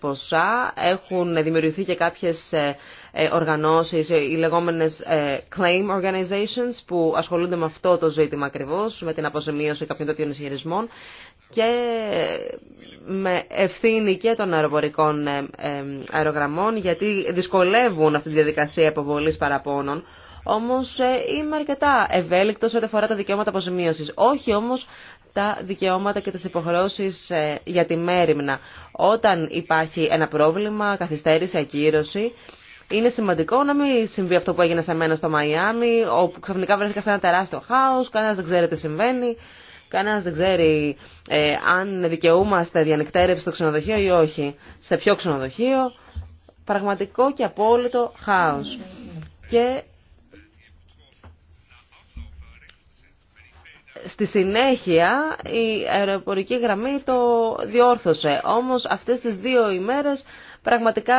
ποσά. Έχουν δημιουργηθεί και κάποιες ε, ε οργανώσεις, οι λεγόμενες ε, claim organizations που ασχολούνται με αυτό το ζήτημα ακριβώ, με την αποζημίωση κάποιων τέτοιων ισχυρισμών και με ευθύνη και των αεροπορικών ε, αερογραμμών γιατί δυσκολεύουν αυτή τη διαδικασία υποβολής παραπώνων όμως ε, είμαι αρκετά ευέλικτο ό,τι αφορά τα δικαιώματα αποζημίωση, Όχι όμω τα δικαιώματα και τις υποχρεώσεις ε, για τη μέρημνα. Όταν υπάρχει ένα πρόβλημα, καθυστέρηση, ακύρωση... Είναι σημαντικό να μην συμβεί αυτό που έγινε σε μένα στο Μαϊάμι, όπου ξαφνικά βρέθηκα σε ένα τεράστιο χάο, κανένα δεν ξέρει τι συμβαίνει, κανένα δεν ξέρει ε, αν δικαιούμαστε διανυκτέρευση στο ξενοδοχείο ή όχι, σε ποιο ξενοδοχείο. Πραγματικό και απόλυτο χάος. Και Στη συνέχεια η αεροπορική γραμμή το διόρθωσε. Όμως αυτές τις δύο ημέρες πραγματικά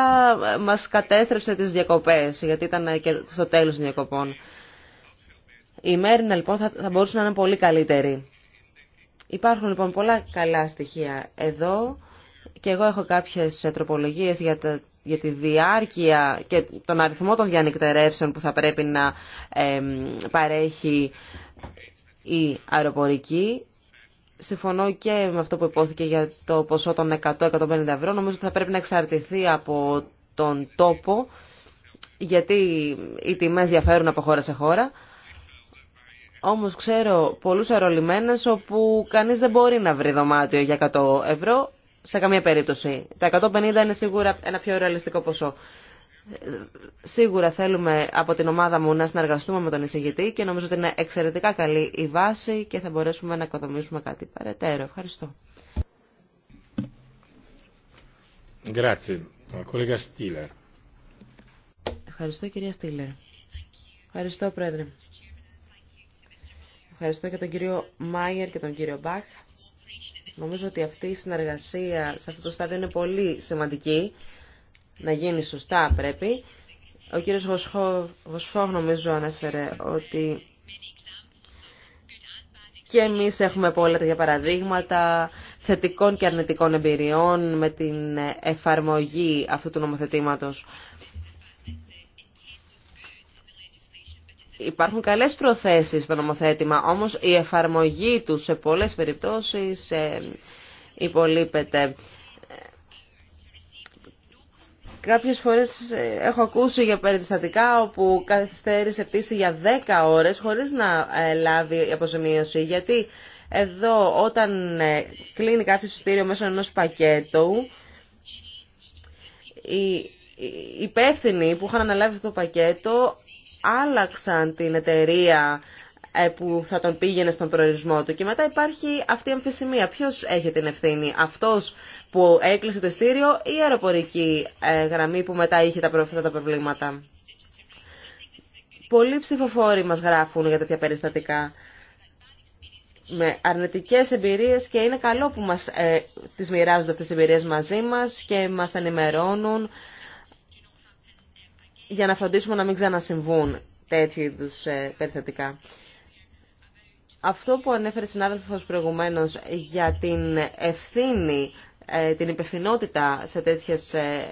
ε, μας κατέστρεψε τις διακοπές, γιατί ήταν και στο τέλος των διακοπών. Η μέρη λοιπόν θα, θα μπορούσε να είναι πολύ καλύτερη. Υπάρχουν λοιπόν πολλά καλά στοιχεία εδώ και εγώ έχω κάποιες τροπολογίες για, για τη διάρκεια και τον αριθμό των διανυκτερεύσεων που θα πρέπει να παρέχει η αεροπορική. Συμφωνώ και με αυτό που υπόθηκε για το ποσό των 100-150 ευρώ. Νομίζω ότι θα πρέπει να εξαρτηθεί από τον τόπο, γιατί οι τιμέ διαφέρουν από χώρα σε χώρα. Όμως ξέρω πολλούς αερολιμένες όπου κανείς δεν μπορεί να βρει δωμάτιο για 100 ευρώ σε καμία περίπτωση. Τα 150 είναι σίγουρα ένα πιο ρεαλιστικό ποσό. Σίγουρα θέλουμε από την ομάδα μου να συνεργαστούμε με τον εισηγητή και νομίζω ότι είναι εξαιρετικά καλή η βάση και θα μπορέσουμε να οικοδομήσουμε κάτι παρετέρω. Ευχαριστώ. Ευχαριστώ κυρία Στήλερ. Ευχαριστώ πρόεδρε. Ευχαριστώ και τον κύριο Μάιερ και τον κύριο Μπαχ. Νομίζω ότι αυτή η συνεργασία σε αυτό το στάδιο είναι πολύ σημαντική να γίνει σωστά πρέπει. Ο κύριος Βοσφόγ νομίζω ανέφερε ότι και εμείς έχουμε πολλά τέτοια παραδείγματα θετικών και αρνητικών εμπειριών με την εφαρμογή αυτού του νομοθετήματος. Υπάρχουν καλές προθέσεις στο νομοθέτημα, όμως η εφαρμογή του σε πολλές περιπτώσεις ε, υπολείπεται. Κάποιες φορές ε, έχω ακούσει για περιστατικά όπου καθυστέρησε πτήση για 10 ώρες χωρίς να ε, λάβει αποζημίωση. Γιατί εδώ όταν ε, κλείνει κάποιο συστήριο μέσω ενός πακέτου, οι υπεύθυνοι που είχαν αναλάβει αυτό το πακέτο άλλαξαν την εταιρεία ε, που θα τον πήγαινε στον προορισμό του. Και μετά υπάρχει αυτή η αμφισημία. Ποιο έχει την ευθύνη, αυτό που έκλεισε το εστήριο ή η αεροπορική ε, γραμμή που μετά είχε τα προβλήματα. Τα προβλήματα. Πολλοί ψηφοφόροι μας γράφουν για τέτοια περιστατικά με αρνητικές εμπειρίες και είναι καλό που μας, ε, τις μοιράζονται αυτές τις εμπειρίες μαζί μας και μας ενημερώνουν για να φροντίσουμε να μην ξανασυμβούν τέτοιου ε, περιστατικά. Αυτό που ανέφερε συνάδελφος προηγουμένως για την ευθύνη, ε, την υπευθυνότητα σε τέτοιες ε,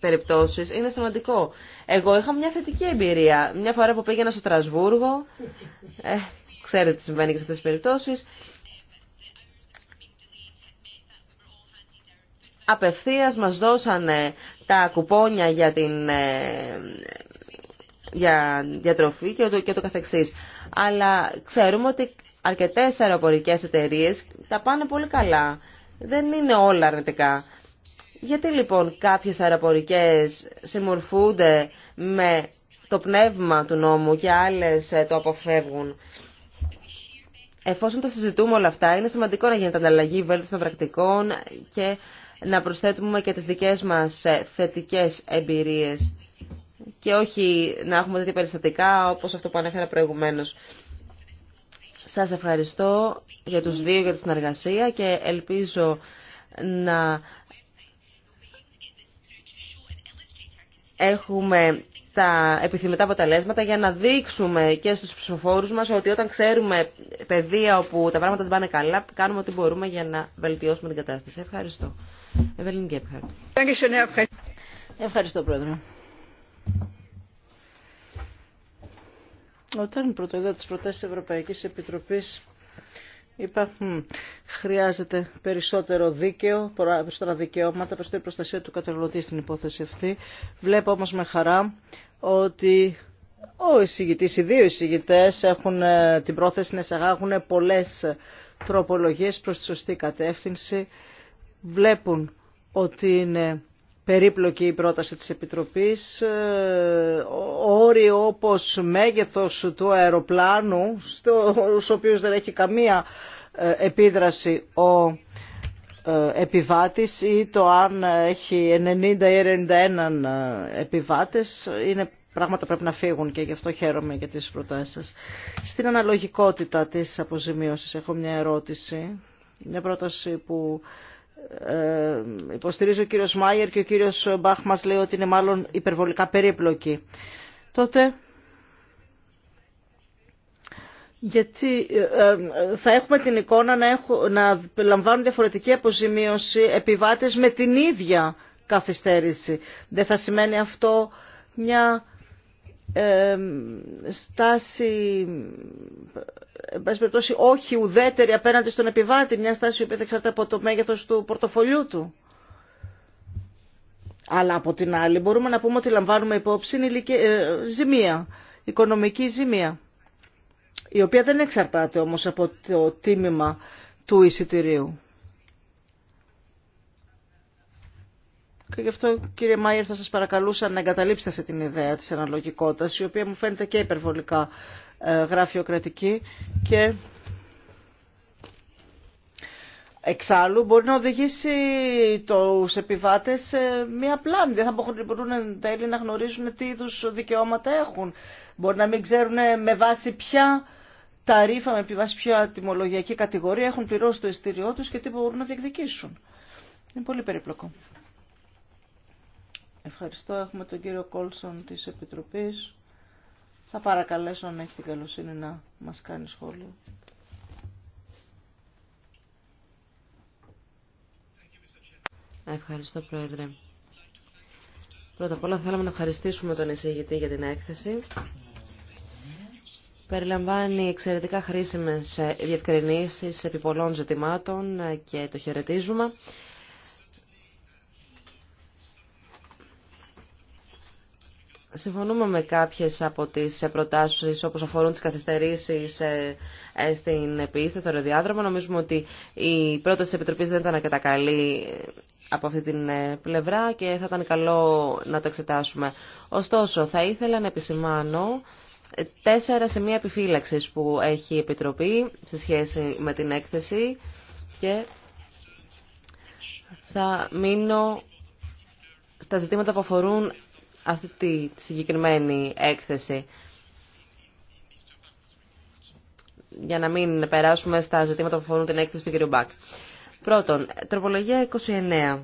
περιπτώσεις είναι σημαντικό. Εγώ είχα μια θετική εμπειρία. Μια φορά που πήγαινα στο Τρασβούργο, ε, ξέρετε τι συμβαίνει και σε αυτές τις περιπτώσεις, απευθείας μας δώσανε τα κουπόνια για την ε, για διατροφή και το, και το καθεξής αλλά ξέρουμε ότι αρκετές αεροπορικές εταιρείες τα πάνε πολύ καλά. Δεν είναι όλα αρνητικά. Γιατί λοιπόν κάποιες αεροπορικές συμμορφούνται με το πνεύμα του νόμου και άλλες ε, το αποφεύγουν. Εφόσον τα συζητούμε όλα αυτά, είναι σημαντικό να γίνεται ανταλλαγή των πρακτικών και να προσθέτουμε και τις δικές μας ε, θετικές εμπειρίες και όχι να έχουμε τέτοια περιστατικά όπως αυτό που ανέφερα προηγουμένως. Σας ευχαριστώ για τους δύο για τη συνεργασία και ελπίζω να έχουμε τα επιθυμητά αποτελέσματα για να δείξουμε και στους ψηφοφόρους μας ότι όταν ξέρουμε παιδεία όπου τα πράγματα δεν πάνε καλά, κάνουμε ό,τι μπορούμε για να βελτιώσουμε την κατάσταση. Ευχαριστώ. Ευχαριστώ, Πρόεδρε. Όταν πρωτοείδα της τις προτάσεις της Ευρωπαϊκής Επιτροπής είπα χρειάζεται περισσότερο δίκαιο, περισσότερα δικαιώματα, περισσότερη προστασία του καταναλωτή στην υπόθεση αυτή. Βλέπω όμως με χαρά ότι ο εισηγητής, οι δύο εισηγητές έχουν ε, την πρόθεση να εισαγάγουν πολλές τροπολογίες προς τη σωστή κατεύθυνση. Βλέπουν ότι είναι περίπλοκη η πρόταση της Επιτροπής. Ε, όροι όπως μέγεθος του αεροπλάνου, στους οποίους δεν έχει καμία ε, επίδραση ο ε, επιβάτης ή το αν έχει 90 ή 91 επιβάτες είναι πράγματα πρέπει να φύγουν και γι' αυτό χαίρομαι για τις προτάσεις σας. Στην αναλογικότητα της αποζημίωσης έχω μια ερώτηση, μια πρόταση που ε, υποστηρίζει ο κύριος Μάιερ και ο κύριος Μπαχ μας λέει ότι είναι μάλλον υπερβολικά περίπλοκη. Τότε γιατί ε, ε, θα έχουμε την εικόνα να, έχω, να λαμβάνουν διαφορετική αποζημίωση επιβάτες με την ίδια καθυστέρηση. Δεν θα σημαίνει αυτό μια στάση, όχι ουδέτερη απέναντι στον επιβάτη, μια στάση που θα εξαρτάται από το μέγεθος του πορτοφολιού του. Αλλά από την άλλη μπορούμε να πούμε ότι λαμβάνουμε υπόψη ε, ζημία, οικονομική ζημία, η οποία δεν εξαρτάται όμως από το τίμημα του εισιτηρίου. Και γι' αυτό, κύριε Μάιερ, θα σας παρακαλούσα να εγκαταλείψετε αυτή την ιδέα της αναλογικότητας, η οποία μου φαίνεται και υπερβολικά ε, γραφειοκρατική και Εξάλλου μπορεί να οδηγήσει του επιβάτε σε μία πλάνη. Δεν θα μπορούν τα Έλληνα να γνωρίζουν τι είδου δικαιώματα έχουν. Μπορεί να μην ξέρουν με βάση ποια ταρήφα, με βάση ποια τιμολογιακή κατηγορία έχουν πληρώσει το ειστήριό του και τι μπορούν να διεκδικήσουν. Είναι πολύ περίπλοκο. Ευχαριστώ. Έχουμε τον κύριο Κόλσον της Επιτροπής. Θα παρακαλέσω αν έχει την καλοσύνη να μας κάνει σχόλιο. Ευχαριστώ, Πρόεδρε. Πρώτα απ' όλα θέλαμε να ευχαριστήσουμε τον εισηγητή για την έκθεση. Περιλαμβάνει εξαιρετικά χρήσιμες διευκρινήσεις επί πολλών ζητημάτων και το χαιρετίζουμε. Συμφωνούμε με κάποιες από τις προτάσεις όπως αφορούν τις καθυστερήσεις ε, ε, στην επίσταση στο αεροδιάδρομο. Νομίζουμε ότι η πρόταση της Επιτροπής δεν ήταν αρκετά καλή από αυτή την ε, πλευρά και θα ήταν καλό να το εξετάσουμε. Ωστόσο, θα ήθελα να επισημάνω τέσσερα σημεία επιφύλαξη που έχει η Επιτροπή σε σχέση με την έκθεση και θα μείνω στα ζητήματα που αφορούν αυτή τη συγκεκριμένη έκθεση. Για να μην περάσουμε στα ζητήματα που αφορούν την έκθεση του κ. Μπακ. Πρώτον, τροπολογία 29.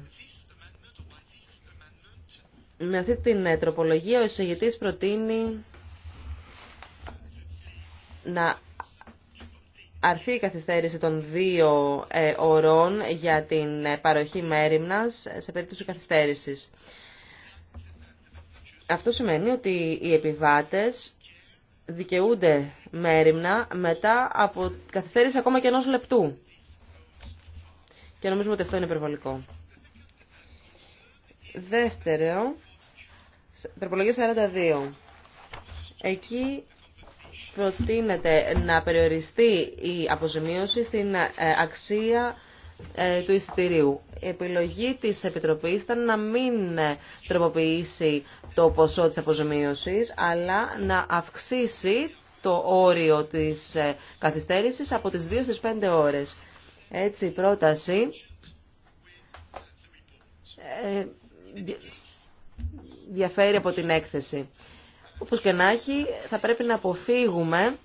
Με αυτή την ε, τροπολογία ο εισηγητής προτείνει να αρθεί η καθυστέρηση των δύο ε, ωρών για την ε, παροχή μέρημνας σε περίπτωση καθυστέρησης. Αυτό σημαίνει ότι οι επιβάτες δικαιούνται με μετά από καθυστέρηση ακόμα και ενός λεπτού. Και νομίζουμε ότι αυτό είναι υπερβολικό. Δεύτερο, τροπολογία 42. Εκεί προτείνεται να περιοριστεί η αποζημίωση στην ε, αξία ε, του εισιτηρίου. Η επιλογή της Επιτροπής ήταν να μην ε, τροποποιήσει το ποσό της αποζημίωσης, αλλά να αυξήσει το όριο της ε, καθυστέρησης από τις 2 στις 5 ώρες. Έτσι η πρόταση διαφέρει από την έκθεση. Όπως και να έχει, θα πρέπει να αποφύγουμε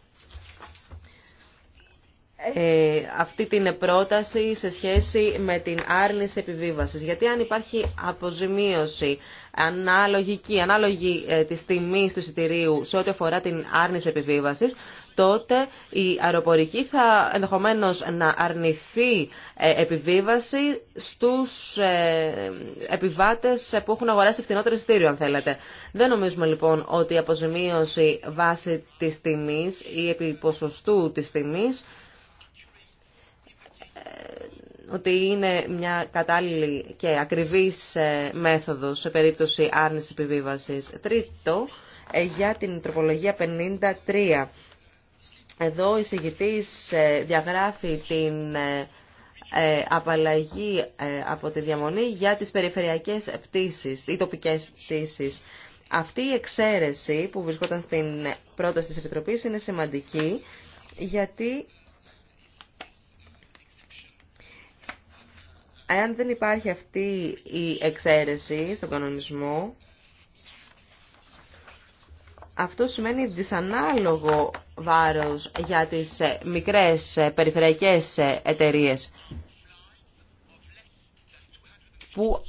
ε, αυτή την πρόταση σε σχέση με την άρνηση επιβίβασης. Γιατί αν υπάρχει αποζημίωση ανάλογική, ανάλογη ε, της τιμής του εισιτηρίου σε ό,τι αφορά την άρνηση επιβίβασης, τότε η αεροπορική θα ενδεχομένως να αρνηθεί ε, επιβίβαση στους επιβάτες που έχουν αγοράσει φθηνότερο εισιτήριο, αν θέλετε. Δεν νομίζουμε λοιπόν ότι η αποζημίωση βάσει της τιμής ή επί ποσοστού της τιμής ότι είναι μια κατάλληλη και ακριβής ε, μέθοδος σε περίπτωση άρνησης επιβίβασης. Τρίτο, ε, για την τροπολογία 53. Εδώ η συγητής ε, διαγράφει την απαλλαγή από τη διαμονή για τις περιφερειακές πτήσεις ή τοπικές πτήσεις. Αυτή η εξαίρεση που βρισκόταν στην πρόταση της Επιτροπής είναι σημαντική γιατί Εάν δεν υπάρχει αυτή η εξαίρεση στον κανονισμό, αυτό σημαίνει δυσανάλογο βάρος για τις ε, μικρές ε, περιφερειακές ε, εταιρείες που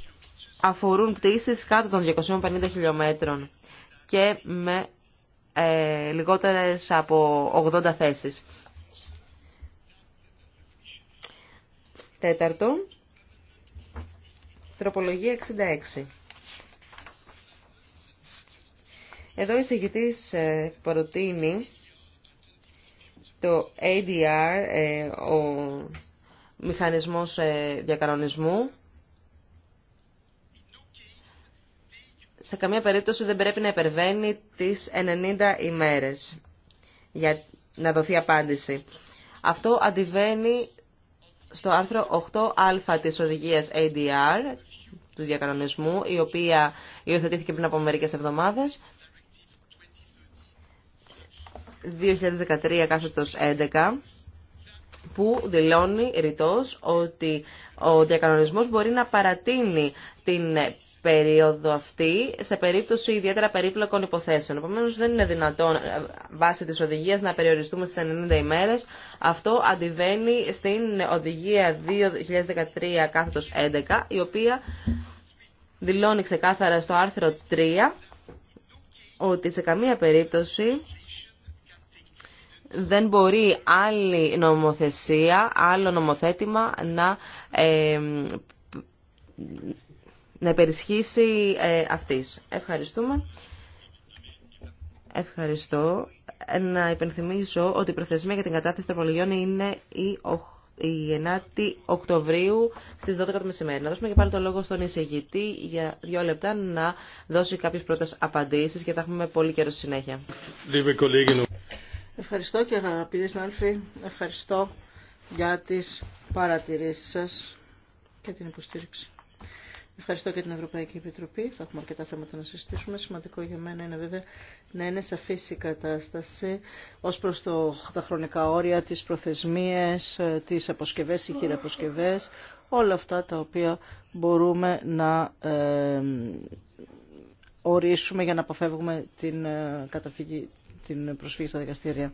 αφορούν πτήσεις κάτω των 250 χιλιόμετρων και με ε, λιγότερες από 80 θέσεις. Τέταρτο, Τροπολογία 66. Εδώ η συγκητής ε, προτείνει το ADR, ε, ο μηχανισμός ε, διακανονισμού. Σε καμία περίπτωση δεν πρέπει να υπερβαίνει τις 90 ημέρες για να δοθεί απάντηση. Αυτό αντιβαίνει στο άρθρο 8α της οδηγίας ADR του διακανονισμού, η οποία υιοθετήθηκε πριν από μερικές εβδομάδες. 2013 κάθετος 11 που δηλώνει ρητός ότι ο διακανονισμός μπορεί να παρατείνει την περίοδο αυτή σε περίπτωση ιδιαίτερα περίπλοκων υποθέσεων. Επομένω, δεν είναι δυνατόν ε, βάσει τη οδηγία να περιοριστούμε στι 90 ημέρε. Αυτό αντιβαίνει στην οδηγία 2013 11, η οποία δηλώνει ξεκάθαρα στο άρθρο 3 ότι σε καμία περίπτωση δεν μπορεί άλλη νομοθεσία, άλλο νομοθέτημα να ε, να υπερισχύσει ε, αυτής. Ευχαριστούμε. Ευχαριστώ. Ε, να υπενθυμίσω ότι η προθεσμία για την κατάθεση τροπολογιών είναι η 9η Οκτωβρίου στις 12 το Να δώσουμε και πάλι το λόγο στον εισηγητή για δύο λεπτά να δώσει κάποιες πρώτες απαντήσεις και θα έχουμε πολύ καιρό στη συνέχεια. Ευχαριστώ και αγαπητοί συνάδελφοι, ευχαριστώ για τις παρατηρήσεις σας και την υποστήριξη. Ευχαριστώ και την Ευρωπαϊκή Επιτροπή. Θα έχουμε αρκετά θέματα να συζητήσουμε. Σημαντικό για μένα είναι βέβαια να είναι σαφή η κατάσταση ω προ τα χρονικά όρια, τι προθεσμίε, ε, τι αποσκευέ ή χειραποσκευέ, όλα αυτά τα οποία μπορούμε να ε, ορίσουμε για να αποφεύγουμε την, ε, καταφυγή, την προσφύγη στα δικαστήρια.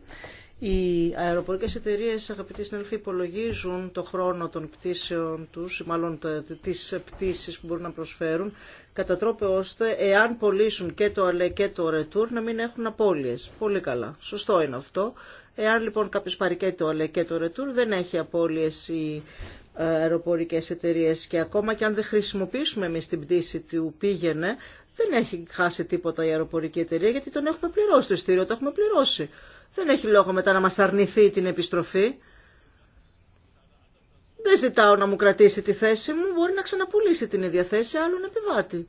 Οι αεροπορικές εταιρείες, αγαπητοί συνέλφοι, υπολογίζουν το χρόνο των πτήσεων τους, μάλλον τις πτήσεις που μπορούν να προσφέρουν, κατά τρόπο ώστε, εάν πωλήσουν και το αλέ και το ρετούρ, να μην έχουν απώλειες. Πολύ καλά. Σωστό είναι αυτό. Εάν λοιπόν κάποιος πάρει και το αλέ και το ρετούρ, δεν έχει απώλειες οι αεροπορικές εταιρείες και ακόμα και αν δεν χρησιμοποιήσουμε εμείς την πτήση του πήγαινε, δεν έχει χάσει τίποτα η αεροπορική εταιρεία γιατί τον έχουμε πληρώσει, το ειστήριο το έχουμε πληρώσει δεν έχει λόγο μετά να μας αρνηθεί την επιστροφή. Δεν ζητάω να μου κρατήσει τη θέση μου, μπορεί να ξαναπουλήσει την ίδια θέση άλλων επιβάτη.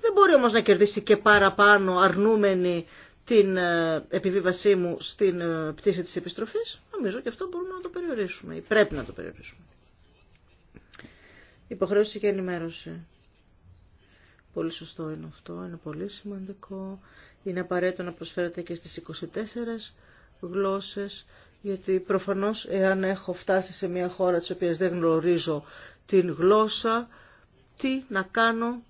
Δεν μπορεί όμως να κερδίσει και παραπάνω αρνούμενη την ε, επιβίβασή μου στην ε, πτήση της επιστροφής. Νομίζω και αυτό μπορούμε να το περιορίσουμε ή πρέπει να το περιορίσουμε. Υποχρέωση και ενημέρωση. Πολύ σωστό είναι αυτό, είναι πολύ σημαντικό είναι απαραίτητο να προσφέρεται και στις 24 γλώσσες, γιατί προφανώς εάν έχω φτάσει σε μια χώρα της οποίας δεν γνωρίζω την γλώσσα, τι να κάνω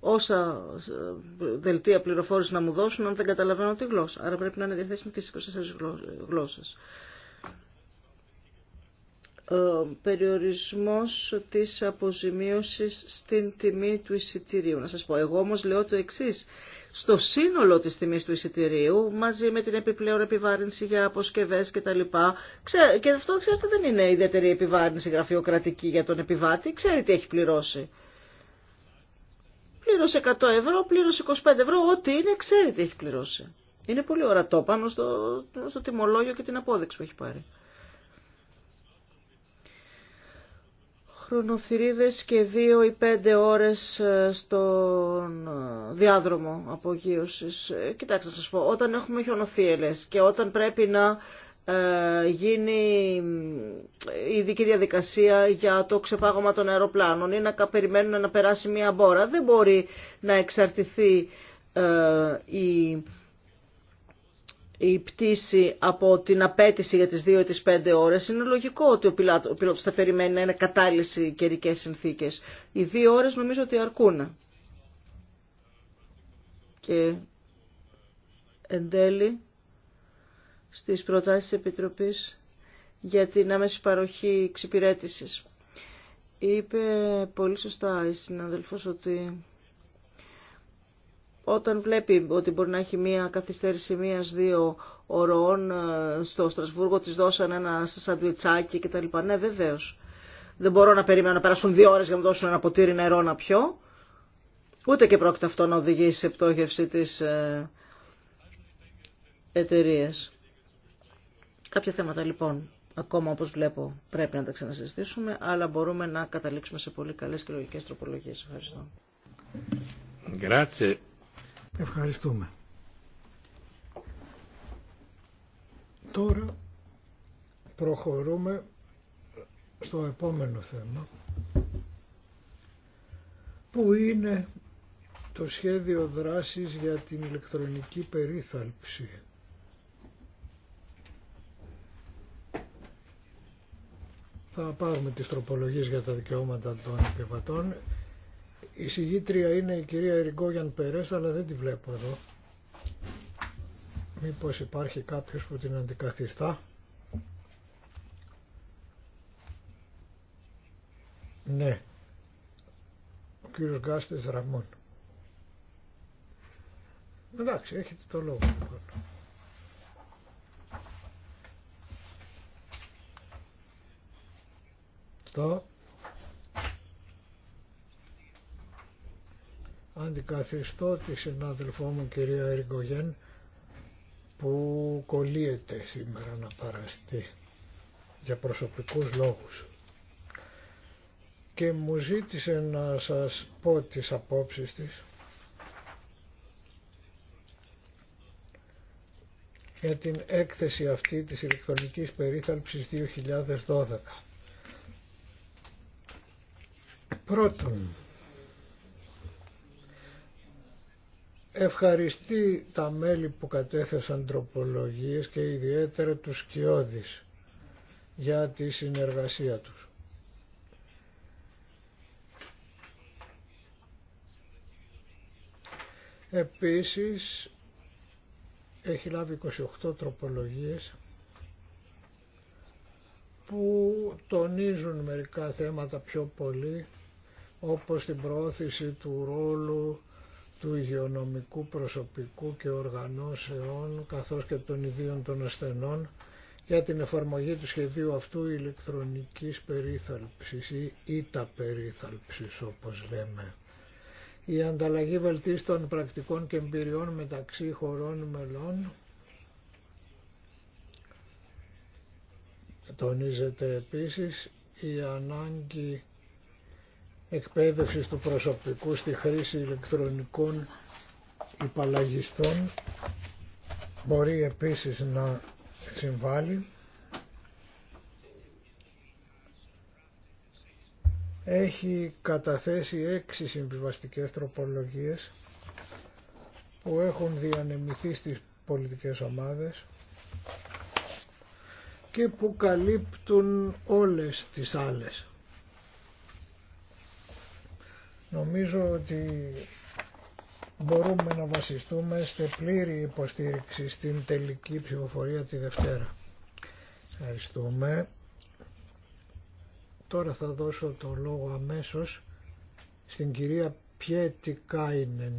όσα ε, δελτία πληροφόρηση να μου δώσουν αν δεν καταλαβαίνω τη γλώσσα. Άρα πρέπει να είναι διαθέσιμη και στις 24 γλώσσες. Ο ε, περιορισμός της αποζημίωσης στην τιμή του εισιτηρίου. Να σας πω, εγώ όμως λέω το εξής στο σύνολο της τιμής του εισιτηρίου μαζί με την επιπλέον επιβάρυνση για αποσκευές κτλ. Ξέ, και αυτό ξέρετε δεν είναι ιδιαίτερη επιβάρυνση γραφειοκρατική για τον επιβάτη, ξέρει τι έχει πληρώσει. Πλήρωσε 100 ευρώ, πλήρωσε 25 ευρώ, ό,τι είναι ξέρει τι έχει πληρώσει. Είναι πολύ ορατό πάνω στο, στο τιμολόγιο και την απόδειξη που έχει πάρει. χρονοθυρίδες και δύο ή πέντε ώρες ε, στον ε, διάδρομο απογείωσης. Ε, κοιτάξτε να σας πω, όταν έχουμε χιονοθύελες και όταν πρέπει να γίνει η ειδική διαδικασία για το ξεπάγωμα των αεροπλάνων ή να περιμένουν να περάσει μία μπόρα, δεν μπορεί να εξαρτηθεί η η πτήση από την απέτηση για τις δύο ή τις 5 ώρες, είναι λογικό ότι ο πιλότος θα περιμένει να είναι κατάλληλες οι καιρικές συνθήκες. Οι δύο ώρες νομίζω ότι αρκούν. Και εν τέλει, στις προτάσεις της Επιτροπής για την άμεση παροχή εξυπηρέτησης. Είπε πολύ σωστά η συναδελφός ότι όταν βλέπει ότι μπορεί να έχει μία καθυστέρηση μία-δύο ωρών ε, στο Στρασβούργο, τη δώσαν ένα σαντουιτσάκι κτλ. Ναι, βεβαίω. Δεν μπορώ να περιμένω να περάσουν δύο ώρε για να μου δώσουν ένα ποτήρι νερό να πιω. Ούτε και πρόκειται αυτό να οδηγήσει σε πτώχευση τη ε, εταιρεία. Κάποια θέματα λοιπόν, ακόμα όπως βλέπω, πρέπει να τα ξανασυζητήσουμε, αλλά μπορούμε να καταλήξουμε σε πολύ καλές και λογικές τροπολογίες. Ευχαριστώ. Grazie. Ευχαριστούμε. Τώρα προχωρούμε στο επόμενο θέμα που είναι το σχέδιο δράσης για την ηλεκτρονική περίθαλψη. Θα πάρουμε τις τροπολογίες για τα δικαιώματα των επιβατών. Η συγγήτρια είναι η κυρία Ερικόγιαν Περές, αλλά δεν τη βλέπω εδώ. Μήπως υπάρχει κάποιος που την αντικαθιστά. Ναι. Ο κύριος Γκάστης Ραμών. Εντάξει, έχετε το λόγο. Λοιπόν. Το Αντικαθιστώ τη συνάδελφό μου κυρία Εργογέν που κολλείεται σήμερα να παραστεί για προσωπικούς λόγους. Και μου ζήτησε να σας πω τις απόψεις της για την έκθεση αυτή της ηλεκτρονικής περίθαλψης 2012. Πρώτον, ευχαριστεί τα μέλη που κατέθεσαν τροπολογίες και ιδιαίτερα τους Σκιώδης για τη συνεργασία τους. Επίσης έχει λάβει 28 τροπολογίες που τονίζουν μερικά θέματα πιο πολύ όπως την προώθηση του ρόλου του υγειονομικού προσωπικού και οργανώσεων καθώς και των ιδίων των ασθενών για την εφαρμογή του σχεδίου αυτού ηλεκτρονικής περίθαλψης ή ήτα περίθαλψης όπως λέμε. Η ανταλλαγή βελτίστων πρακτικών και εμπειριών μεταξύ χωρών μελών τονίζεται επίσης η ανάγκη Εκπαίδευση του προσωπικού στη χρήση ηλεκτρονικών υπαλλαγιστών μπορεί επίσης να συμβάλλει. Έχει καταθέσει έξι συμβιβαστικές τροπολογίες που έχουν διανεμηθεί στις πολιτικές ομάδες και που καλύπτουν όλες τις άλλες. Νομίζω ότι μπορούμε να βασιστούμε σε πλήρη υποστήριξη στην τελική ψηφοφορία τη Δευτέρα. Ευχαριστούμε. Τώρα θα δώσω το λόγο αμέσως στην κυρία Πιέτη Κάινεν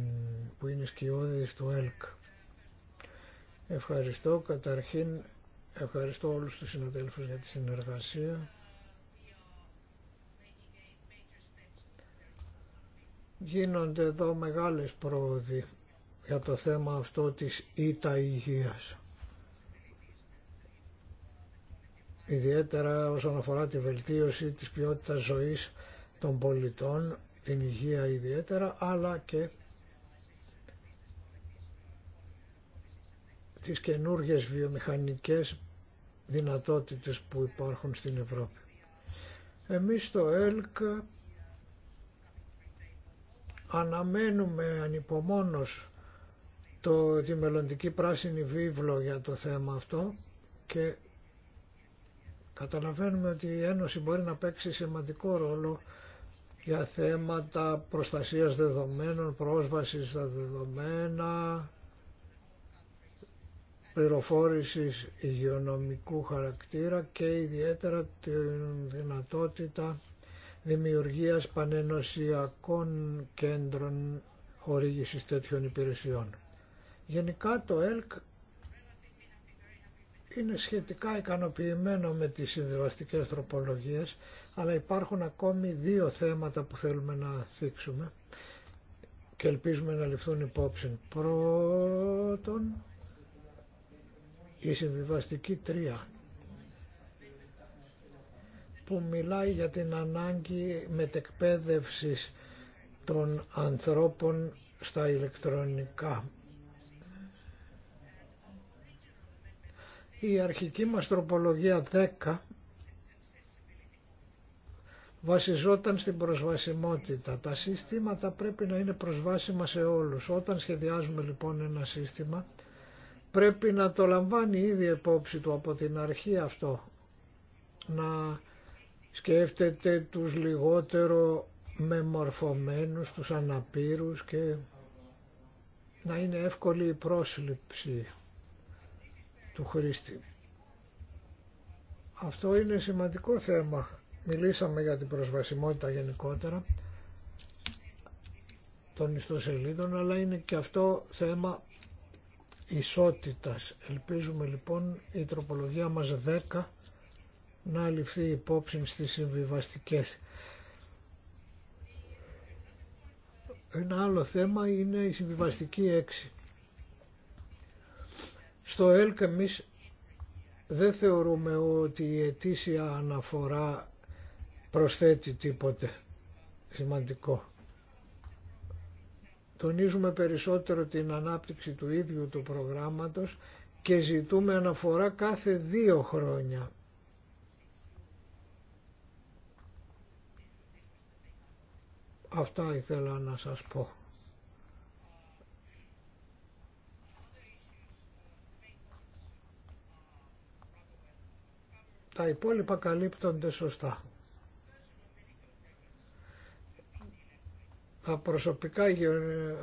που είναι σκιώδης του ΕΛΚ. Ευχαριστώ καταρχήν, ευχαριστώ όλους τους συναδέλφους για τη συνεργασία Γίνονται εδώ μεγάλες πρόοδοι για το θέμα αυτό της ήττα υγείας. Ιδιαίτερα όσον αφορά τη βελτίωση της ποιότητας ζωής των πολιτών, την υγεία ιδιαίτερα, αλλά και τις καινούργιες βιομηχανικές δυνατότητες που υπάρχουν στην Ευρώπη. Εμείς στο ΕΛΚ Αναμένουμε ανυπομόνως το, τη μελλοντική πράσινη βίβλο για το θέμα αυτό και καταλαβαίνουμε ότι η Ένωση μπορεί να παίξει σημαντικό ρόλο για θέματα προστασίας δεδομένων, πρόσβασης στα δεδομένα, πληροφόρησης υγειονομικού χαρακτήρα και ιδιαίτερα τη δυνατότητα δημιουργίας πανενοσιακών κέντρων χορήγησης τέτοιων υπηρεσιών. Γενικά το ΕΛΚ είναι σχετικά ικανοποιημένο με τις συμβιβαστικές τροπολογίες, αλλά υπάρχουν ακόμη δύο θέματα που θέλουμε να θίξουμε και ελπίζουμε να ληφθούν υπόψη. Πρώτον, η συμβιβαστική τρία που μιλάει για την ανάγκη μετεκπαίδευσης των ανθρώπων στα ηλεκτρονικά. Η αρχική μας τροπολογία 10 βασιζόταν στην προσβασιμότητα. Τα σύστηματα πρέπει να είναι προσβάσιμα σε όλους. Όταν σχεδιάζουμε λοιπόν ένα σύστημα πρέπει να το λαμβάνει ήδη υπόψη του από την αρχή αυτό. Να σκέφτεται τους λιγότερο μεμορφωμένους, τους αναπήρους και να είναι εύκολη η πρόσληψη του χρήστη. Αυτό είναι σημαντικό θέμα. Μιλήσαμε για την προσβασιμότητα γενικότερα των ιστοσελίδων, αλλά είναι και αυτό θέμα ισότητας. Ελπίζουμε λοιπόν η τροπολογία μας 10 να ληφθεί υπόψη στις συμβιβαστικές. Ένα άλλο θέμα είναι η συμβιβαστική έξι. Στο ΕΛΚ εμείς δεν θεωρούμε ότι η αιτήσια αναφορά προσθέτει τίποτε σημαντικό. Τονίζουμε περισσότερο την ανάπτυξη του ίδιου του προγράμματος και ζητούμε αναφορά κάθε δύο χρόνια Αυτά ήθελα να σας πω. Τα υπόλοιπα καλύπτονται σωστά. Τα προσωπικά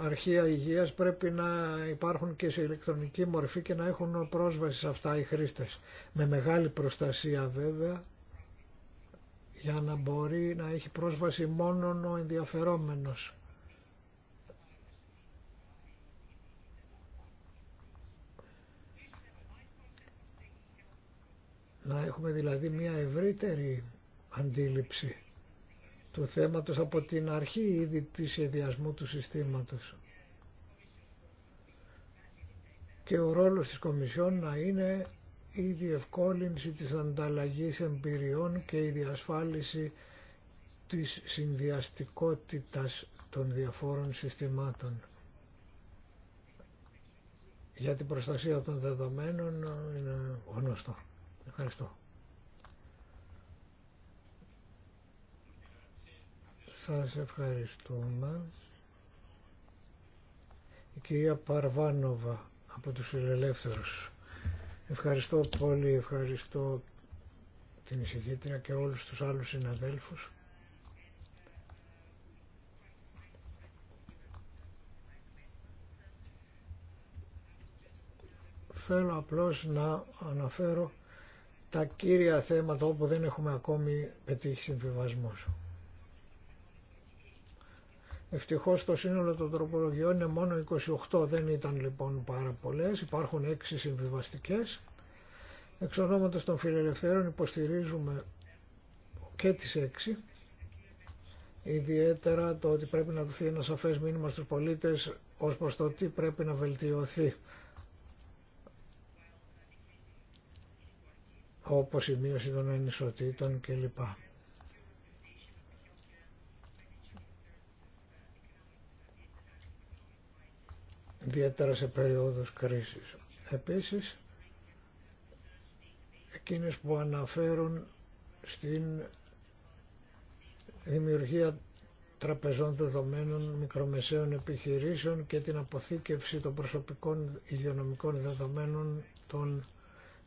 αρχεία υγείας πρέπει να υπάρχουν και σε ηλεκτρονική μορφή και να έχουν πρόσβαση σε αυτά οι χρήστες. Με μεγάλη προστασία βέβαια για να μπορεί να έχει πρόσβαση μόνον ο ενδιαφερόμενος. Να έχουμε δηλαδή μια ευρύτερη αντίληψη του θέματος από την αρχή ήδη του σχεδιασμού του συστήματος. Και ο ρόλος της Κομισιόν να είναι η διευκόλυνση της ανταλλαγής εμπειριών και η διασφάλιση της συνδυαστικότητας των διαφόρων συστημάτων. Για την προστασία των δεδομένων είναι γνωστό. Ευχαριστώ. Σας ευχαριστούμε. Η κυρία Παρβάνοβα από τους Φιλελεύθερους. Ευχαριστώ πολύ, ευχαριστώ την εισηγήτρια και όλους τους άλλους συναδέλφους. Θέλω απλώς να αναφέρω τα κύρια θέματα όπου δεν έχουμε ακόμη πετύχει συμβιβασμό. Ευτυχώς το σύνολο των τροπολογιών είναι μόνο 28, δεν ήταν λοιπόν πάρα πολλές, υπάρχουν 6 συμβιβαστικές. Εξ ονόματος των φιλελευθέρων υποστηρίζουμε και τις 6, ιδιαίτερα το ότι πρέπει να δοθεί ένα σαφές μήνυμα στους πολίτες ως προς το τι πρέπει να βελτιωθεί. όπως η μείωση των ανισοτήτων κλπ. ιδιαίτερα σε περίοδους κρίσης. Επίσης, εκείνες που αναφέρουν στην δημιουργία τραπεζών δεδομένων μικρομεσαίων επιχειρήσεων και την αποθήκευση των προσωπικών υγειονομικών δεδομένων των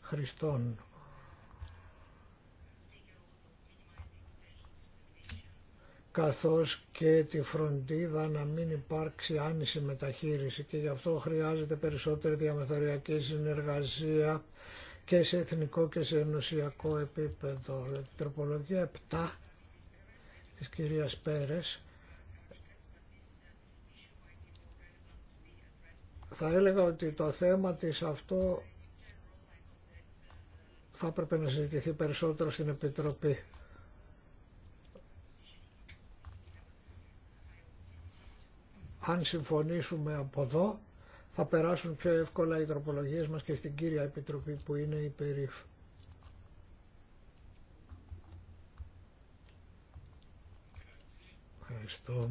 χρηστών. καθώς και τη φροντίδα να μην υπάρξει άνηση μεταχείριση και γι' αυτό χρειάζεται περισσότερη διαμεθοριακή συνεργασία και σε εθνικό και σε ενωσιακό επίπεδο. Η τροπολογία 7 της κυρίας Πέρες θα έλεγα ότι το θέμα της αυτό θα έπρεπε να συζητηθεί περισσότερο στην Επιτροπή αν συμφωνήσουμε από εδώ θα περάσουν πιο εύκολα οι τροπολογίες μας και στην κύρια επιτροπή που είναι η περίφ. Ευχαριστώ.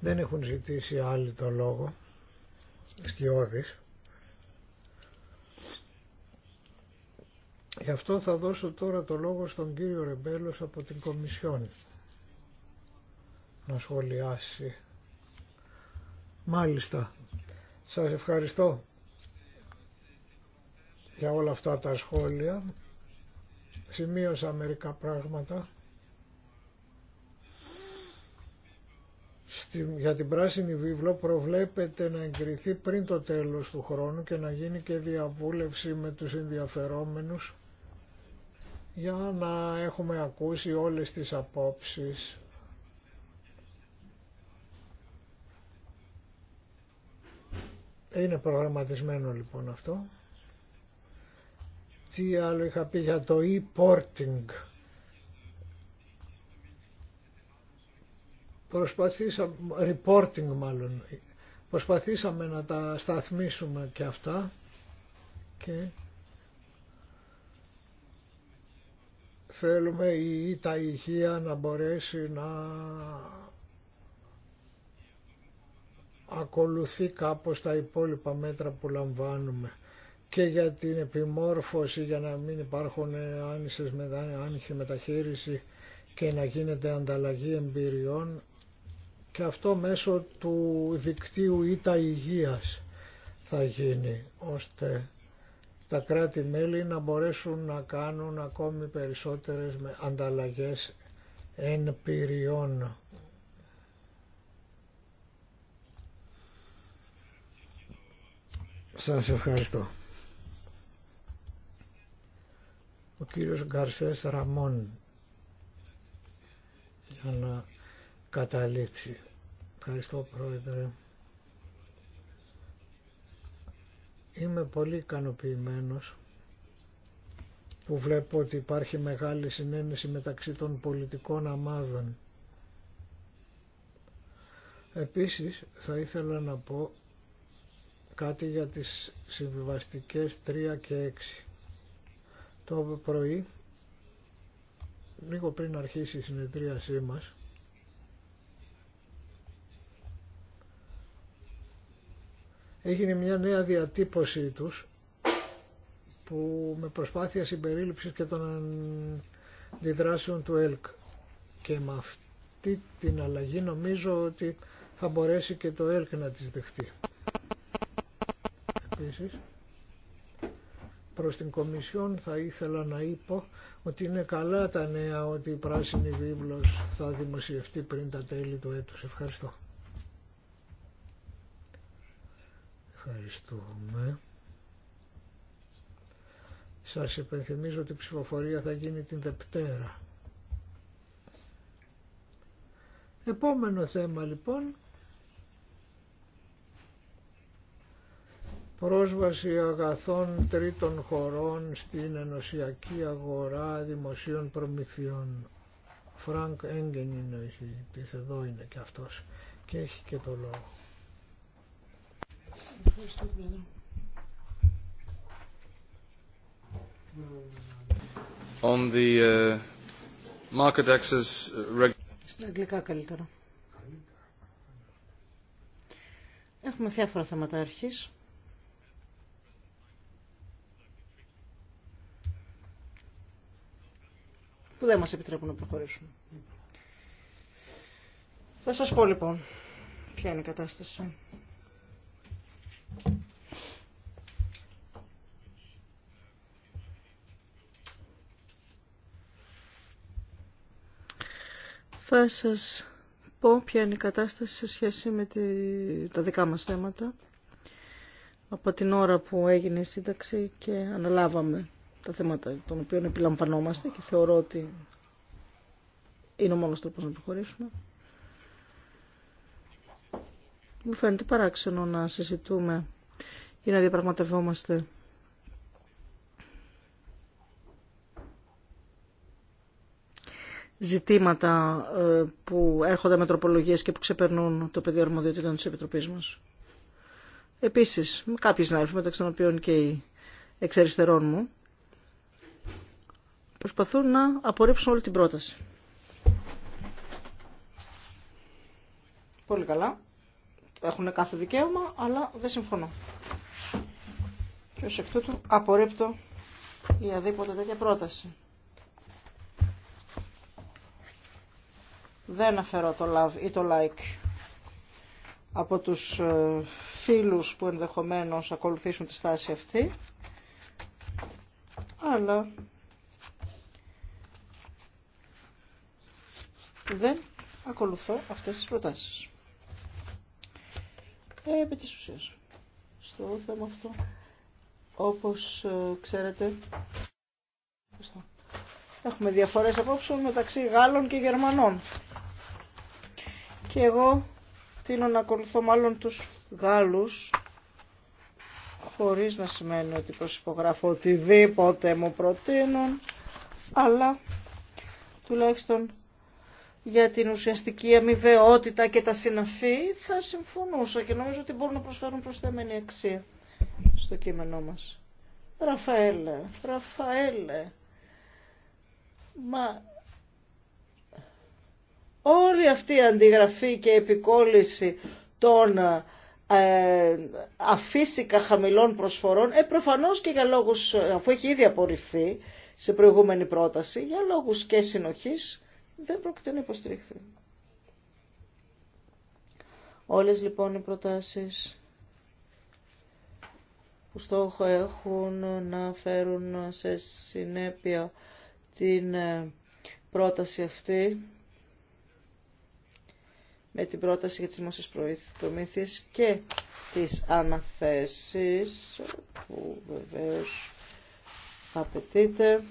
Δεν έχουν ζητήσει άλλοι το λόγο. Σκιώδης. Γι' αυτό θα δώσω τώρα το λόγο στον κύριο Ρεμπέλος από την Κομισιόν να σχολιάσει. Μάλιστα. Σας ευχαριστώ για όλα αυτά τα σχόλια. Σημείωσα μερικά πράγματα. για την πράσινη βίβλο προβλέπεται να εγκριθεί πριν το τέλος του χρόνου και να γίνει και διαβούλευση με τους ενδιαφερόμενους για να έχουμε ακούσει όλες τις απόψεις Είναι προγραμματισμένο λοιπόν αυτό. Τι άλλο είχα πει για το e-porting. Προσπαθήσαμε, reporting μάλλον, προσπαθήσαμε να τα σταθμίσουμε και αυτά και θέλουμε η, η να μπορέσει να ακολουθεί κάπως τα υπόλοιπα μέτρα που λαμβάνουμε και για την επιμόρφωση για να μην υπάρχουν άνισες άνοιχη μεταχείριση και να γίνεται ανταλλαγή εμπειριών και αυτό μέσω του δικτύου ή τα Υγείας θα γίνει ώστε τα κράτη-μέλη να μπορέσουν να κάνουν ακόμη περισσότερες ανταλλαγές εμπειριών Σας ευχαριστώ. Ο κύριος Γκαρσές Ραμών για να καταλήξει. Ευχαριστώ πρόεδρε. Είμαι πολύ ικανοποιημένο που βλέπω ότι υπάρχει μεγάλη συνένεση μεταξύ των πολιτικών αμάδων. Επίσης θα ήθελα να πω κάτι για τις συμβιβαστικές 3 και 6. Το πρωί, λίγο πριν αρχίσει η συνεδρίασή μας, έγινε μια νέα διατύπωσή τους που με προσπάθεια συμπερίληψης και των αντιδράσεων του ΕΛΚ και με αυτή την αλλαγή νομίζω ότι θα μπορέσει και το ΕΛΚ να τις δεχτεί επίσης προς την Κομισιόν θα ήθελα να είπω ότι είναι καλά τα νέα ότι η πράσινη βίβλος θα δημοσιευτεί πριν τα τέλη του έτους. Ευχαριστώ. Ευχαριστούμε. Σας υπενθυμίζω ότι η ψηφοφορία θα γίνει την Δευτέρα. Επόμενο θέμα λοιπόν πρόσβαση αγαθών τρίτων χωρών στην ενωσιακή αγορά δημοσίων προμηθειών. Φρανκ Έγγεν είναι ο εδώ είναι και αυτός και έχει και το λόγο. Στην On the, uh, market access... Uh, Στα αγγλικά καλύτερα. Έχουμε διάφορα θέματα αρχής. που δεν μας επιτρέπουν να προχωρήσουμε. Θα σας πω λοιπόν ποια είναι η κατάσταση. Θα σας πω ποια είναι η κατάσταση σε σχέση με τα δικά μας θέματα από την ώρα που έγινε η σύνταξη και αναλάβαμε τα θέματα των οποίων επιλαμβανόμαστε και θεωρώ ότι είναι ο μόνος τρόπος να προχωρήσουμε. Μου φαίνεται παράξενο να συζητούμε ή να διαπραγματευόμαστε ζητήματα ε, που έρχονται με τροπολογίες και που ξεπερνούν το πεδίο αρμοδιοτήτων της Επιτροπής μας. Επίσης, με κάποιοι συνάδελφοι μεταξύ των οποίων και οι εξαριστερών μου, προσπαθούν να απορρίψουν όλη την πρόταση. Πολύ καλά. Έχουν κάθε δικαίωμα, αλλά δεν συμφωνώ. Και ως εκ τούτου απορρίπτω η αδίποτε τέτοια πρόταση. Δεν αφαιρώ το love ή το like από τους ε, φίλους που ενδεχομένως ακολουθήσουν τη στάση αυτή, αλλά δεν ακολουθώ αυτές τις προτάσεις. Ε, επί της ουσίας, στο θέμα αυτό, όπως ε, ξέρετε, έχουμε διαφορές απόψεων μεταξύ Γάλλων και Γερμανών. Και εγώ τίνω να ακολουθώ μάλλον τους Γάλλους, χωρίς να σημαίνει ότι προσυπογράφω οτιδήποτε μου προτείνουν, αλλά τουλάχιστον για την ουσιαστική αμοιβαιότητα και τα συναφή, θα συμφωνούσα και νομίζω ότι μπορούν να προσφέρουν προσθέμενη αξία στο κείμενό μας. Ραφαέλε, Ραφαέλε, μα όλη αυτή η αντιγραφή και επικόλυση των ε, αφύσικα χαμηλών προσφορών, ε, προφανώς και για λόγους, αφού έχει ήδη απορριφθεί σε προηγούμενη πρόταση, για λόγους και συνοχής, δεν πρόκειται να υποστηριχθεί. Όλες λοιπόν οι προτάσεις που στόχο έχουν να φέρουν σε συνέπεια την ε, πρόταση αυτή με την πρόταση για τις δημόσιες προμήθειες και τις αναθέσεις που βεβαίως απαιτείται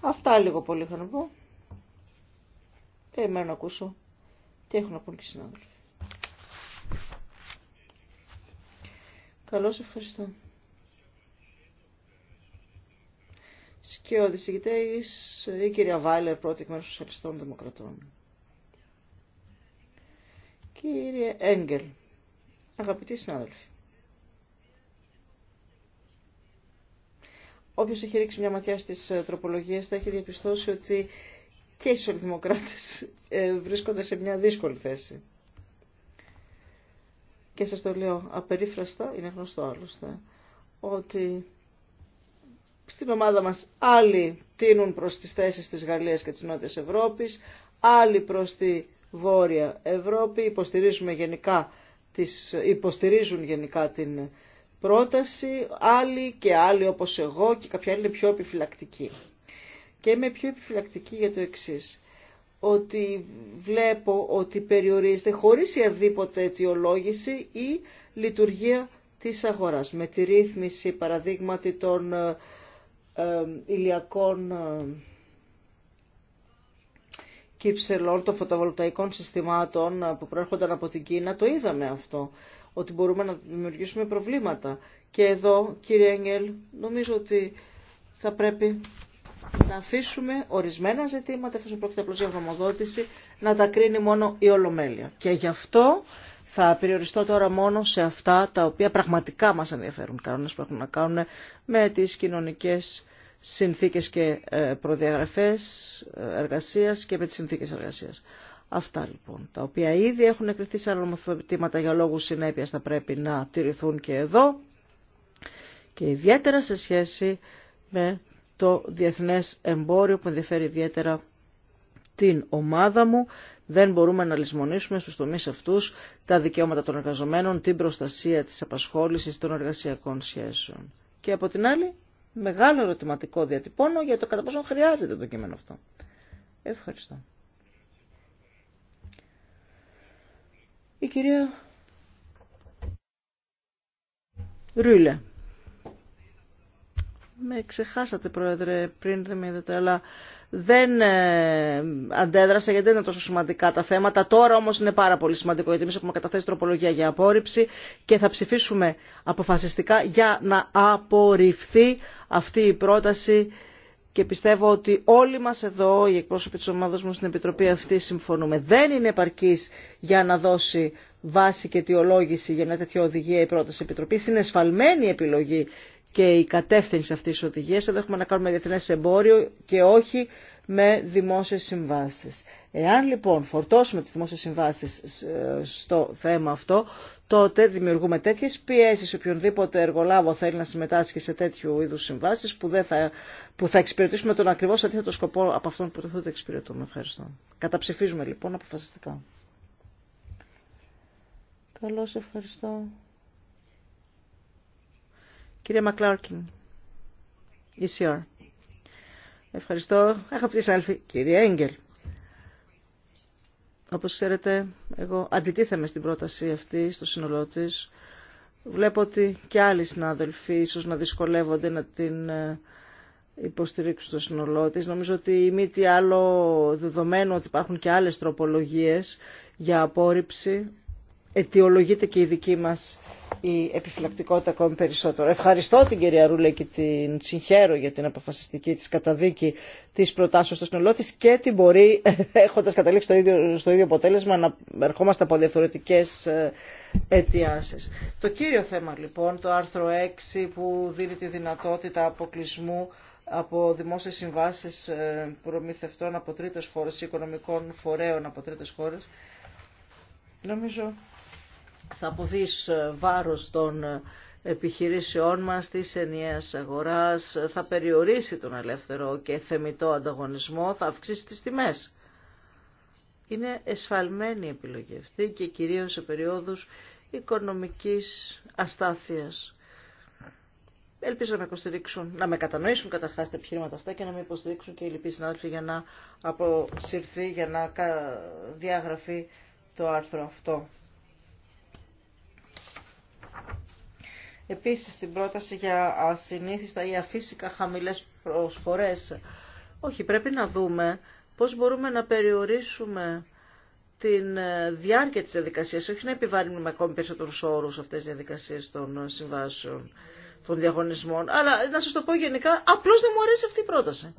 Αυτά λίγο πολύ είχα να πω. Περιμένω να ακούσω τι έχουν να πούν και οι συνάδελφοι. Καλώς ευχαριστώ. Σκιώδης ηγητές, η κυρία Βάιλερ, πρώτη εκ Σοσιαλιστών Δημοκρατών. Κύριε Έγκελ, αγαπητοί συνάδελφοι, Όποιος έχει ρίξει μια ματιά στις ε, τροπολογίες θα έχει διαπιστώσει ότι και οι σοσιαλδημοκράτες ε, βρίσκονται σε μια δύσκολη θέση. Και σα το λέω απερίφραστα, είναι γνωστό άλλωστε, ότι στην ομάδα μας άλλοι τίνουν προς τις θέσεις της Γαλλίας και της Νότιας Ευρώπης, άλλοι προς τη Βόρεια Ευρώπη, υποστηρίζουμε γενικά τις, υποστηρίζουν γενικά την πρόταση, άλλοι και άλλοι όπως εγώ και κάποια άλλοι είναι πιο επιφυλακτική Και είμαι πιο επιφυλακτική για το εξή: ότι βλέπω ότι περιορίζεται χωρίς η αιτιολόγηση η λειτουργία της αγοράς. Με τη ρύθμιση παραδείγματι των ε, ε, ηλιακών ε, κύψελών των φωτοβολταϊκών συστημάτων ε, που προέρχονταν από την Κίνα, το είδαμε αυτό ότι μπορούμε να δημιουργήσουμε προβλήματα. Και εδώ, κύριε Έγγελ, νομίζω ότι θα πρέπει να αφήσουμε ορισμένα ζητήματα, εφόσον πρόκειται απλώς για γνωμοδότηση, να τα κρίνει μόνο η Ολομέλεια. Και γι' αυτό θα περιοριστώ τώρα μόνο σε αυτά τα οποία πραγματικά μας ενδιαφέρουν, κανόνες που έχουν να κάνουν με τις κοινωνικές συνθήκες και ε, προδιαγραφές ε, εργασίας και με τις συνθήκες εργασίας. Αυτά λοιπόν, τα οποία ήδη έχουν εκριθεί σαν νομοθετήματα για λόγους συνέπειας θα πρέπει να τηρηθούν και εδώ και ιδιαίτερα σε σχέση με το διεθνές εμπόριο που ενδιαφέρει ιδιαίτερα την ομάδα μου. Δεν μπορούμε να λησμονήσουμε στους τομείς αυτούς τα δικαιώματα των εργαζομένων, την προστασία της απασχόλησης των εργασιακών σχέσεων. Και από την άλλη, μεγάλο ερωτηματικό διατυπώνω για το κατά πόσο χρειάζεται το κείμενο αυτό. Ευχαριστώ. Η κυρία Ρούλε. Με ξεχάσατε, Πρόεδρε, πριν δεν με είδατε, αλλά δεν ε, αντέδρασα γιατί δεν είναι τόσο σημαντικά τα θέματα. Τώρα όμως είναι πάρα πολύ σημαντικό γιατί εμείς έχουμε καταθέσει τροπολογία για απόρριψη και θα ψηφίσουμε αποφασιστικά για να απορριφθεί αυτή η πρόταση και πιστεύω ότι όλοι μας εδώ, οι εκπρόσωποι της ομάδας μου στην Επιτροπή αυτή συμφωνούμε. Δεν είναι επαρκής για να δώσει βάση και αιτιολόγηση για μια τέτοια οδηγία η πρόταση Επιτροπή. Είναι σφαλμένη η επιλογή και η κατεύθυνση αυτής της οδηγίας. Εδώ έχουμε να κάνουμε διεθνές εμπόριο και όχι με δημόσιες συμβάσεις. Εάν λοιπόν φορτώσουμε τις δημόσιες συμβάσεις ε, στο θέμα αυτό, τότε δημιουργούμε τέτοιες πιέσεις οποιονδήποτε εργολάβο θέλει να συμμετάσχει σε τέτοιου είδους συμβάσεις που, δεν θα, που θα εξυπηρετήσουμε τον ακριβώς αντίθετο σκοπό από αυτόν που δεν θα εξυπηρετούμε. Ευχαριστώ. Καταψηφίζουμε λοιπόν αποφασιστικά. Καλώς, ευχαριστώ. Κύριε Μακλάρκιν, ECR. Ευχαριστώ, αγαπητή Σάλφη, κύριε Έγκελ. Όπως ξέρετε, εγώ αντιτίθεμαι στην πρόταση αυτή, στο σύνολό τη. Βλέπω ότι και άλλοι συνάδελφοι ίσως να δυσκολεύονται να την ε, υποστηρίξουν στο σύνολό τη. Νομίζω ότι μη τι άλλο δεδομένο ότι υπάρχουν και άλλες τροπολογίες για απόρριψη αιτιολογείται και η δική μας η επιφυλακτικότητα ακόμη περισσότερο. Ευχαριστώ την κυρία Ρούλε και την συγχαίρω για την αποφασιστική της καταδίκη της προτάσεως στο συνολό και την μπορεί, *laughs* έχοντας καταλήξει στο ίδιο, στο ίδιο αποτέλεσμα, να ερχόμαστε από διαφορετικές ε, αιτιάσεις. Το κύριο θέμα λοιπόν, το άρθρο 6 που δίνει τη δυνατότητα αποκλεισμού από δημόσιες συμβάσεις ε, προμηθευτών από τρίτες ή οικονομικών φορέων από τρίτες χώρε. νομίζω θα αποβείς ε, βάρος των ε, επιχειρήσεών μας, της ενιαίας αγοράς, θα περιορίσει τον ελεύθερο και θεμητό ανταγωνισμό, θα αυξήσει τις τιμές. Είναι εσφαλμένη η επιλογή αυτή και κυρίως σε περίοδους οικονομικής αστάθειας. Ελπίζω να με υποστηρίξουν, να με κατανοήσουν καταρχάς τα επιχειρήματα αυτά και να με υποστηρίξουν και οι λοιποί συνάδελφοι για να αποσυρθεί, για να διαγραφεί το άρθρο αυτό. Επίσης την πρόταση για ασυνήθιστα ή αφύσικα χαμηλές προσφορές. Όχι, πρέπει να δούμε πώς μπορούμε να περιορίσουμε την ε, διάρκεια της διαδικασίας, όχι να επιβάλλουμε ακόμη περισσότερους όρους αυτές τις διαδικασίες των ε, συμβάσεων, των διαγωνισμών, αλλά να σας το πω γενικά, απλώς δεν μου αρέσει αυτή η πρόταση.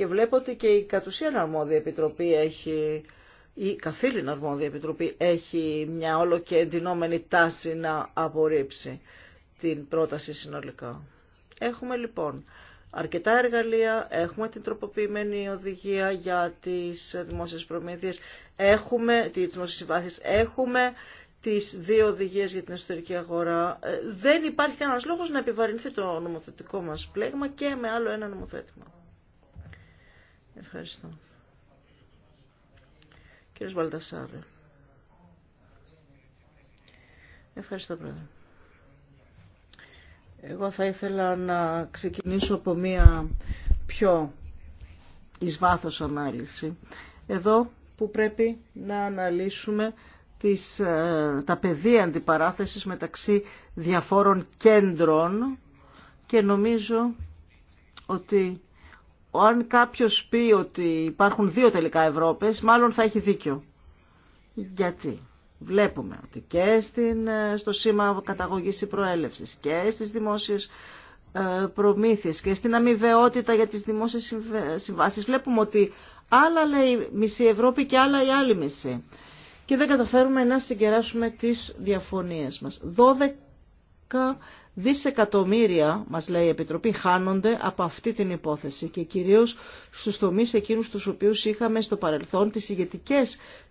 και βλέπω ότι και η κατουσίαν αρμόδια επιτροπή έχει η καθήλυνα αρμόδια επιτροπή έχει μια όλο και εντυνόμενη τάση να απορρίψει την πρόταση συνολικά. Έχουμε λοιπόν αρκετά εργαλεία, έχουμε την τροποποιημένη οδηγία για τις δημόσιες προμήθειες, έχουμε τις δημόσιες συμβάσεις, έχουμε τις δύο οδηγίες για την εσωτερική αγορά. Ε, δεν υπάρχει κανένας λόγος να επιβαρυνθεί το νομοθετικό μας πλέγμα και με άλλο ένα νομοθέτημα. Ευχαριστώ. Κύριος Βαλτασάρε. Ευχαριστώ, Πρόεδρε. Εγώ θα ήθελα να ξεκινήσω από μία πιο εις βάθος ανάλυση. Εδώ που πρέπει να αναλύσουμε τις, ε, τα πεδία αντιπαράθεσης μεταξύ διαφόρων κέντρων και νομίζω ότι αν κάποιος πει ότι υπάρχουν δύο τελικά Ευρώπες, μάλλον θα έχει δίκιο. Γιατί βλέπουμε ότι και στην, ε, στο σήμα καταγωγής ή προέλευσης και στις δημόσιες ε, προμήθειες και στην αμοιβαιότητα για τις δημόσιες συμβάσεις βλέπουμε ότι άλλα λέει μισή Ευρώπη και άλλα η άλλη μισή. Και δεν καταφέρουμε να συγκεράσουμε τις διαφωνίες μας. 12 δισεκατομμύρια, μας λέει η Επιτροπή, χάνονται από αυτή την υπόθεση και κυρίως στους τομείς εκείνους τους οποίους είχαμε στο παρελθόν τις ηγετικέ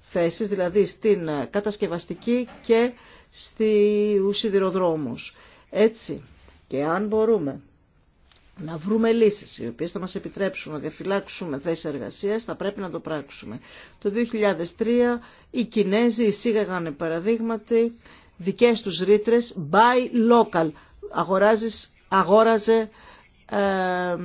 θέσεις, δηλαδή στην κατασκευαστική και στους σιδηροδρόμους. Έτσι, και αν μπορούμε να βρούμε λύσεις οι οποίες θα μας επιτρέψουν να διαφυλάξουμε θέσεις εργασίας, θα πρέπει να το πράξουμε. Το 2003 οι Κινέζοι εισήγαγαν παραδείγματι δικές τους ρήτρε buy local. Αγοράζεις, αγόραζε ε,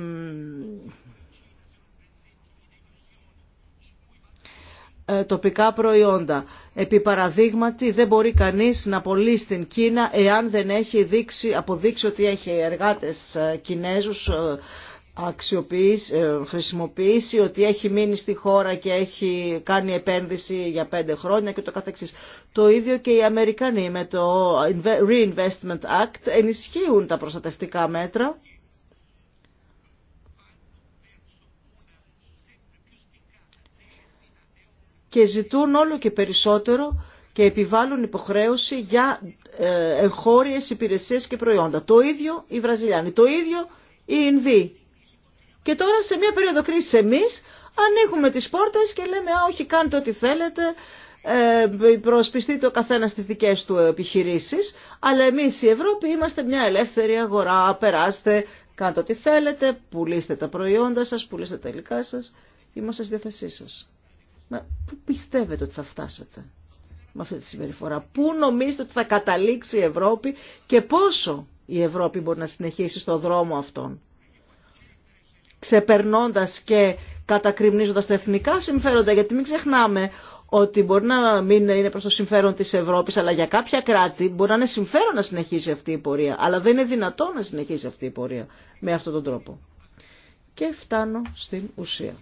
τοπικά προϊόντα. Επί παραδείγματι δεν μπορεί κανείς να πωλεί στην Κίνα εάν δεν έχει αποδείξει ότι έχει εργάτες ε, Κινέζους ε, ε, χρησιμοποιήσει, ότι έχει μείνει στη χώρα και έχει κάνει επένδυση για πέντε χρόνια και το καθεξής. Το ίδιο και οι Αμερικανοί με το Reinvestment Act ενισχύουν τα προστατευτικά μέτρα. και ζητούν όλο και περισσότερο και επιβάλλουν υποχρέωση για ε, εγχώριες υπηρεσίες και προϊόντα. Το ίδιο οι Βραζιλιάνοι, το ίδιο οι Ινδοί και τώρα σε μια περίοδο κρίση εμεί ανοίγουμε τι πόρτε και λέμε «Α, όχι, κάντε ό,τι θέλετε, ε, προσπιστείτε ο καθένα τις δικές του επιχειρήσεις, αλλά εμείς η Ευρώπη είμαστε μια ελεύθερη αγορά, περάστε, κάντε ό,τι θέλετε, πουλήστε τα προϊόντα σας, πουλήστε τα υλικά σας, είμαστε στη διάθεσή σας». Μα πού πιστεύετε ότι θα φτάσετε με αυτή τη συμπεριφορά, πού νομίζετε ότι θα καταλήξει η Ευρώπη και πόσο η Ευρώπη μπορεί να συνεχίσει στο δρόμο αυτόν ξεπερνώντας και κατακριμνίζοντας τα εθνικά συμφέροντα, γιατί μην ξεχνάμε ότι μπορεί να μην είναι προς το συμφέρον της Ευρώπης, αλλά για κάποια κράτη μπορεί να είναι συμφέρον να συνεχίζει αυτή η πορεία, αλλά δεν είναι δυνατόν να συνεχίζει αυτή η πορεία με αυτόν τον τρόπο. Και φτάνω στην ουσία.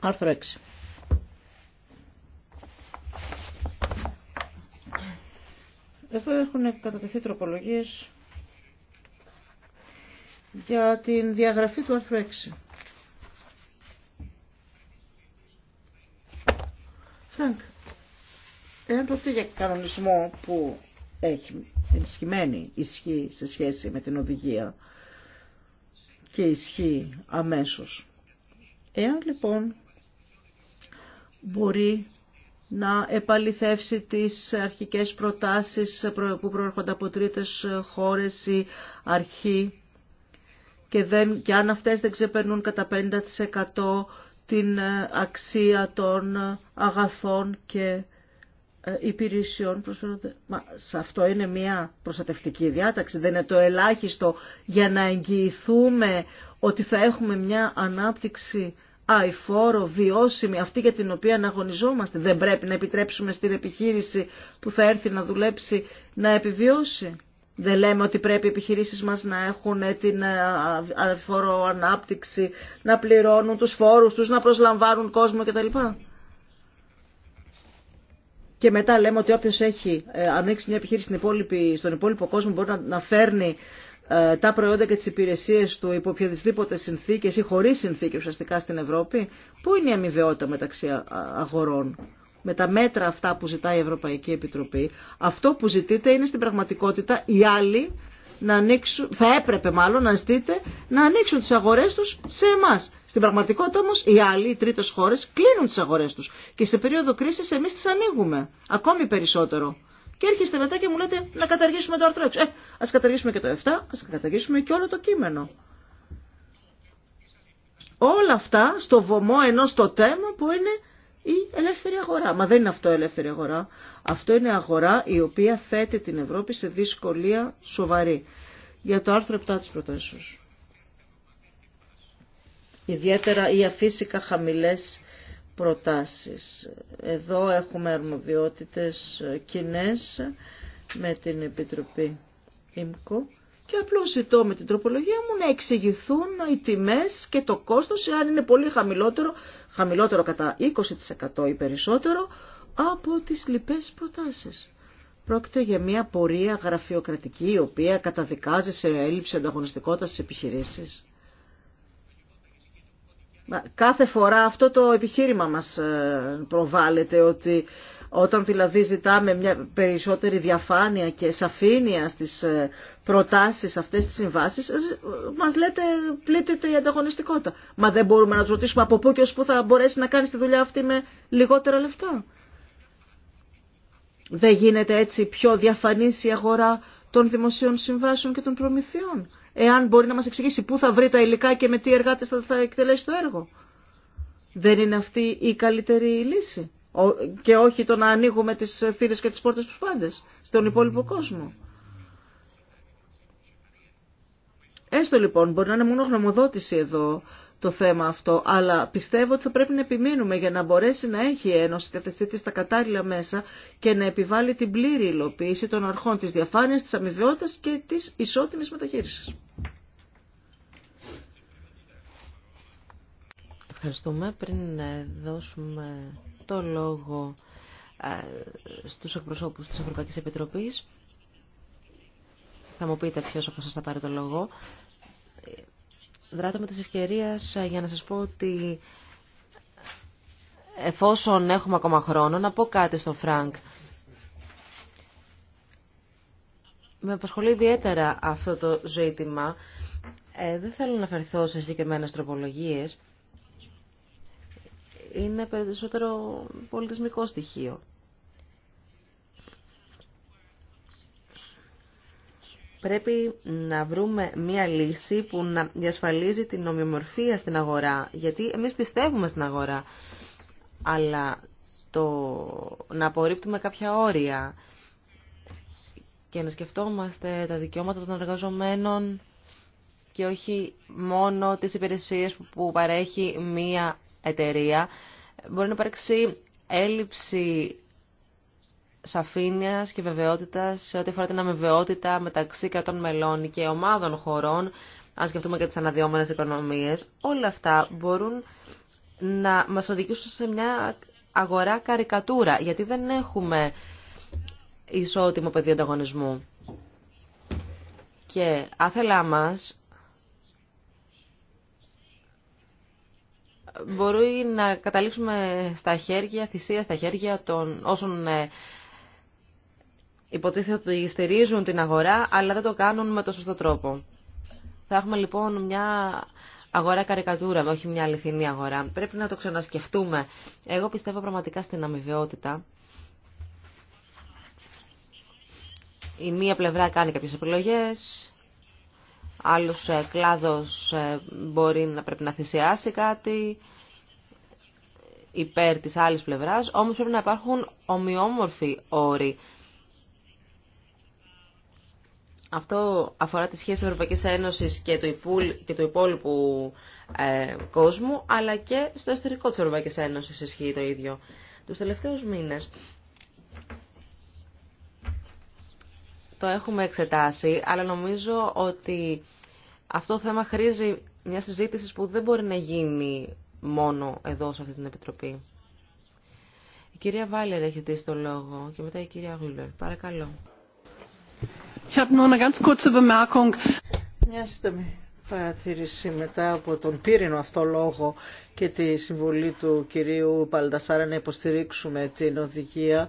Άρθρο 6. Εδώ έχουν κατατεθεί τροπολογίες για την διαγραφή του άρθρου 6. Φρανκ, εάν το για κανονισμό που έχει ενισχυμένη ισχύ σε σχέση με την οδηγία και ισχύει αμέσως. Εάν λοιπόν μπορεί να επαληθεύσει τις αρχικές προτάσεις που προέρχονται από τρίτες χώρες ή αρχή και, δεν, και αν αυτές δεν ξεπερνούν κατά 50% την ε, αξία των ε, αγαθών και ε, υπηρεσιών προσφέρονται. Μα αυτό είναι μια προστατευτική διάταξη, δεν είναι το ελάχιστο για να εγγυηθούμε ότι θα έχουμε μια ανάπτυξη αηφόρο, βιώσιμη, αυτή για την οποία αναγωνιζόμαστε. Δεν πρέπει να επιτρέψουμε στην επιχείρηση που θα έρθει να δουλέψει να επιβιώσει. Δεν λέμε ότι πρέπει οι επιχειρήσεις μας να έχουν ε, την ε, φοροανάπτυξη, να πληρώνουν τους φόρους τους, να προσλαμβάνουν κόσμο κτλ. Και μετά λέμε ότι όποιος έχει ε, ανοίξει μια επιχείρηση στον υπόλοιπο κόσμο μπορεί να, φέρνει τα προϊόντα και τις υπηρεσίες του υπό οποιαδήποτε συνθήκες ή χωρίς συνθήκες ουσιαστικά στην Ευρώπη. Πού είναι η αμοιβαιότητα μεταξύ αγορών με τα μέτρα αυτά που ζητάει η Ευρωπαϊκή Επιτροπή, αυτό που ζητείτε είναι στην πραγματικότητα οι άλλοι να ανοίξουν, θα έπρεπε μάλλον να ζητείτε να ανοίξουν τις αγορές τους σε εμάς. Στην πραγματικότητα όμως οι άλλοι, οι τρίτες χώρες, κλείνουν τις αγορές τους. Και σε περίοδο κρίσης εμείς τις ανοίγουμε, ακόμη περισσότερο. Και έρχεστε μετά και μου λέτε να καταργήσουμε το άρθρο 6. Ε, ας καταργήσουμε και το 7, ας καταργήσουμε και όλο το κείμενο. Όλα αυτά στο βωμό ενός το θέμα που είναι η ελεύθερη αγορά. Μα δεν είναι αυτό ελεύθερη αγορά. Αυτό είναι αγορά η οποία θέτει την Ευρώπη σε δυσκολία σοβαρή. Για το άρθρο 7 της προτάσεως. Ιδιαίτερα οι αφύσικα χαμηλές προτάσεις. Εδώ έχουμε αρμοδιότητες κοινέ με την Επιτροπή ΙΜΚΟ και απλώς ζητώ με την τροπολογία μου να εξηγηθούν οι τιμές και το κόστος, εάν είναι πολύ χαμηλότερο, χαμηλότερο κατά 20% ή περισσότερο, από τις λοιπές προτάσεις. Πρόκειται για μια πορεία γραφειοκρατική, η οποία καταδικάζει σε έλλειψη ανταγωνιστικότητας στις επιχειρήσεις. Κάθε φορά αυτό το επιχείρημα μας ε, προβάλλεται ότι όταν δηλαδή ζητάμε μια περισσότερη διαφάνεια και σαφήνεια στις ε, προτάσεις αυτές τις συμβάσεις, ε, μας λέτε πλήττεται η ανταγωνιστικότητα. Μα δεν μπορούμε να του ρωτήσουμε από πού και ως πού θα μπορέσει να κάνει τη δουλειά αυτή με λιγότερα λεφτά. Δεν γίνεται έτσι πιο διαφανής η αγορά των δημοσίων συμβάσεων και των προμηθειών. Εάν μπορεί να μας εξηγήσει πού θα βρει τα υλικά και με τι εργάτες θα, θα εκτελέσει το έργο. Δεν είναι αυτή η καλύτερη λύση και όχι το να ανοίγουμε τις θύρες και τις πόρτες τους πάντες, στον υπόλοιπο κόσμο. Έστω λοιπόν, μπορεί να είναι μόνο γνωμοδότηση εδώ το θέμα αυτό, αλλά πιστεύω ότι θα πρέπει να επιμείνουμε για να μπορέσει να έχει η Ένωση τα στα κατάλληλα μέσα και να επιβάλλει την πλήρη υλοποίηση των αρχών της διαφάνειας, της αμοιβαιότητας και της ισότιμης μεταχείρισης. Ευχαριστούμε. Πριν ε, δώσουμε το λόγο στους εκπροσώπους της Ευρωπαϊκής Επιτροπής. Θα μου πείτε ποιος από σας θα πάρει το λόγο. Δράτω με της για να σας πω ότι εφόσον έχουμε ακόμα χρόνο, να πω κάτι στον Φρανκ. Με απασχολεί ιδιαίτερα αυτό το ζήτημα. Ε, δεν θέλω να αφαιρθώ σε συγκεκριμένε τροπολογίες είναι περισσότερο πολιτισμικό στοιχείο. Πρέπει να βρούμε μία λύση που να διασφαλίζει την ομοιομορφία στην αγορά, γιατί εμείς πιστεύουμε στην αγορά, αλλά το να απορρίπτουμε κάποια όρια και να σκεφτόμαστε τα δικαιώματα των εργαζομένων και όχι μόνο τις υπηρεσίες που παρέχει μία εταιρεία, μπορεί να υπάρξει έλλειψη σαφήνειας και βεβαιότητας σε ό,τι αφορά την αμεβαιότητα μεταξύ κρατών μελών και ομάδων χωρών, αν σκεφτούμε και τις αναδυόμενες οικονομίες. Όλα αυτά μπορούν να μας οδηγήσουν σε μια αγορά καρικατούρα, γιατί δεν έχουμε ισότιμο πεδίο ανταγωνισμού. Και άθελά μας μπορεί να καταλήξουμε στα χέρια, θυσία στα χέρια των όσων ε, υποτίθεται ότι στηρίζουν την αγορά, αλλά δεν το κάνουν με το σωστό τρόπο. Θα έχουμε λοιπόν μια αγορά καρικατούρα, όχι μια αληθινή αγορά. Πρέπει να το ξανασκεφτούμε. Εγώ πιστεύω πραγματικά στην αμοιβαιότητα. Η μία πλευρά κάνει κάποιες επιλογές, Άλλος ε, κλάδος ε, μπορεί να πρέπει να θυσιάσει κάτι υπέρ της άλλης πλευράς, όμως πρέπει να υπάρχουν ομοιόμορφοι όροι. Αυτό αφορά τις σχέσεις Ευρωπαϊκής Ένωσης και του, και του υπόλοιπου ε, κόσμου, αλλά και στο εσωτερικό της Ευρωπαϊκής Ένωσης ισχύει το ίδιο. Τους τελευταίους μήνες το έχουμε εξετάσει, αλλά νομίζω ότι αυτό το θέμα χρήζει μια συζήτηση που δεν μπορεί να γίνει μόνο εδώ σε αυτή την Επιτροπή. Η κυρία Βάλερ έχει δει το λόγο και μετά η κυρία Γουλερ. Παρακαλώ. Μια σύντομη παρατήρηση μετά από τον πύρινο αυτό λόγο και τη συμβολή του κυρίου Παλτασάρα να υποστηρίξουμε την οδηγία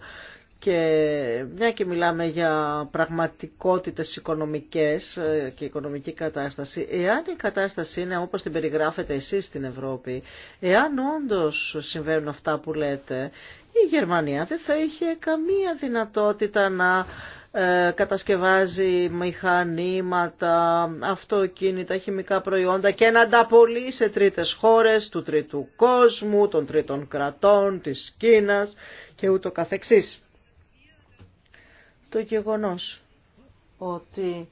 και μια και μιλάμε για πραγματικότητες οικονομικές ε, και οικονομική κατάσταση, εάν η κατάσταση είναι όπως την περιγράφετε εσείς στην Ευρώπη, εάν όντως συμβαίνουν αυτά που λέτε, η Γερμανία δεν θα είχε καμία δυνατότητα να ε, κατασκευάζει μηχανήματα, αυτοκίνητα, χημικά προϊόντα και να πωλεί σε τρίτες χώρες του τρίτου κόσμου, των τρίτων κρατών, της Κίνας και ούτω καθεξής το γεγονός ότι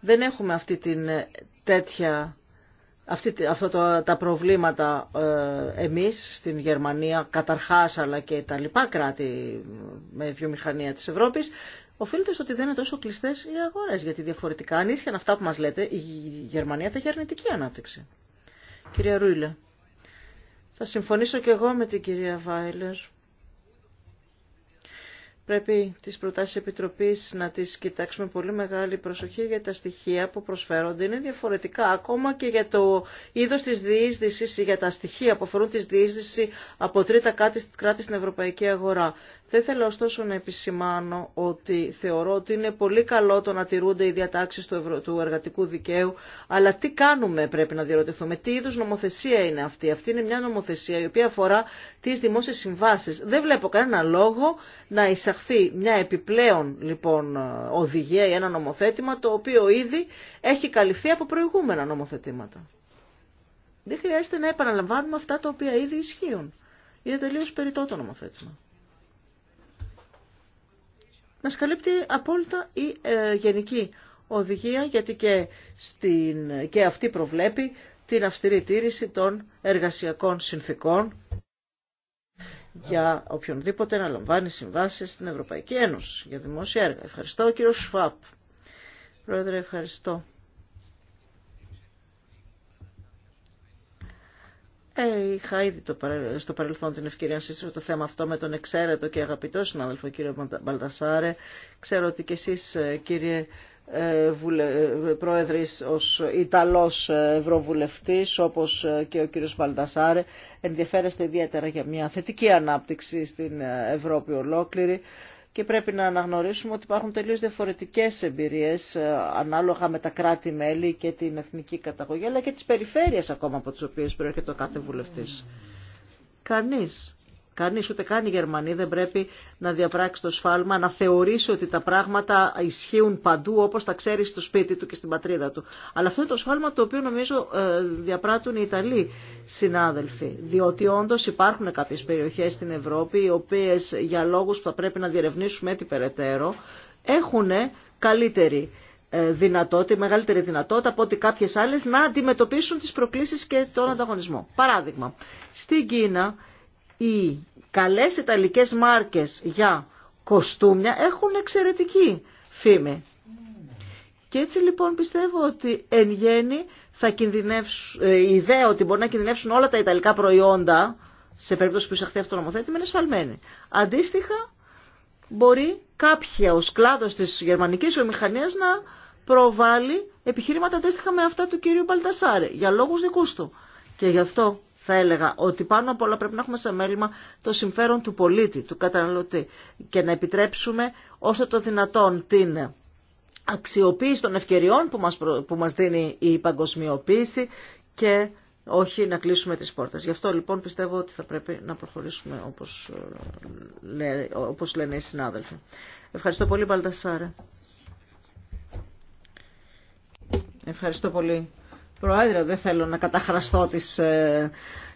δεν έχουμε αυτή την τέτοια αυτή, αυτό το, τα προβλήματα ε, εμείς στην Γερμανία καταρχάς αλλά και τα λοιπά κράτη με βιομηχανία της Ευρώπης οφείλεται στο ότι δεν είναι τόσο κλειστές οι αγορές γιατί διαφορετικά αν ίσχυαν αυτά που μας λέτε η Γερμανία θα έχει αρνητική ανάπτυξη. Κυρία Ρούιλε, θα συμφωνήσω και εγώ με την κυρία Βάιλερ Πρέπει τις προτάσεις Επιτροπής να τις κοιτάξουμε πολύ μεγάλη προσοχή για τα στοιχεία που προσφέρονται είναι διαφορετικά ακόμα και για το είδος της διείσδυσης ή για τα στοιχεία που αφορούν τη διείσδυση από τρίτα κράτη στην ευρωπαϊκή αγορά. Θα ήθελα ωστόσο να επισημάνω ότι θεωρώ ότι είναι πολύ καλό το να τηρούνται οι διατάξεις του εργατικού δικαίου αλλά τι κάνουμε πρέπει να διαρωτηθούμε, τι είδους νομοθεσία είναι αυτή. Αυτή είναι μια νομοθεσία η οποία αφορά τις δημόσιε συμβάσει. Δεν βλέπω κανένα λόγο να Υπάρχει μια επιπλέον λοιπόν οδηγία ή ένα νομοθέτημα το οποίο ήδη έχει καλυφθεί από προηγούμενα νομοθετήματα. Δεν χρειάζεται να επαναλαμβάνουμε αυτά τα οποία ήδη ισχύουν. Είναι τελείως περιττό το νομοθέτημα. Μας καλύπτει απόλυτα η ε, γενική οδηγία γιατί και, στην, και αυτή προβλέπει την αυστηρή τήρηση των εργασιακών συνθήκων για οποιονδήποτε να λαμβάνει συμβάσεις στην Ευρωπαϊκή Ένωση για δημόσια έργα. Ευχαριστώ κύριο Σφάπ. Πρόεδρε, ευχαριστώ. Ε, είχα ήδη το στο παρελθόν την ευκαιρία να συζητήσω το θέμα αυτό με τον εξαίρετο και αγαπητό συνάδελφο κύριο Μπαλτασάρε. Ξέρω ότι και εσείς ε, κύριε ε, ε, πρόεδρης ως Ιταλός Ευρωβουλευτής όπως ε, και ο κύριος Παλτασάρε, ενδιαφέρεστε ιδιαίτερα για μια θετική ανάπτυξη στην Ευρώπη ολόκληρη και πρέπει να αναγνωρίσουμε ότι υπάρχουν τελείως διαφορετικές εμπειρίες ανάλογα με τα κράτη-μέλη και την εθνική καταγωγή αλλά και τις περιφέρειες ακόμα από τις οποίες προέρχεται ο κάθε βουλευτής. Κανείς κανείς, ούτε καν οι Γερμανοί δεν πρέπει να διαπράξει το σφάλμα, να θεωρήσει ότι τα πράγματα ισχύουν παντού όπως τα ξέρει στο σπίτι του και στην πατρίδα του. Αλλά αυτό είναι το σφάλμα το οποίο νομίζω ε, διαπράττουν οι Ιταλοί συνάδελφοι. Διότι όντως υπάρχουν κάποιες περιοχές στην Ευρώπη οι οποίες για λόγους που θα πρέπει να διερευνήσουμε έτσι περαιτέρω έχουν καλύτερη ε, δυνατότητα, μεγαλύτερη δυνατότητα από ότι κάποιες άλλες να αντιμετωπίσουν τις προκλήσεις και τον ανταγωνισμό. Παράδειγμα, στην Κίνα οι καλές ιταλικές μάρκες για κοστούμια έχουν εξαιρετική φήμη. Και έτσι λοιπόν πιστεύω ότι εν γέννη θα κινδυνεύσουν, ε, η ιδέα ότι μπορεί να κινδυνεύσουν όλα τα ιταλικά προϊόντα σε περίπτωση που εισαχθεί αυτό το νομοθέτημα είναι σφαλμένη. Αντίστοιχα μπορεί κάποια ο κλάδος της γερμανικής βιομηχανίας να προβάλλει επιχειρήματα αντίστοιχα με αυτά του κυρίου Μπαλτασάρη για λόγους δικούς του. Και γι' αυτό θα έλεγα ότι πάνω απ' όλα πρέπει να έχουμε σε μέλημα το συμφέρον του πολίτη, του καταναλωτή και να επιτρέψουμε όσο το δυνατόν την αξιοποίηση των ευκαιριών που μας, που μας δίνει η παγκοσμιοποίηση και όχι να κλείσουμε τις πόρτες. Γι' αυτό λοιπόν πιστεύω ότι θα πρέπει να προχωρήσουμε όπως, ε, όπως λένε οι συνάδελφοι. Ευχαριστώ πολύ Μπαλτασάρα. Ευχαριστώ πολύ Προέδρε, δεν θέλω να καταχραστώ της ε,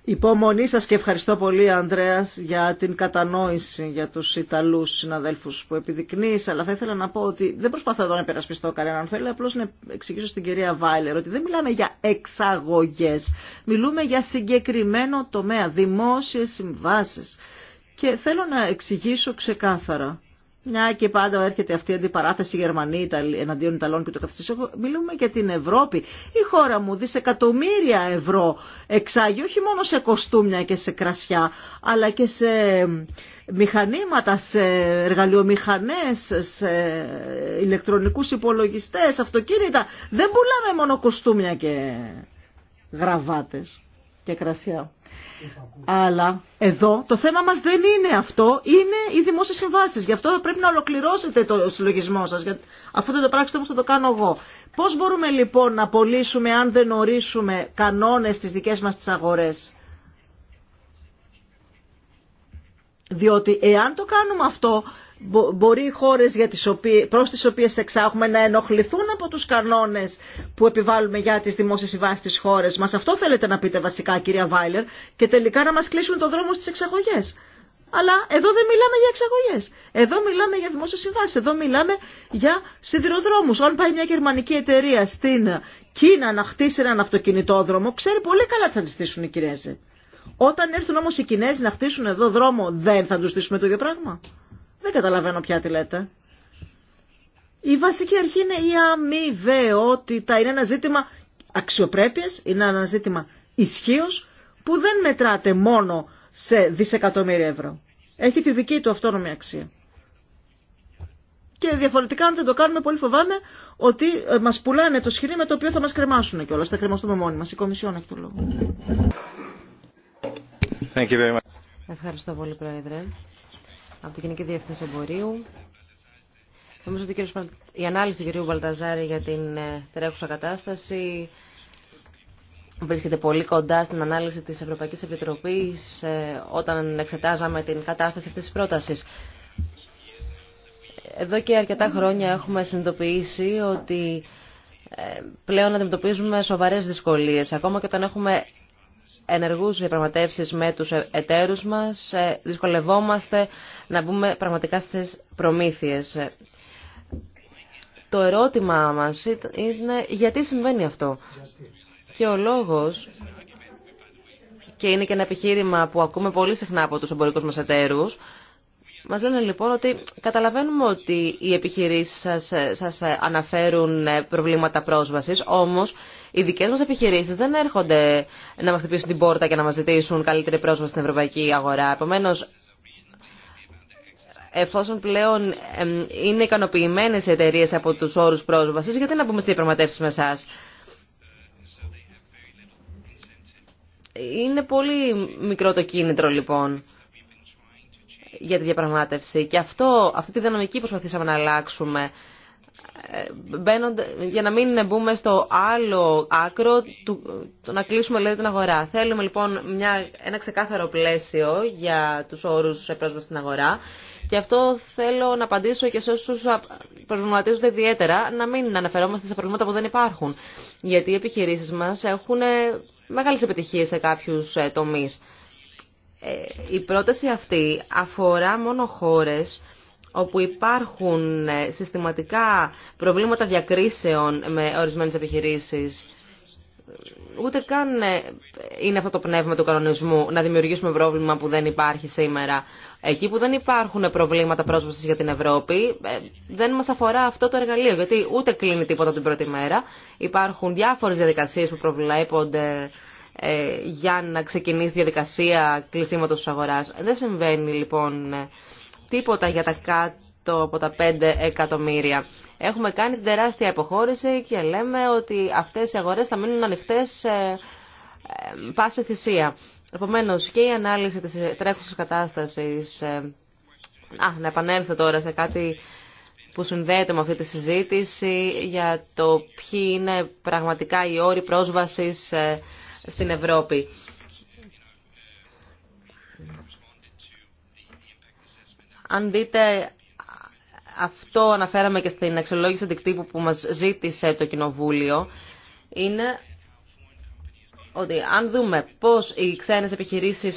υπομονή σας και ευχαριστώ πολύ Ανδρέας για την κατανόηση για τους Ιταλούς συναδέλφους που επιδεικνύεις, αλλά θα ήθελα να πω ότι δεν προσπαθώ εδώ να περασπιστώ κανέναν, θέλω απλώς να εξηγήσω στην κυρία Βάιλερ ότι δεν μιλάμε για εξαγωγές, μιλούμε για συγκεκριμένο τομέα, δημόσιες συμβάσεις και θέλω να εξηγήσω ξεκάθαρα μια και πάντα έρχεται αυτή η αντιπαράθεση Γερμανοί εναντίον Ιταλών και το καθεστή. Μιλούμε για την Ευρώπη. Η χώρα μου δισεκατομμύρια ευρώ εξάγει όχι μόνο σε κοστούμια και σε κρασιά, αλλά και σε μηχανήματα, σε εργαλειομηχανές, σε ηλεκτρονικούς υπολογιστές, αυτοκίνητα. Δεν πουλάμε μόνο κοστούμια και γραβάτες και κρασιά. Αλλά εδώ το θέμα μας δεν είναι αυτό, είναι οι δημόσιες συμβάσεις. Γι' αυτό πρέπει να ολοκληρώσετε το συλλογισμό σας. Αφού δεν το πράξετε όμως θα το κάνω εγώ. Πώς μπορούμε λοιπόν να πωλήσουμε αν δεν ορίσουμε κανόνες στις δικές μας τις αγορές. Διότι εάν το κάνουμε αυτό μπορεί οι χώρες για τις οποίες, προς τις οποίες εξάγουμε να ενοχληθούν από τους κανόνες που επιβάλλουμε για τις δημόσιες συμβάσεις της χώρας μας. Αυτό θέλετε να πείτε βασικά κυρία Βάιλερ και τελικά να μας κλείσουν το δρόμο στις εξαγωγές. Αλλά εδώ δεν μιλάμε για εξαγωγέ. Εδώ μιλάμε για δημόσιε συμβάσει. Εδώ μιλάμε για σιδηροδρόμου. Όταν πάει μια γερμανική εταιρεία στην Κίνα να χτίσει έναν αυτοκινητόδρομο, ξέρει πολύ καλά τι θα τη στήσουν οι Κινέζοι. Όταν έρθουν όμω οι Κινέζοι να χτίσουν εδώ δρόμο, δεν θα του στήσουμε το ίδιο πράγμα. Δεν καταλαβαίνω πια τι λέτε. Η βασική αρχή είναι η αμοιβαιότητα. Είναι ένα ζήτημα αξιοπρέπειας, είναι ένα ζήτημα ισχύω που δεν μετράται μόνο σε δισεκατομμύρια ευρώ. Έχει τη δική του αυτόνομη αξία. Και διαφορετικά, αν δεν το κάνουμε, πολύ φοβάμαι ότι ε, μα πουλάνε το σχοινί με το οποίο θα μα κρεμάσουν κιόλα. Θα κρεμαστούμε μόνοι μα. Η Κομισιόν έχει το λόγο. Ευχαριστώ πολύ, Πρόεδρε από την Γενική Διεύθυνση Εμπορίου. Νομίζω ότι η ανάλυση του κυρίου Μπαλταζάρη για την ε, τρέχουσα κατάσταση βρίσκεται πολύ κοντά στην ανάλυση της Ευρωπαϊκής Επιτροπής ε, όταν εξετάζαμε την κατάθεση αυτής της πρότασης. Εδώ και αρκετά χρόνια έχουμε συνειδητοποιήσει ότι ε, πλέον αντιμετωπίζουμε σοβαρές δυσκολίες. Ακόμα και όταν έχουμε ενεργούς διαπραγματεύσεις με τους ε, εταίρους μας. Ε, δυσκολευόμαστε να μπούμε πραγματικά στις προμήθειες. Το ερώτημά μας είναι γιατί συμβαίνει αυτό. Και ο λόγος, και είναι και ένα επιχείρημα που ακούμε πολύ συχνά από τους εμπορικούς μας εταίρους, Μα λένε λοιπόν ότι καταλαβαίνουμε ότι οι επιχειρήσεις σα σας ε, αναφέρουν προβλήματα πρόσβασης, όμως... Οι δικέ μα επιχειρήσει δεν έρχονται να μα χτυπήσουν την πόρτα και να μα ζητήσουν καλύτερη πρόσβαση στην ευρωπαϊκή αγορά. Επομένω, εφόσον πλέον είναι ικανοποιημένε οι εταιρείε από του όρου πρόσβαση, γιατί να πούμε στη διαπραγματεύσει με εσά. Είναι πολύ μικρό το κίνητρο λοιπόν για τη διαπραγμάτευση και αυτό, αυτή τη δυναμική προσπαθήσαμε να αλλάξουμε ε, για να μην μπούμε στο άλλο άκρο του, το να κλείσουμε λέει, την αγορά. Θέλουμε λοιπόν μια, ένα ξεκάθαρο πλαίσιο για τους όρους πρόσβαση στην αγορά και αυτό θέλω να απαντήσω και σε όσους προβληματίζονται ιδιαίτερα να μην αναφερόμαστε σε προβλήματα που δεν υπάρχουν. Γιατί οι επιχειρήσεις μας έχουν ε, μεγάλες επιτυχίες σε κάποιους ε, τομείς. Η πρόταση αυτή αφορά μόνο χώρες όπου υπάρχουν ε, συστηματικά προβλήματα διακρίσεων με ορισμένες επιχειρήσεις. Ούτε καν ε, είναι αυτό το πνεύμα του κανονισμού να δημιουργήσουμε πρόβλημα που δεν υπάρχει σήμερα. Εκεί που δεν υπάρχουν προβλήματα πρόσβασης για την Ευρώπη, ε, δεν μας αφορά αυτό το εργαλείο, γιατί ούτε κλείνει τίποτα την πρώτη μέρα. Υπάρχουν διάφορες διαδικασίες που προβλέπονται για να ξεκινήσει διαδικασία κλεισίματος της αγοράς. Δεν συμβαίνει λοιπόν τίποτα για τα κάτω από τα 5 εκατομμύρια. Έχουμε κάνει την τεράστια υποχώρηση και λέμε ότι αυτές οι αγορές θα μείνουν ανοιχτές ε, ε, πάση θυσία. Επομένως και η ανάλυση της τρέχουσας κατάστασης... Ε, α, να επανέλθω τώρα σε κάτι που συνδέεται με αυτή τη συζήτηση για το ποιοι είναι πραγματικά οι όροι πρόσβασης στην Ευρώπη. Αν δείτε, αυτό αναφέραμε και στην αξιολόγηση αντικτύπου που μας ζήτησε το Κοινοβούλιο, είναι ότι αν δούμε πώς οι ξένες επιχειρήσεις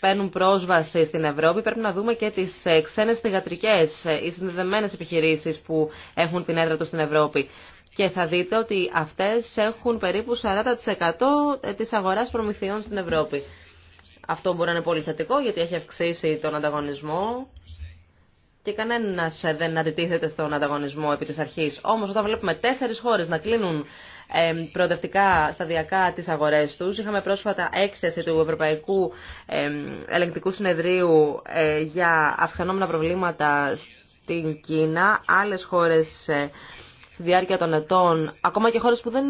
παίρνουν πρόσβαση στην Ευρώπη, πρέπει να δούμε και τις ξένες θηγατρικές ή συνδεδεμένες επιχειρήσεις που έχουν την έδρα τους στην Ευρώπη. Και θα δείτε ότι αυτές έχουν περίπου 40% της αγοράς προμηθειών στην Ευρώπη. Αυτό μπορεί να είναι πολύ θετικό γιατί έχει αυξήσει τον ανταγωνισμό και κανένα δεν αντιτίθεται στον ανταγωνισμό επί της αρχής. Όμως όταν βλέπουμε τέσσερι χώρε να κλείνουν προοδευτικά σταδιακά τι αγορέ τους, είχαμε πρόσφατα έκθεση του Ευρωπαϊκού Ελεγκτικού Συνεδρίου ε, για αυξανόμενα προβλήματα στην Κίνα, άλλες χώρες ε, στη διάρκεια των ετών, ακόμα και χώρες που δεν,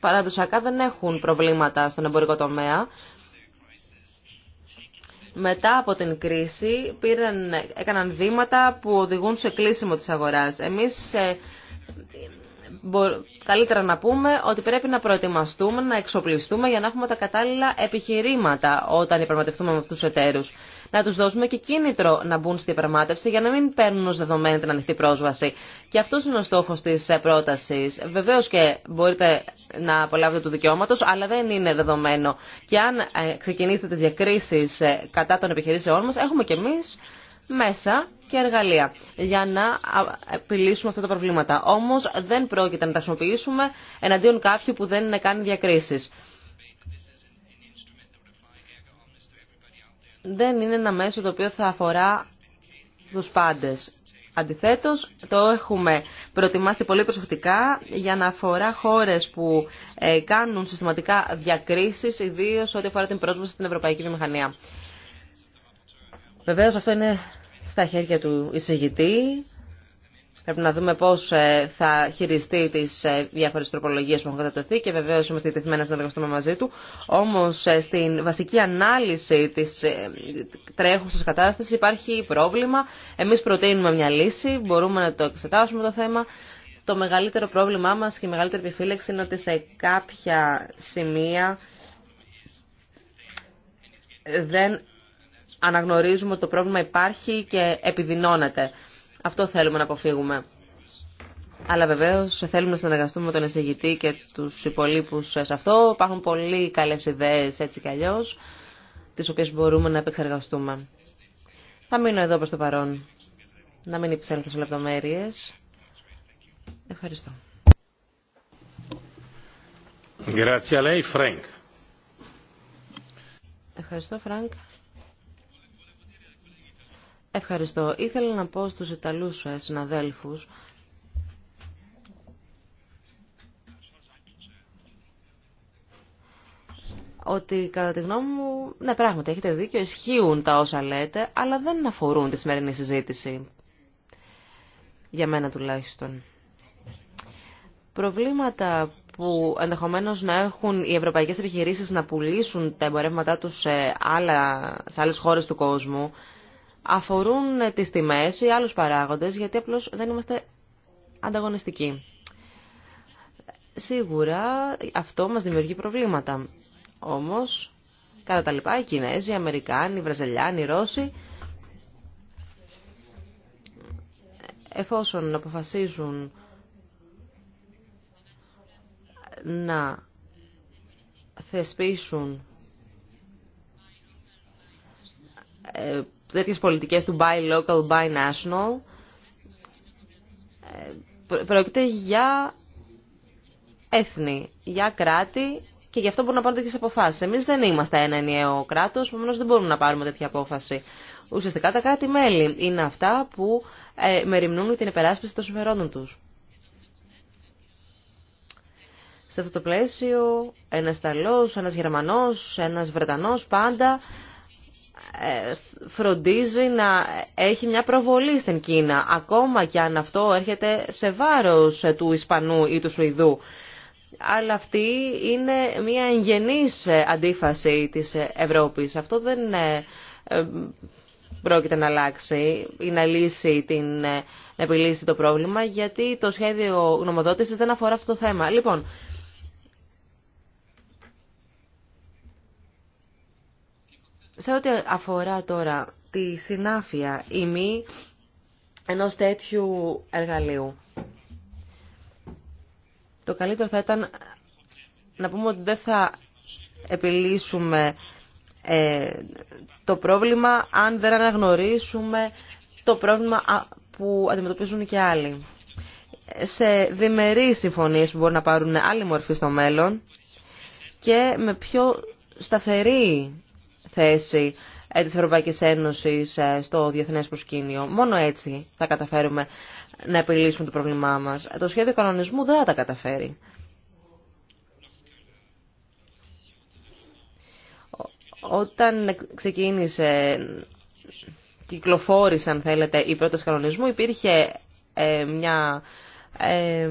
παραδοσιακά δεν έχουν προβλήματα στον εμπορικό τομέα, μετά από την κρίση πήραν, έκαναν βήματα που οδηγούν σε κλείσιμο της αγοράς. Εμείς ε, καλύτερα να πούμε ότι πρέπει να προετοιμαστούμε, να εξοπλιστούμε για να έχουμε τα κατάλληλα επιχειρήματα όταν διαπραγματευτούμε με αυτούς τους εταίρους να του δώσουμε και κίνητρο να μπουν στη διαπραγμάτευση για να μην παίρνουν ω δεδομένη την ανοιχτή πρόσβαση. Και αυτό είναι ο στόχο τη ε, πρόταση. Βεβαίω και μπορείτε να απολαύετε του δικαιώματο, αλλά δεν είναι δεδομένο. Και αν ε, ξεκινήσετε τι διακρίσει ε, κατά των επιχειρήσεών μα, έχουμε κι εμεί μέσα και εργαλεία για να επιλύσουμε αυτά τα προβλήματα. Όμως δεν πρόκειται να τα χρησιμοποιήσουμε εναντίον κάποιου που δεν είναι κάνει διακρίσεις. δεν είναι ένα μέσο το οποίο θα αφορά τους πάντες. Αντιθέτως, το έχουμε προετοιμάσει πολύ προσεκτικά για να αφορά χώρες που ε, κάνουν συστηματικά διακρίσεις, ιδίως ό,τι αφορά την πρόσβαση στην ευρωπαϊκή βιομηχανία. Βεβαίως, αυτό είναι στα χέρια του εισηγητή Πρέπει να δούμε πώ ε, θα χειριστεί τι ε, διάφορε τροπολογίε που έχουν κατατεθεί και βεβαίω είμαστε διατεθειμένοι να συνεργαστούμε μαζί του. Όμω ε, στην βασική ανάλυση τη τρέχουσα κατάσταση υπάρχει πρόβλημα. Εμεί προτείνουμε μια λύση, μπορούμε να το εξετάσουμε το θέμα. Το μεγαλύτερο πρόβλημά μα και η μεγαλύτερη επιφύλαξη είναι ότι σε κάποια σημεία δεν αναγνωρίζουμε ότι το πρόβλημα υπάρχει και επιδεινώνεται. Αυτό θέλουμε να αποφύγουμε. Αλλά βεβαίω θέλουμε να συνεργαστούμε με τον εισηγητή και του υπολείπου σε αυτό. Υπάρχουν πολύ καλέ ιδέε έτσι κι αλλιώ, τι οποίε μπορούμε να επεξεργαστούμε. Θα μείνω εδώ προ το παρόν. Να μην υψέλθω σε λεπτομέρειε. Ευχαριστώ. Ευχαριστώ, Φρανκ. Ευχαριστώ. Ήθελα να πω στους Ιταλούς ε, συναδέλφους ότι κατά τη γνώμη μου, ναι πράγματι έχετε δίκιο, ισχύουν τα όσα λέτε, αλλά δεν αφορούν τη σημερινή συζήτηση. Για μένα τουλάχιστον. Προβλήματα που ενδεχομένως να έχουν οι ευρωπαϊκές επιχειρήσεις να πουλήσουν τα εμπορεύματά τους σε, άλλα, σε άλλες χώρες του κόσμου, αφορούν ε, τις τιμές ή άλλους παράγοντες, γιατί απλώς δεν είμαστε ανταγωνιστικοί. Σίγουρα αυτό μας δημιουργεί προβλήματα. Όμως, κατά τα λοιπά, οι Κινέζοι, οι Αμερικάνοι, οι Βραζελιάνοι, οι Ρώσοι, εφόσον αποφασίζουν να θεσπίσουν ε, τέτοιες πολιτικές του buy local, buy national ε, πρόκειται για έθνη, για κράτη και γι' αυτό μπορούν να πάρουν τέτοιες αποφάσεις. Εμείς δεν είμαστε ένα ενιαίο κράτος, επομένω δεν μπορούμε να πάρουμε τέτοια απόφαση. Ουσιαστικά τα κράτη-μέλη είναι αυτά που ε, μεριμνούν την υπεράσπιση των συμφερόντων του. Σε αυτό το πλαίσιο, ένας Ιταλό, ένα Γερμανό, ένα Βρετανό πάντα ε, φροντίζει να έχει μια προβολή στην Κίνα, ακόμα και αν αυτό έρχεται σε βάρος ε, του Ισπανού ή του Σουηδού. Αλλά αυτή είναι μια εγγενής ε, αντίφαση της Ευρώπης. Αυτό δεν πρόκειται να αλλάξει ή να λύσει την, επιλύσει το πρόβλημα, γιατί το σχέδιο γνωμοδότησης δεν αφορά αυτό το θέμα. Λοιπόν, Σε ό,τι αφορά τώρα τη συνάφεια ή μη ενός τέτοιου εργαλείου, το καλύτερο θα ήταν να πούμε ότι δεν θα επιλύσουμε ε, το πρόβλημα αν δεν αναγνωρίσουμε το πρόβλημα που αντιμετωπίζουν και άλλοι. Σε διμερείς συμφωνίες που μπορούν να πάρουν άλλη μορφή στο μέλλον και με πιο σταθερή θέση ε, της Ευρωπαϊκής Ένωσης ε, στο διεθνές προσκήνιο. Μόνο έτσι θα καταφέρουμε να επιλύσουμε το πρόβλημά μας. Το σχέδιο κανονισμού δεν θα τα καταφέρει. Όταν ξεκίνησε, αν θέλετε η πρώτες κανονισμού, υπήρχε ε, μια ε,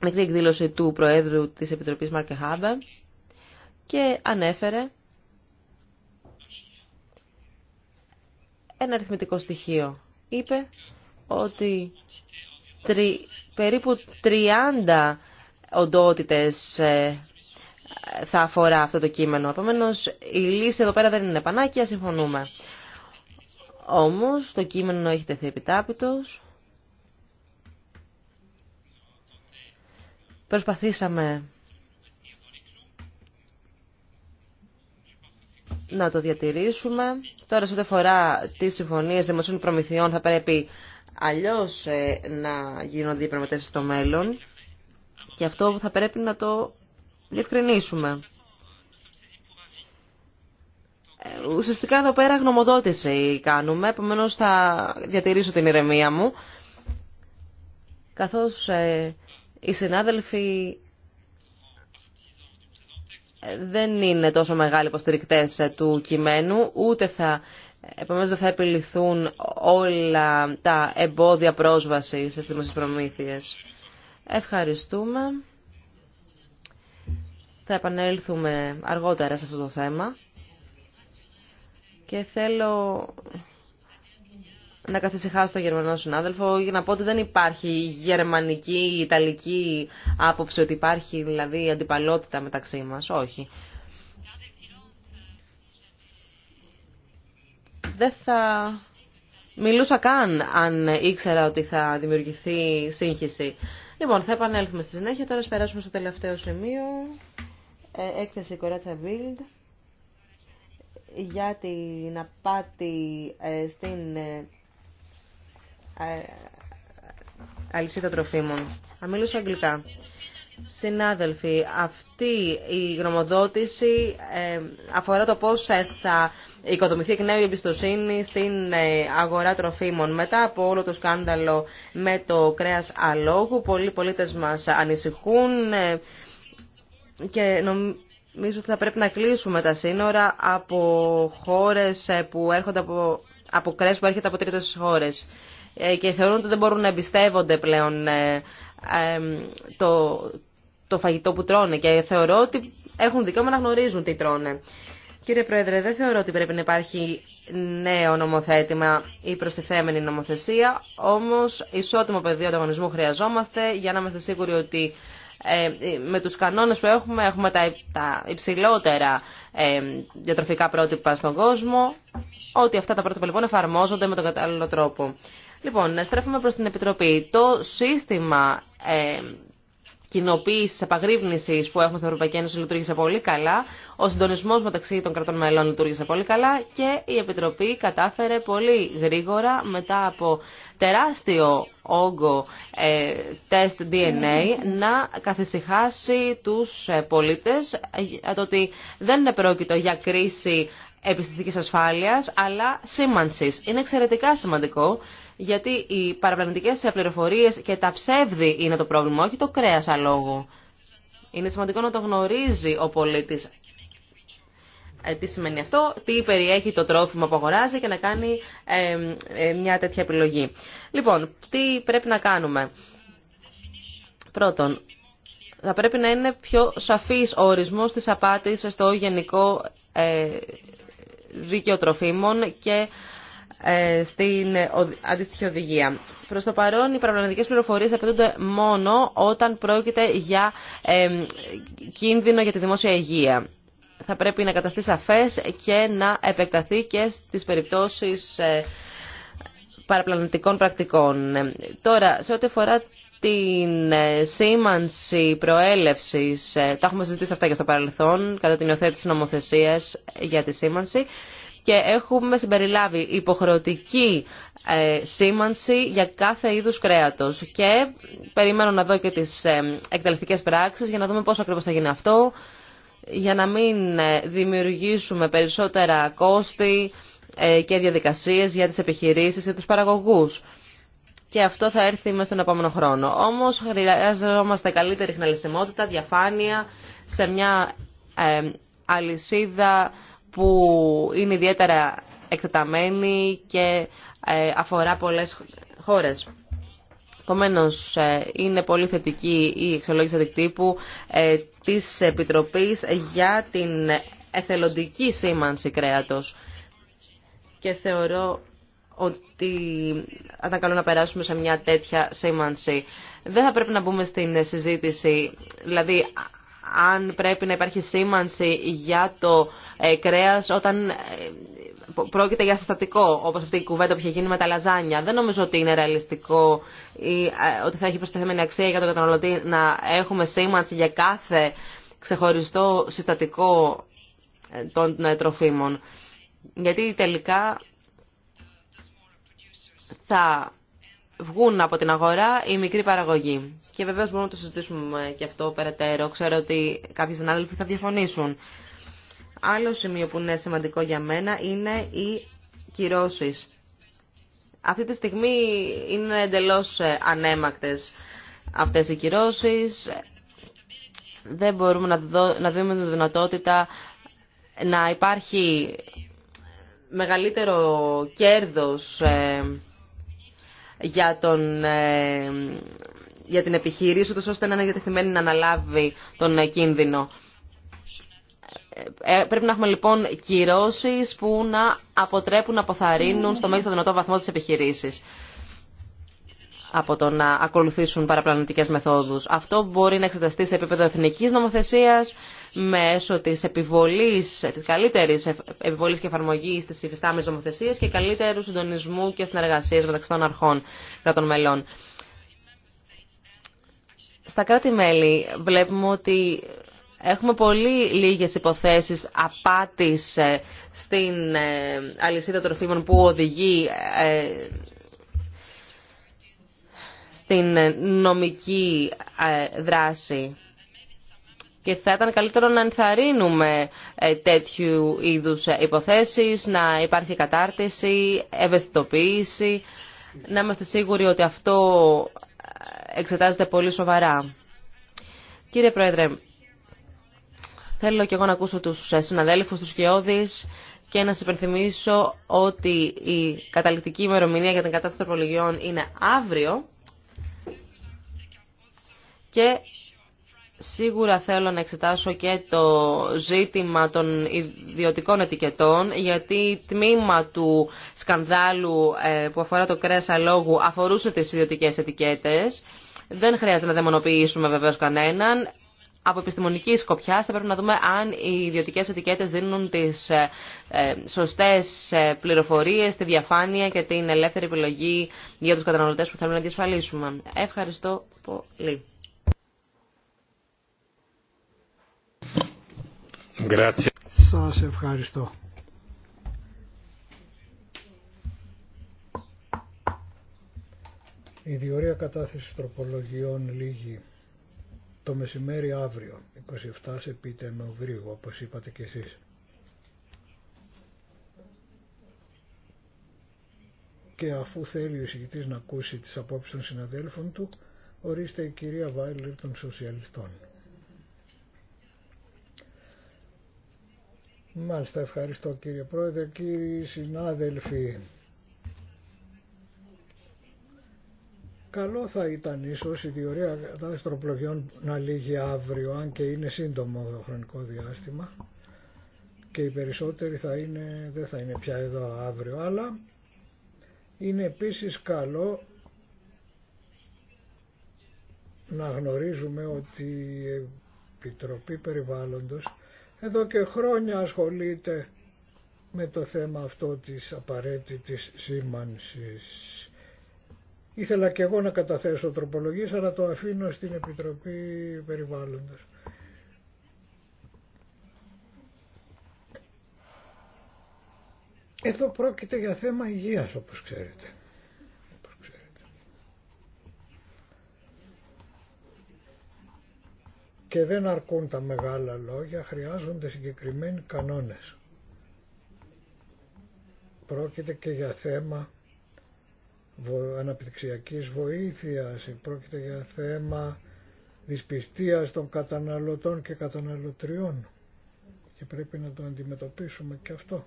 μικρή εκδήλωση του Προέδρου της Επιτροπής Μάρκε Χάμπερ και ανέφερε ένα αριθμητικό στοιχείο. Είπε ότι περίπου 30 οντότητες ε, θα αφορά αυτό το κείμενο. Επομένω, η λύση εδώ πέρα δεν είναι πανάκια, συμφωνούμε. Όμως, το κείμενο έχει τεθεί επιτάπητος. Προσπαθήσαμε να το διατηρήσουμε. Τώρα, σε ό,τι αφορά τι συμφωνίε δημοσίων προμηθειών, θα πρέπει αλλιώ ε, να γίνονται διαπραγματεύσει στο μέλλον. Και αυτό θα πρέπει να το διευκρινίσουμε. Ε, ουσιαστικά εδώ πέρα γνωμοδότηση κάνουμε, επομένως θα διατηρήσω την ηρεμία μου. Καθώς ε, οι συνάδελφοι δεν είναι τόσο μεγάλοι υποστηρικτέ ε, του κειμένου, ούτε θα, επομένως δεν θα επιληθούν όλα τα εμπόδια πρόσβασης στις δημοσίες προμήθειες. Ευχαριστούμε. Θα επανέλθουμε αργότερα σε αυτό το θέμα. Και θέλω να καθησυχάσω τον Γερμανό συνάδελφο για να πω ότι δεν υπάρχει γερμανική, ή ιταλική άποψη ότι υπάρχει δηλαδή αντιπαλότητα μεταξύ μας. Όχι. Δεν θα μιλούσα καν αν ήξερα ότι θα δημιουργηθεί σύγχυση. Λοιπόν, θα επανέλθουμε στη συνέχεια. Τώρα περάσουμε στο τελευταίο σημείο. Ε, έκθεση Κοράτσα Βίλντ για την απάτη ε, στην ε, αλυσίδα τροφίμων. Θα μιλήσω αγγλικά. Συνάδελφοι, αυτή η γνωμοδότηση ε, αφορά το πώς θα οικοδομηθεί εκ νέου η εμπιστοσύνη στην ε, αγορά τροφίμων. Μετά από όλο το σκάνδαλο με το κρέας αλόγου, πολλοί πολίτες μας ανησυχούν ε, και νομίζω ότι θα πρέπει να κλείσουμε τα σύνορα από χώρες που έρχονται από, από κρέας που έρχεται από τρίτες χώρες. Ε, και θεωρούν ότι δεν μπορούν να εμπιστεύονται πλέον ε, το, το φαγητό που τρώνε και θεωρώ ότι έχουν δικαίωμα να γνωρίζουν τι τρώνε. Κύριε Πρόεδρε, δεν θεωρώ ότι πρέπει να υπάρχει νέο νομοθέτημα ή προστιθέμενη νομοθεσία, όμως ισότιμο πεδίο ανταγωνισμού χρειαζόμαστε για να είμαστε σίγουροι ότι ε, με τους κανόνες που έχουμε, έχουμε τα, τα υψηλότερα ε, διατροφικά πρότυπα στον κόσμο, ότι αυτά τα πρότυπα λοιπόν εφαρμόζονται με τον κατάλληλο τρόπο. Λοιπόν, στρέφουμε προς την Επιτροπή. Το σύστημα ε, κοινοποίηση, απαγρύπνηση που έχουμε στην Ευρωπαϊκή Ένωση λειτουργήσε πολύ καλά. Ο συντονισμό μεταξύ των κρατών μελών λειτουργήσε πολύ καλά και η Επιτροπή κατάφερε πολύ γρήγορα μετά από τεράστιο όγκο ε, τεστ DNA να καθησυχάσει τους ε, πολίτες ε, το ότι δεν πρόκειτο για κρίση επιστημικής ασφάλειας αλλά σήμανσης. Είναι εξαιρετικά σημαντικό γιατί οι παραπλανητικέ πληροφορίε και τα ψεύδη είναι το πρόβλημα, όχι το κρέας αλόγου. Είναι σημαντικό να το γνωρίζει ο πολίτη. Ε, τι σημαίνει αυτό, τι περιέχει το τρόφιμο που αγοράζει και να κάνει ε, ε, μια τέτοια επιλογή. Λοιπόν, τι πρέπει να κάνουμε. Πρώτον, θα πρέπει να είναι πιο σαφής ο ορισμός της απάτης στο γενικό δίκαιο τροφίμων και ε, στην αντίστοιχη οδηγία. Προ το παρόν, οι παραπλανητικέ πληροφορίε απαιτούνται μόνο όταν πρόκειται για κίνδυνο για τη δημόσια υγεία. Θα πρέπει να καταστεί σαφέ και να επεκταθεί και στι περιπτώσει ε, παραπλανητικών πρακτικών. Τώρα, σε ό,τι αφορά την ε, σήμανση προέλευσης, τα έχουμε συζητήσει αυτά και στο παρελθόν, κατά την υιοθέτηση νομοθεσίας για τη σήμανση και έχουμε συμπεριλάβει υποχρεωτική ε, σήμανση για κάθε είδους κρέατος. Και περιμένω να δω και τις ε, εκτελεστικές πράξεις για να δούμε πώς ακριβώς θα γίνει αυτό, για να μην ε, δημιουργήσουμε περισσότερα κόστη και διαδικασίες για τις επιχειρήσεις και τους παραγωγούς. Και αυτό θα έρθει μέσα στον επόμενο χρόνο. Όμως χρειάζομαστε καλύτερη χναλισιμότητα, διαφάνεια σε μια αλυσίδα που είναι ιδιαίτερα εκτεταμένη και ε, αφορά πολλές χώρες. Επομένω, ε, είναι πολύ θετική η εξολόγηση αντικτύπου ε, της Επιτροπής για την εθελοντική σήμανση κρέατος. Και θεωρώ ότι θα ήταν καλό να περάσουμε σε μια τέτοια σήμανση. Δεν θα πρέπει να μπούμε στην συζήτηση, δηλαδή αν πρέπει να υπάρχει σήμανση για το ε, κρέας όταν ε, πρόκειται για συστατικό, όπως αυτή η κουβέντα που είχε γίνει με τα λαζάνια. Δεν νομίζω ότι είναι ρεαλιστικό ή ε, ότι θα έχει προστιθέμενη αξία για τον καταναλωτή να έχουμε σήμανση για κάθε ξεχωριστό συστατικό των τροφίμων. Γιατί τελικά θα βγουν από την αγορά οι μικροί παραγωγοί. Και βεβαίω μπορούμε να το συζητήσουμε και αυτό περαιτέρω. Ξέρω ότι κάποιοι συνάδελφοι θα διαφωνήσουν. Άλλο σημείο που είναι σημαντικό για μένα είναι οι κυρώσει. Αυτή τη στιγμή είναι εντελώ ε, ανέμακτες αυτές οι κυρώσει Δεν μπορούμε να, δούμε τη δυνατότητα να υπάρχει μεγαλύτερο κέρδος ε, για, τον, ε, για την επιχείρηση, ώστε να είναι διατεθειμένη να αναλάβει τον ε, κίνδυνο. Ε, πρέπει να έχουμε λοιπόν κυρώσει που να αποτρέπουν, να αποθαρρύνουν στο μέγιστο δυνατό βαθμό τι επιχειρήσει από το να ακολουθήσουν παραπλανητικές μεθόδους. Αυτό μπορεί να εξεταστεί σε επίπεδο εθνικής νομοθεσίας μέσω της επιβολής, της καλύτερης επιβολής και εφαρμογής της υφιστάμενης νομοθεσίας και καλύτερου συντονισμού και συνεργασίας μεταξύ των αρχών κρατών μελών. Στα κράτη-μέλη βλέπουμε ότι Έχουμε πολύ λίγες υποθέσεις απάτης ε, στην ε, αλυσίδα τροφίμων που οδηγεί ε, στην νομική δράση. Και θα ήταν καλύτερο να ενθαρρύνουμε ε, τέτοιου είδους ε, υποθέσεις, να υπάρχει κατάρτιση, ευαισθητοποίηση, να είμαστε σίγουροι ότι αυτό ε, εξετάζεται πολύ σοβαρά. Κύριε Πρόεδρε, θέλω και εγώ να ακούσω τους συναδέλφους, τους κοιόδης και να σας υπενθυμίσω ότι η καταληκτική ημερομηνία για την κατάσταση των προλογιών είναι αύριο Σίγουρα θέλω να εξετάσω και το ζήτημα των ιδιωτικών ετικετών, γιατί τμήμα του σκανδάλου ε, που αφορά το κρέας αλόγου αφορούσε τις ιδιωτικές ετικέτες. Δεν χρειάζεται να δαιμονοποιήσουμε βεβαίως κανέναν. Από επιστημονική σκοπιά θα πρέπει να δούμε αν οι ιδιωτικέ ετικέτες δίνουν τις ε, ε, σωστές πληροφορίες, τη διαφάνεια και την ελεύθερη επιλογή για τους καταναλωτές που θέλουμε να διασφαλίσουμε. Ευχαριστώ πολύ. Σας ευχαριστώ. Η διορία κατάθεση τροπολογιών λίγη το μεσημέρι αύριο, 27 Σεπτεμβρίου, όπως είπατε κι εσείς. Και αφού θέλει ο εισηγητής να ακούσει τις απόψεις των συναδέλφων του, ορίστε η κυρία Βάιλερ των Σοσιαλιστών. Μάλιστα, ευχαριστώ κύριε Πρόεδρε, κύριοι συνάδελφοι. Καλό θα ήταν ίσως η διορία κατάθεση τροπολογιών να λύγει αύριο, αν και είναι σύντομο το χρονικό διάστημα και οι περισσότεροι θα είναι, δεν θα είναι πια εδώ αύριο, αλλά είναι επίσης καλό να γνωρίζουμε ότι η Επιτροπή Περιβάλλοντος εδώ και χρόνια ασχολείται με το θέμα αυτό της απαραίτητης σήμανσης. Ήθελα και εγώ να καταθέσω τροπολογίες, αλλά το αφήνω στην Επιτροπή Περιβάλλοντος. Εδώ πρόκειται για θέμα υγείας, όπως ξέρετε. Και δεν αρκούν τα μεγάλα λόγια, χρειάζονται συγκεκριμένοι κανόνες. Πρόκειται και για θέμα αναπτυξιακής βοήθειας, πρόκειται για θέμα δυσπιστίας των καταναλωτών και καταναλωτριών και πρέπει να το αντιμετωπίσουμε και αυτό.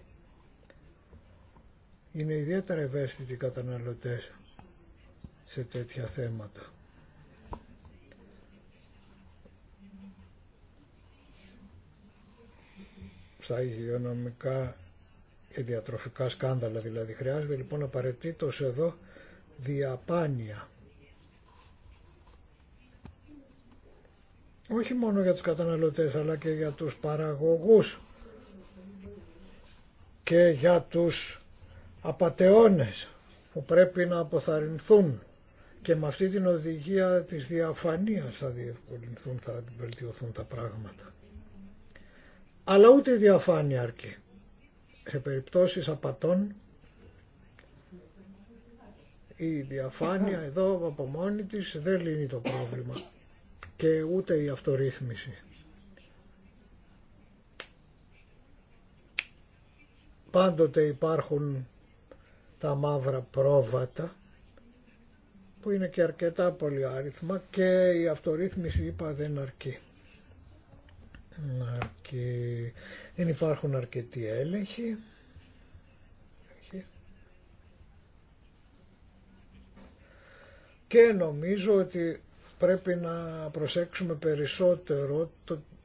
Είναι ιδιαίτερα ευαίσθητοι οι καταναλωτές σε τέτοια θέματα. στα υγειονομικά και διατροφικά σκάνδαλα δηλαδή. Χρειάζεται λοιπόν απαραίτητο εδώ διαπάνεια. Όχι μόνο για τους καταναλωτές αλλά και για τους παραγωγούς και για τους απατεώνες που πρέπει να αποθαρρυνθούν και με αυτή την οδηγία της διαφανείας θα διευκολυνθούν, θα βελτιωθούν τα πράγματα αλλά ούτε η διαφάνεια αρκεί. Σε περιπτώσεις απατών η διαφάνεια εδώ από μόνη της δεν λύνει το πρόβλημα και ούτε η αυτορύθμιση. Πάντοτε υπάρχουν τα μαύρα πρόβατα που είναι και αρκετά πολύ άριθμα και η αυτορύθμιση είπα δεν αρκεί και δεν υπάρχουν αρκετοί έλεγχοι. Και νομίζω ότι πρέπει να προσέξουμε περισσότερο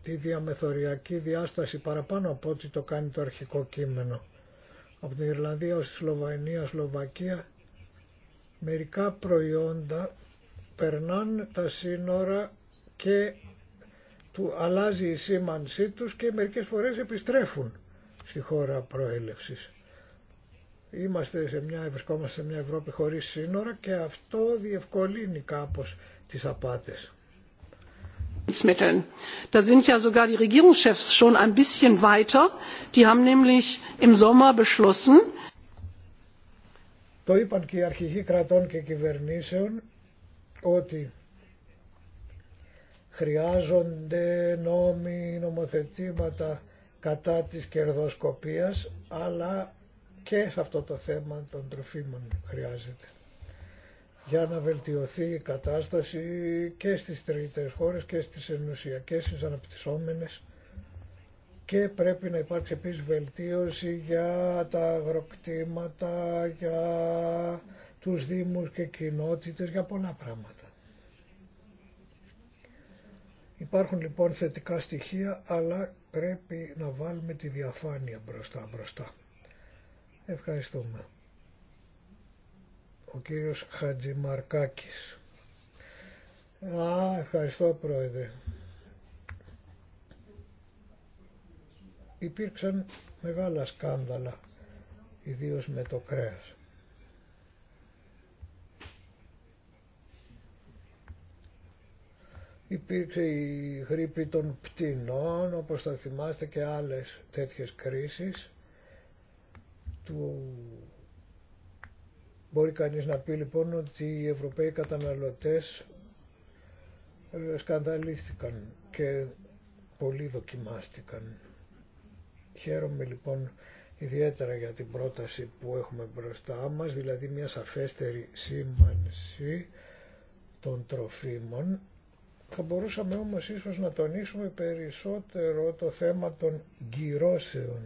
τη διαμεθοριακή διάσταση παραπάνω από ό,τι το κάνει το αρχικό κείμενο. Από την Ιρλανδία ως τη Σλοβαϊνία Σλοβακία, μερικά προϊόντα περνάνε τα σύνορα και του αλλάζει η σήμανσή τους και μερικές φορές επιστρέφουν στη χώρα προέλευσης. Είμαστε σε μια, βρισκόμαστε σε μια Ευρώπη χωρίς σύνορα και αυτό διευκολύνει κάπως τις απάτες. Da sind ja sogar die Regierungschefs schon ein bisschen weiter. Die haben nämlich im Sommer beschlossen. Το είπαν και οι αρχηγοί κρατών και κυβερνήσεων ότι Χρειάζονται νόμοι, νομοθετήματα κατά της κερδοσκοπίας, αλλά και σε αυτό το θέμα των τροφίμων χρειάζεται. Για να βελτιωθεί η κατάσταση και στις τρίτες χώρες και στις ενουσιακές, στις αναπτυσσόμενες και πρέπει να υπάρξει επίσης βελτίωση για τα αγροκτήματα, για τους δήμους και κοινότητες, για πολλά πράγματα. Υπάρχουν λοιπόν θετικά στοιχεία, αλλά πρέπει να βάλουμε τη διαφάνεια μπροστά μπροστά. Ευχαριστούμε. Ο κύριος Χατζημαρκάκης. Α, ευχαριστώ πρόεδρε. Υπήρξαν μεγάλα σκάνδαλα, ιδίως με το κρέας. Υπήρξε η γρήπη των πτηνών, όπως θα θυμάστε και άλλες τέτοιες κρίσεις. Του... Μπορεί κανείς να πει λοιπόν ότι οι Ευρωπαίοι καταναλωτές ε, σκανδαλίστηκαν και πολύ δοκιμάστηκαν. Χαίρομαι λοιπόν ιδιαίτερα για την πρόταση που έχουμε μπροστά μας, δηλαδή μια σαφέστερη σήμανση των τροφίμων θα μπορούσαμε όμως ίσως να τονίσουμε περισσότερο το θέμα των κυρώσεων.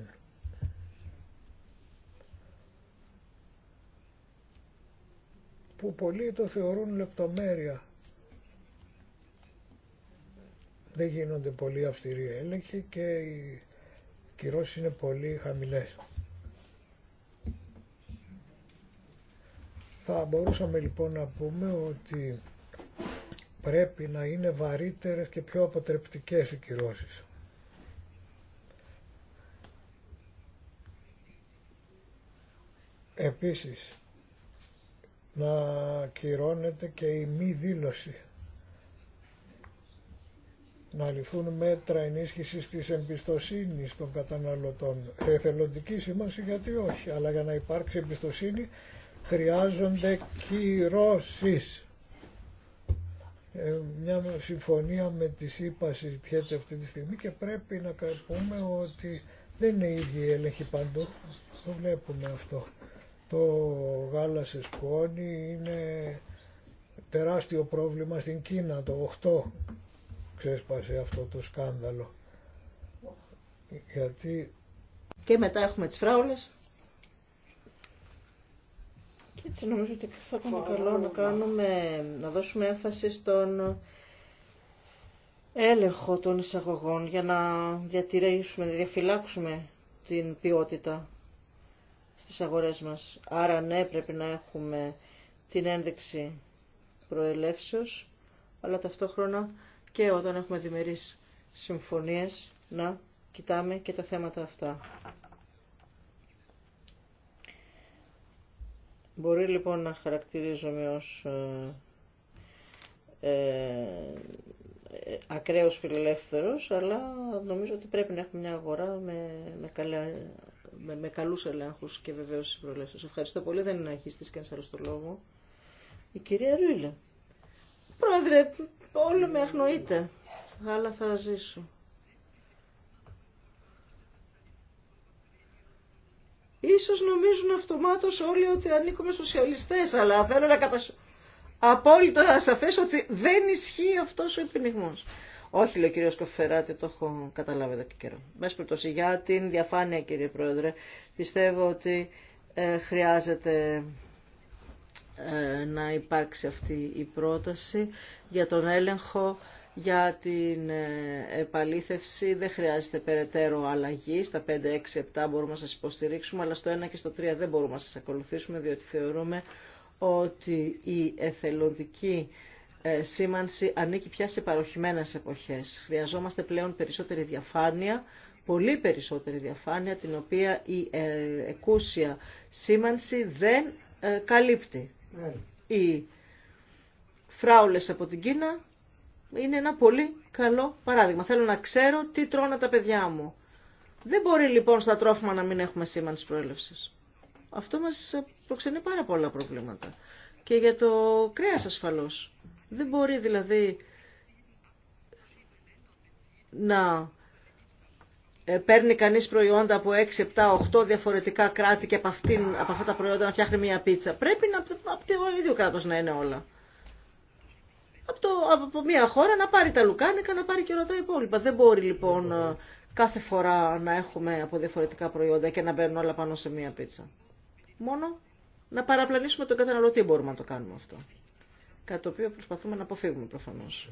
που πολλοί το θεωρούν λεπτομέρεια. Δεν γίνονται πολύ αυστηροί έλεγχοι και οι κυρώσεις είναι πολύ χαμηλές. Θα μπορούσαμε λοιπόν να πούμε ότι πρέπει να είναι βαρύτερες και πιο αποτρεπτικές οι κυρώσεις. Επίσης, να κυρώνεται και η μη δήλωση. Να ληφθούν μέτρα ενίσχυσης της εμπιστοσύνης των καταναλωτών. Σε εθελοντική σήμανση γιατί όχι, αλλά για να υπάρξει εμπιστοσύνη χρειάζονται κυρώσεις. Ε, μια συμφωνία με τη ΣΥΠΑ συζητιέται αυτή τη στιγμή και πρέπει να πούμε ότι δεν είναι ίδια η έλεγχη παντού. Το βλέπουμε αυτό. Το γάλα σε σκόνη είναι τεράστιο πρόβλημα στην Κίνα. Το 8 ξέσπασε αυτό το σκάνδαλο. Γιατί... Και μετά έχουμε τις φράουλες. Και έτσι νομίζω ότι θα ήταν καλό να, κάνουμε, να δώσουμε έμφαση στον έλεγχο των εισαγωγών για να διατηρήσουμε, να διαφυλάξουμε την ποιότητα στις αγορές μας. Άρα ναι, πρέπει να έχουμε την ένδειξη προελεύσεως, αλλά ταυτόχρονα και όταν έχουμε διμερείς συμφωνίες να κοιτάμε και τα θέματα αυτά. Μπορεί λοιπόν να χαρακτηρίζομαι ως ε, ε, ακραίος φιλελεύθερος, αλλά νομίζω ότι πρέπει να έχουμε μια αγορά με, με, καλά, με, με καλούς ελέγχους και βεβαίως συμπρολέψεις. Ευχαριστώ πολύ, δεν είναι έχεις της κανένας άλλο το λόγο. Η κυρία Ρούιλε. Πρόεδρε, όλο με αγνοείται, αλλά θα ζήσω. Ίσως νομίζουν αυτομάτως όλοι ότι ανήκουμε σοσιαλιστές, αλλά θέλω να κατασ... Απόλυτα σαφές ότι δεν ισχύει αυτός ο επινιγμός. Όχι, λέει ο κύριο Κοφεράτη, το έχω καταλάβει εδώ και καιρό. Μέσα περιπτώσει, για την διαφάνεια, κύριε Πρόεδρε, πιστεύω ότι ε, χρειάζεται ε, να υπάρξει αυτή η πρόταση για τον έλεγχο για την ε, επαλήθευση δεν χρειάζεται περαιτέρω αλλαγή. Στα 5, 6, 7 μπορούμε να σας υποστηρίξουμε, αλλά στο 1 και στο 3 δεν μπορούμε να σας ακολουθήσουμε, διότι θεωρούμε ότι η εθελοντική ε, σήμανση ανήκει πια σε παροχημένες εποχές. Χρειαζόμαστε πλέον περισσότερη διαφάνεια, πολύ περισσότερη διαφάνεια, την οποία η ε, εκούσια σήμανση δεν καλύπτει. Ναι. Οι φράουλες από την Κίνα είναι ένα πολύ καλό παράδειγμα. Θέλω να ξέρω τι τρώνα τα παιδιά μου. Δεν μπορεί λοιπόν στα τρόφιμα να μην έχουμε σήμανση προέλευσης. Αυτό μας προξενεί πάρα πολλά προβλήματα. Και για το κρέας ασφαλώς. Δεν μπορεί δηλαδή να ε, παίρνει κανείς προϊόντα από 6, 7, 8 διαφορετικά κράτη και από, αυτά τα προϊόντα να φτιάχνει μια πίτσα. Πρέπει να, από το ίδιο κράτος να είναι όλα από, το, από μια χώρα να πάρει τα λουκάνικα, να πάρει και όλα τα υπόλοιπα. Δεν μπορεί λοιπόν ναι, ναι. κάθε φορά να έχουμε από διαφορετικά προϊόντα και να μπαίνουν όλα πάνω σε μία πίτσα. Μόνο να παραπλανήσουμε τον καταναλωτή μπορούμε να το κάνουμε αυτό. Κάτι το οποίο προσπαθούμε να αποφύγουμε προφανώς.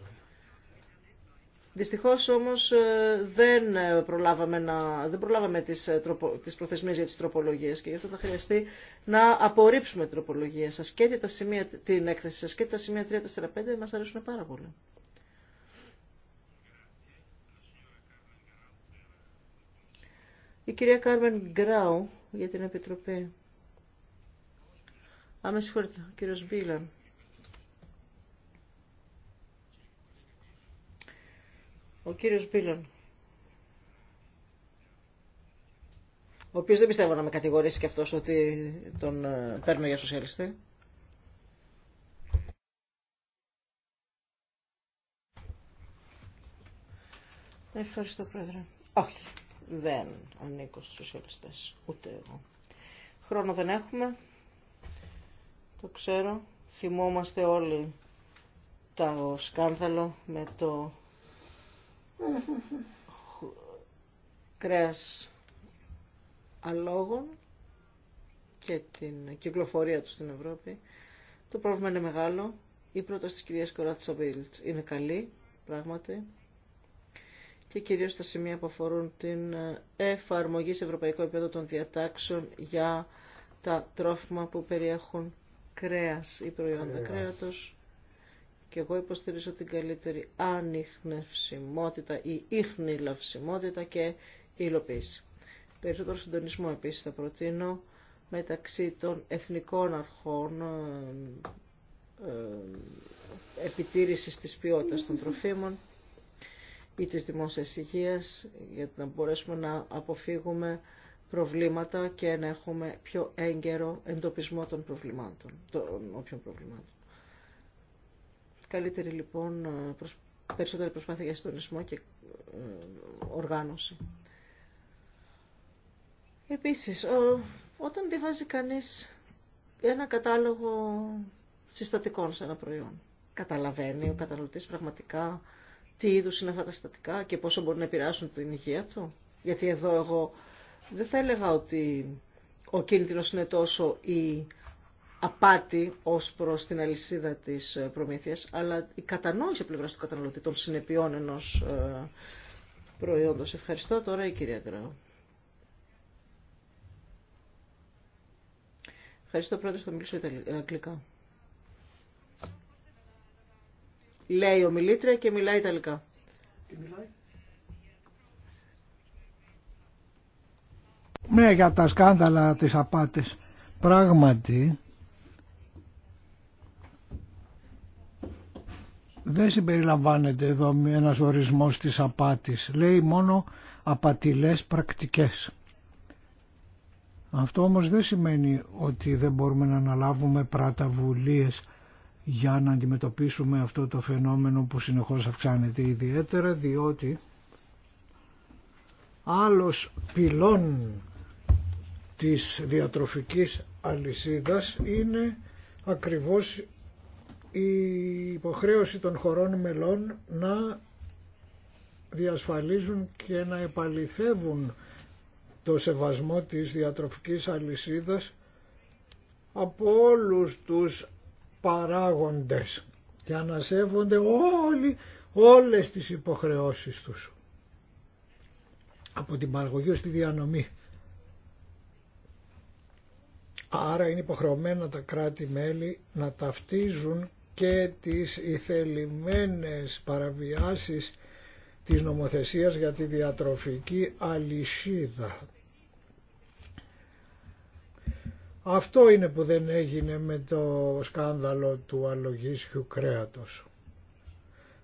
Δυστυχώς όμως ε, δεν ε, προλάβαμε, να, δεν προλάβαμε τις, ε, τις προθεσμίες για τις τροπολογίες και γι' αυτό θα χρειαστεί να απορρίψουμε τροπολογία σας και τα σημεία, την έκθεση σας και τα σημεία 3, 4, 5 μας αρέσουν πάρα πολύ. Η κυρία Κάρμεν Γκράου για την Επιτροπή. με συγχωρείτε, κύριος Μπίλαν. Ο κύριος Μπίλον. Ο οποίος δεν πιστεύω να με κατηγορήσει και αυτός ότι τον ε, παίρνω για σοσιαλιστή. Ευχαριστώ, Πρόεδρε. Όχι, δεν ανήκω στους σοσιαλιστές, ούτε εγώ. Χρόνο δεν έχουμε, το ξέρω. Θυμόμαστε όλοι το σκάνδαλο με το κρέας αλόγων και την κυκλοφορία του στην Ευρώπη. Το πρόβλημα είναι μεγάλο. Η πρόταση της κυρίας Κοράτσα είναι καλή, πράγματι, και κυρίως τα σημεία που αφορούν την εφαρμογή σε ευρωπαϊκό επίπεδο των διατάξεων για τα τρόφιμα που περιέχουν κρέας ή προϊόντα κρέατος και εγώ υποστηρίζω την καλύτερη ανιχνευσιμότητα ή ίχνη λαυσιμότητα και υλοποίηση. Περισσότερο συντονισμό επίσης θα προτείνω μεταξύ των εθνικών αρχών ε, ε, επιτήρησης της ποιότητας των τροφίμων ή της δημόσιας υγείας για να μπορέσουμε να αποφύγουμε προβλήματα και να έχουμε πιο έγκαιρο εντοπισμό των προβλημάτων, των όποιων προβλημάτων. Καλύτερη λοιπόν προσ... περισσότερη προσπάθεια για συντονισμό και ε, οργάνωση. Επίσης, όταν διαβάζει κανείς ένα κατάλογο συστατικών σε ένα προϊόν, καταλαβαίνει ο καταναλωτής πραγματικά τι είδους είναι αυτά τα συστατικά και πόσο μπορεί να επηρεάσουν την υγεία του. Γιατί εδώ εγώ δεν θα έλεγα ότι ο κίνδυνος είναι τόσο η απάτη ως προς την αλυσίδα της ε, προμήθειας, αλλά η κατανόηση πλευρά του καταναλωτή των συνεπειών ενός ε, προϊόντος. Ευχαριστώ τώρα η κυρία Γκράου. Ευχαριστώ πρόεδρε, θα μιλήσω ε, αγγλικά. Λέει ο ομιλήτρια και μιλάει ιταλικά. Ναι, για τα σκάνδαλα της απάτης. Πράγματι, δεν συμπεριλαμβάνεται εδώ ένας ορισμός της απάτης. Λέει μόνο απατηλές πρακτικές. Αυτό όμως δεν σημαίνει ότι δεν μπορούμε να αναλάβουμε πραταβουλίες για να αντιμετωπίσουμε αυτό το φαινόμενο που συνεχώς αυξάνεται ιδιαίτερα διότι άλλος πυλών της διατροφικής αλυσίδας είναι ακριβώς η υποχρέωση των χωρών μελών να διασφαλίζουν και να επαληθεύουν το σεβασμό της διατροφικής αλυσίδας από όλους τους παράγοντες και ανασέβονται όλοι, όλες τις υποχρεώσεις τους από την παραγωγή τη διανομή. Άρα είναι υποχρεωμένα τα κράτη-μέλη να ταυτίζουν και τις ηθελημένες παραβιάσεις της νομοθεσίας για τη διατροφική αλυσίδα. Αυτό είναι που δεν έγινε με το σκάνδαλο του αλογίσιου κρέατος.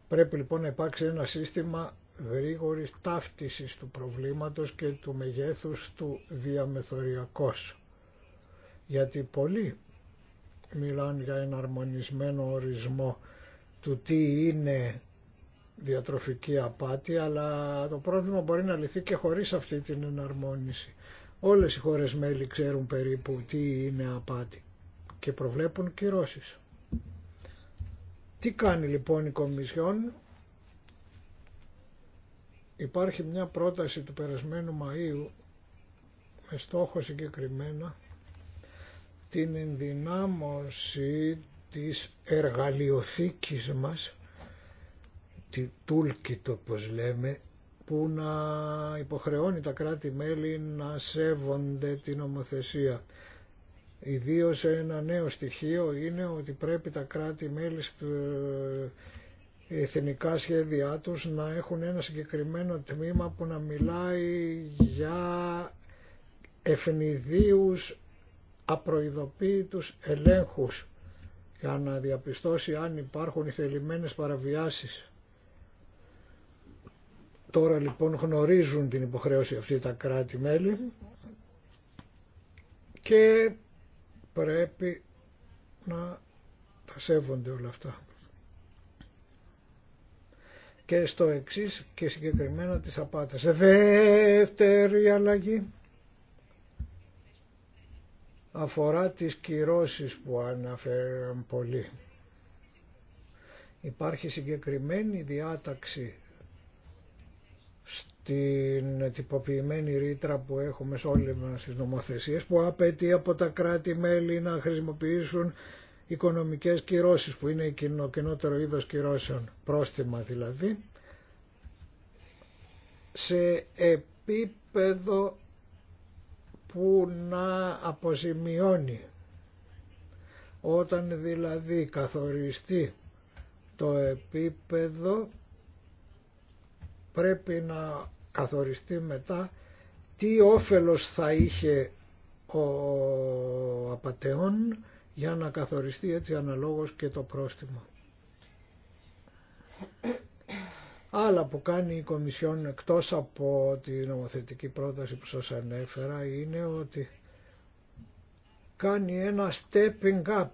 Πρέπει λοιπόν να υπάρξει ένα σύστημα γρήγορης ταύτισης του προβλήματος και του μεγέθους του διαμεθοριακός. Γιατί πολλοί μιλάνε για εναρμονισμένο ορισμό του τι είναι διατροφική απάτη, αλλά το πρόβλημα μπορεί να λυθεί και χωρίς αυτή την εναρμόνιση. Όλες οι χώρες μέλη ξέρουν περίπου τι είναι απάτη και προβλέπουν κυρώσεις. Τι κάνει λοιπόν η Κομισιόν. Υπάρχει μια πρόταση του περασμένου Μαΐου με στόχο συγκεκριμένα την ενδυνάμωση της εργαλειοθήκης μας, τη toolkit όπως λέμε, που να υποχρεώνει τα κράτη-μέλη να σέβονται την νομοθεσία. Ιδίως ένα νέο στοιχείο είναι ότι πρέπει τα κράτη-μέλη εθνικά σχέδιά τους να έχουν ένα συγκεκριμένο τμήμα που να μιλάει για ευνηδίους απροειδοποίητους ελέγχους για να διαπιστώσει αν υπάρχουν οι θελημένες παραβιάσεις. Τώρα λοιπόν γνωρίζουν την υποχρέωση αυτή τα κράτη-μέλη και πρέπει να τα σέβονται όλα αυτά. Και στο εξής και συγκεκριμένα τις απάτες. Δεύτερη αλλαγή αφορά τις κυρώσεις που αναφέραν πολύ. Υπάρχει συγκεκριμένη διάταξη στην τυποποιημένη ρήτρα που έχουμε σε όλες μας τις νομοθεσίες που απαιτεί από τα κράτη-μέλη να χρησιμοποιήσουν οικονομικές κυρώσεις που είναι η κοινότερο είδος κυρώσεων, πρόστιμα δηλαδή, σε επίπεδο που να αποζημιώνει. Όταν δηλαδή καθοριστεί το επίπεδο πρέπει να καθοριστεί μετά τι όφελος θα είχε ο απατεών για να καθοριστεί έτσι αναλόγως και το πρόστιμο. Άλλα που κάνει η Κομισιόν εκτός από τη νομοθετική πρόταση που σας ανέφερα είναι ότι κάνει ένα stepping up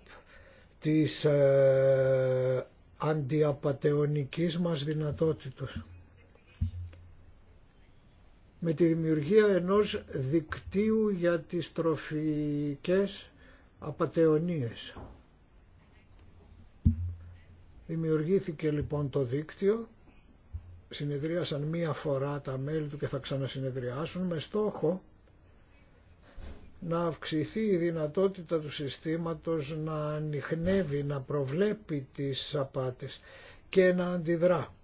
της ε, αντιαπατεωνικής μας δυνατότητας Με τη δημιουργία ενός δικτύου για τις τροφικές απατεωνίες. Δημιουργήθηκε λοιπόν το δίκτυο συνεδρίασαν μία φορά τα μέλη του και θα ξανασυνεδριάσουν με στόχο να αυξηθεί η δυνατότητα του συστήματος να ανοιχνεύει, να προβλέπει τις απάτες και να αντιδρά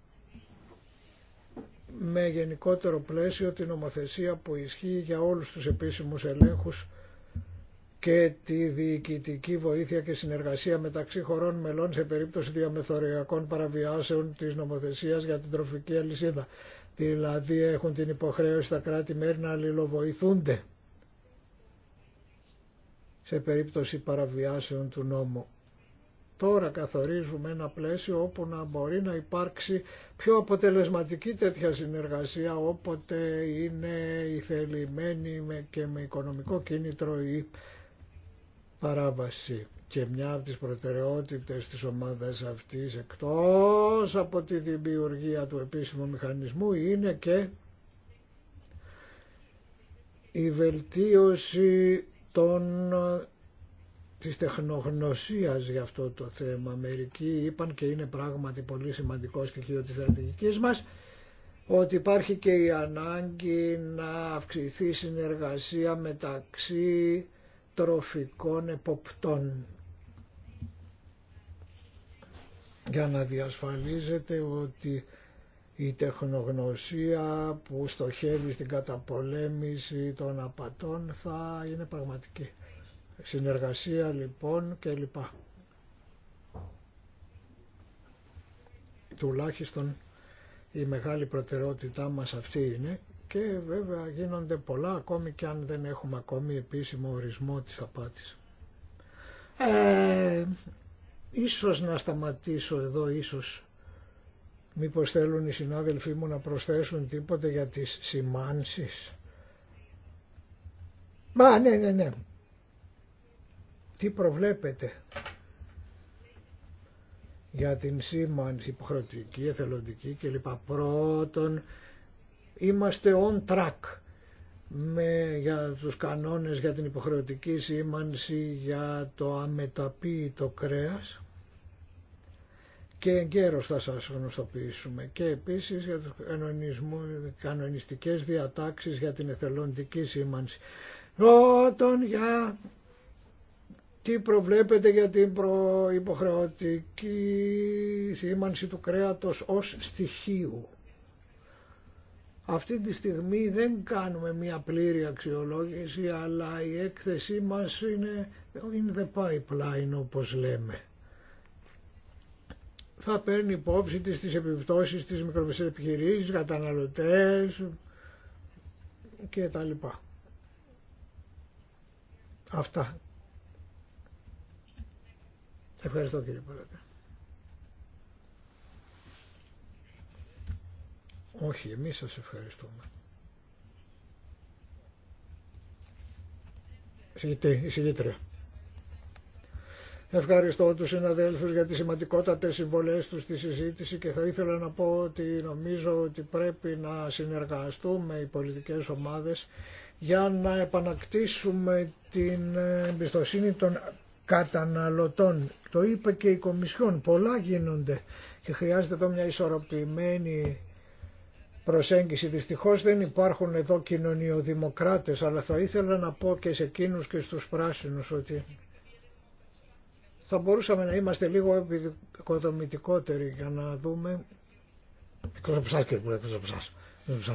με γενικότερο πλαίσιο την νομοθεσία που ισχύει για όλους τους επίσημους ελέγχους και τη διοικητική βοήθεια και συνεργασία μεταξύ χωρών μελών σε περίπτωση διαμεθοριακών παραβιάσεων της νομοθεσίας για την τροφική αλυσίδα. Δηλαδή έχουν την υποχρέωση τα κράτη-μέρη να αλληλοβοηθούνται σε περίπτωση παραβιάσεων του νόμου. Τώρα καθορίζουμε ένα πλαίσιο όπου να μπορεί να υπάρξει πιο αποτελεσματική τέτοια συνεργασία όποτε είναι η θελημένη και με οικονομικό κίνητρο η παράβαση και μια από τις προτεραιότητες της ομάδας αυτής εκτός από τη δημιουργία του επίσημου μηχανισμού είναι και η βελτίωση των, της τεχνογνωσίας για αυτό το θέμα. Μερικοί είπαν και είναι πράγματι πολύ σημαντικό στοιχείο της στρατηγικής μας ότι υπάρχει και η ανάγκη να αυξηθεί συνεργασία μεταξύ τροφικών εποπτών για να διασφαλίζεται ότι η τεχνογνωσία που στοχεύει στην καταπολέμηση των απατών θα είναι πραγματική. Συνεργασία λοιπόν και λοιπά. Τουλάχιστον η μεγάλη προτεραιότητά μας αυτή είναι και βέβαια γίνονται πολλά ακόμη και αν δεν έχουμε ακόμη επίσημο ορισμό της απάτης. Ε, ίσως να σταματήσω εδώ, ίσως μήπως θέλουν οι συνάδελφοί μου να προσθέσουν τίποτε για τις σημάνσεις. Μα ναι, ναι, ναι. Τι προβλέπετε για την σήμανση υποχρεωτική, εθελοντική κλπ. Πρώτον, είμαστε on track με, για τους κανόνες για την υποχρεωτική σήμανση για το αμεταποίητο κρέας και εγκαίρως θα σας γνωστοποιήσουμε και επίσης για τους κανονιστικές διατάξεις για την εθελοντική σήμανση. Όταν για τι προβλέπετε για την υποχρεωτική σήμανση του κρέατος ως στοιχείου. Αυτή τη στιγμή δεν κάνουμε μια πλήρη αξιολόγηση, αλλά η έκθεσή μας είναι in the pipeline όπως λέμε. Θα παίρνει υπόψη της τις επιπτώσεις της μικρομεσαίες επιχειρήσης, καταναλωτές και τα λοιπά. Αυτά. Ευχαριστώ κύριε Πρόεδρε. Όχι, εμείς σας ευχαριστούμε. Συγητή, Ευχαριστώ τους συναδέλφους για τις σημαντικότατες συμβολές τους στη συζήτηση και θα ήθελα να πω ότι νομίζω ότι πρέπει να συνεργαστούμε οι πολιτικές ομάδες για να επανακτήσουμε την εμπιστοσύνη των καταναλωτών. Το είπε και η Κομισιόν, πολλά γίνονται και χρειάζεται εδώ μια ισορροπημένη προσέγγιση. Δυστυχώς δεν υπάρχουν εδώ κοινωνιοδημοκράτες, αλλά θα ήθελα να πω και σε εκείνους και στους πράσινους ότι θα μπορούσαμε να είμαστε λίγο επικοδομητικότεροι για να δούμε... Εκτός από κύριε από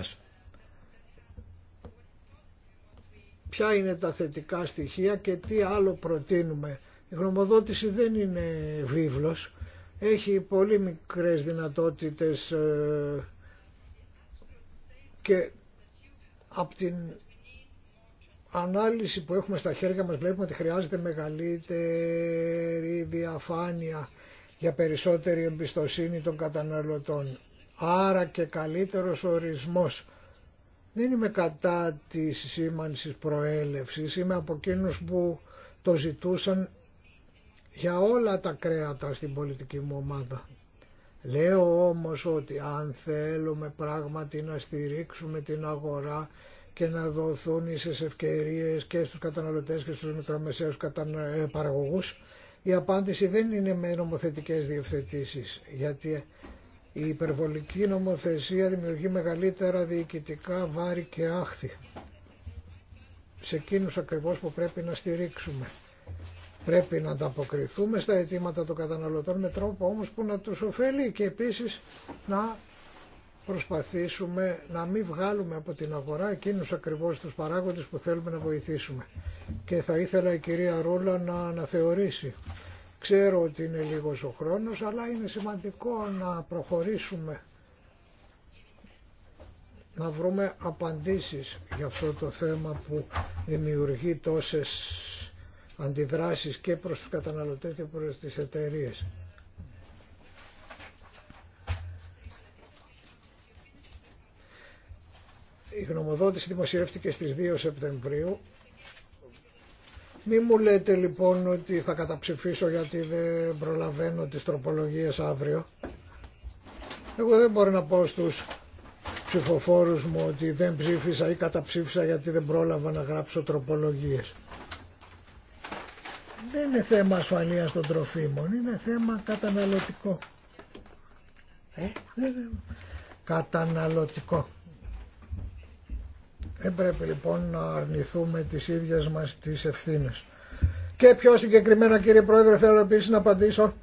Ποια είναι τα θετικά στοιχεία και τι άλλο προτείνουμε. Η γνωμοδότηση δεν είναι βίβλος. Έχει πολύ μικρές δυνατότητες ε, και από την ανάλυση που έχουμε στα χέρια μας βλέπουμε ότι χρειάζεται μεγαλύτερη διαφάνεια για περισσότερη εμπιστοσύνη των καταναλωτών. Άρα και καλύτερος ορισμός. Δεν είμαι κατά της σήμανσης προέλευσης, είμαι από εκείνους που το ζητούσαν για όλα τα κρέατα στην πολιτική μου ομάδα. Λέω όμως ότι αν θέλουμε πράγματι να στηρίξουμε την αγορά και να δοθούν ίσες ευκαιρίες και στους καταναλωτές και στους μικρομεσαίους ε, παραγωγούς, η απάντηση δεν είναι με νομοθετικές διευθετήσεις, γιατί η υπερβολική νομοθεσία δημιουργεί μεγαλύτερα διοικητικά βάρη και άχθη σε εκείνους ακριβώς που πρέπει να στηρίξουμε. Πρέπει να ανταποκριθούμε στα αιτήματα των καταναλωτών με τρόπο όμως που να τους ωφελεί και επίσης να προσπαθήσουμε να μην βγάλουμε από την αγορά εκείνους ακριβώς τους παράγοντες που θέλουμε να βοηθήσουμε. Και θα ήθελα η κυρία Ρούλα να αναθεωρήσει. Ξέρω ότι είναι λίγος ο χρόνος, αλλά είναι σημαντικό να προχωρήσουμε, να βρούμε απαντήσεις για αυτό το θέμα που δημιουργεί τόσες αντιδράσεις και προς τους καταναλωτές και προς τις εταιρείες. Η γνωμοδότηση δημοσιεύτηκε στις 2 Σεπτεμβρίου. Μη μου λέτε λοιπόν ότι θα καταψηφίσω γιατί δεν προλαβαίνω τις τροπολογίες αύριο. Εγώ δεν μπορώ να πω στους ψηφοφόρους μου ότι δεν ψήφισα ή καταψήφισα γιατί δεν πρόλαβα να γράψω τροπολογίες δεν είναι θέμα ασφαλείας των τροφίμων, είναι θέμα καταναλωτικό. Ε, καταναλωτικό. Δεν πρέπει λοιπόν να αρνηθούμε τις ίδιες μας τις ευθύνες. Και πιο συγκεκριμένα κύριε Πρόεδρε θέλω επίσης να απαντήσω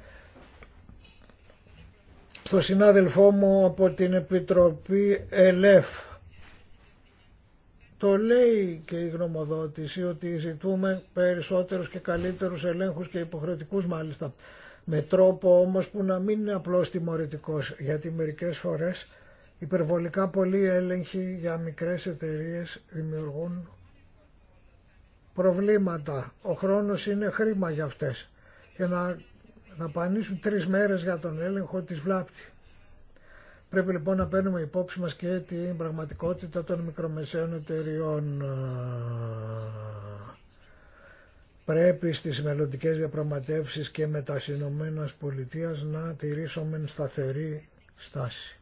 στο συνάδελφό μου από την Επιτροπή ΕΛΕΦ το λέει και η γνωμοδότηση ότι ζητούμε περισσότερους και καλύτερους ελέγχους και υποχρεωτικούς μάλιστα. Με τρόπο όμως που να μην είναι απλώς τιμωρητικός, γιατί μερικές φορές υπερβολικά πολλοί έλεγχοι για μικρές εταιρείε δημιουργούν προβλήματα. Ο χρόνος είναι χρήμα για αυτές. Και να, να πανίσουν τρεις μέρες για τον έλεγχο της βλάπτει. Πρέπει λοιπόν να παίρνουμε υπόψη μας και την πραγματικότητα των μικρομεσαίων εταιριών. Πρέπει στις μελλοντικέ διαπραγματεύσεις και με τα Συνωμένας Πολιτείας να τηρήσουμε σταθερή στάση.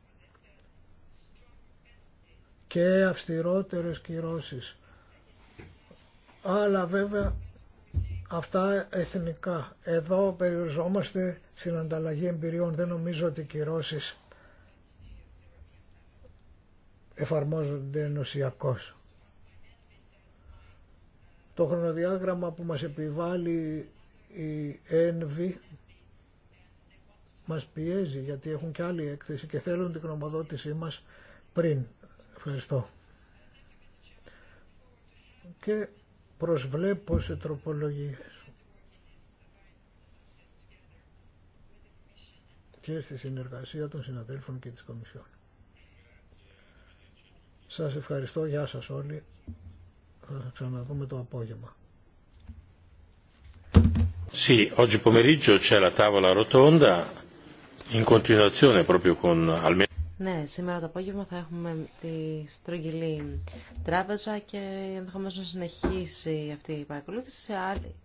Και αυστηρότερες κυρώσεις. Αλλά βέβαια αυτά εθνικά. Εδώ περιοριζόμαστε στην ανταλλαγή εμπειριών. Δεν νομίζω ότι κυρώσεις εφαρμόζονται ενωσιακώς. Το χρονοδιάγραμμα που μας επιβάλλει η ΕΝΒΗ μας πιέζει γιατί έχουν και άλλη έκθεση και θέλουν την γνωμοδότησή μας πριν. Ευχαριστώ. Και προσβλέπω σε τροπολογίες. και στη συνεργασία των συναδέλφων και της Κομισιόν. Σας ευχαριστώ. Γεια σας όλοι. Θα ξαναδούμε το απόγευμα. Sì, oggi pomeriggio c'è la tavola rotonda in continuazione proprio con almeno ναι, σήμερα το απόγευμα θα έχουμε τη στρογγυλή τράπεζα και ενδεχομένω να συνεχίσει αυτή η παρακολούθηση σε άλλη,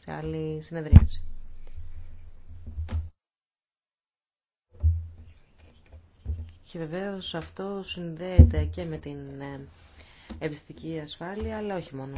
σε άλλη συνεδρίαση. Και βεβαίως αυτό συνδέεται και με την ευαισθητική ασφάλεια, αλλά όχι μόνο.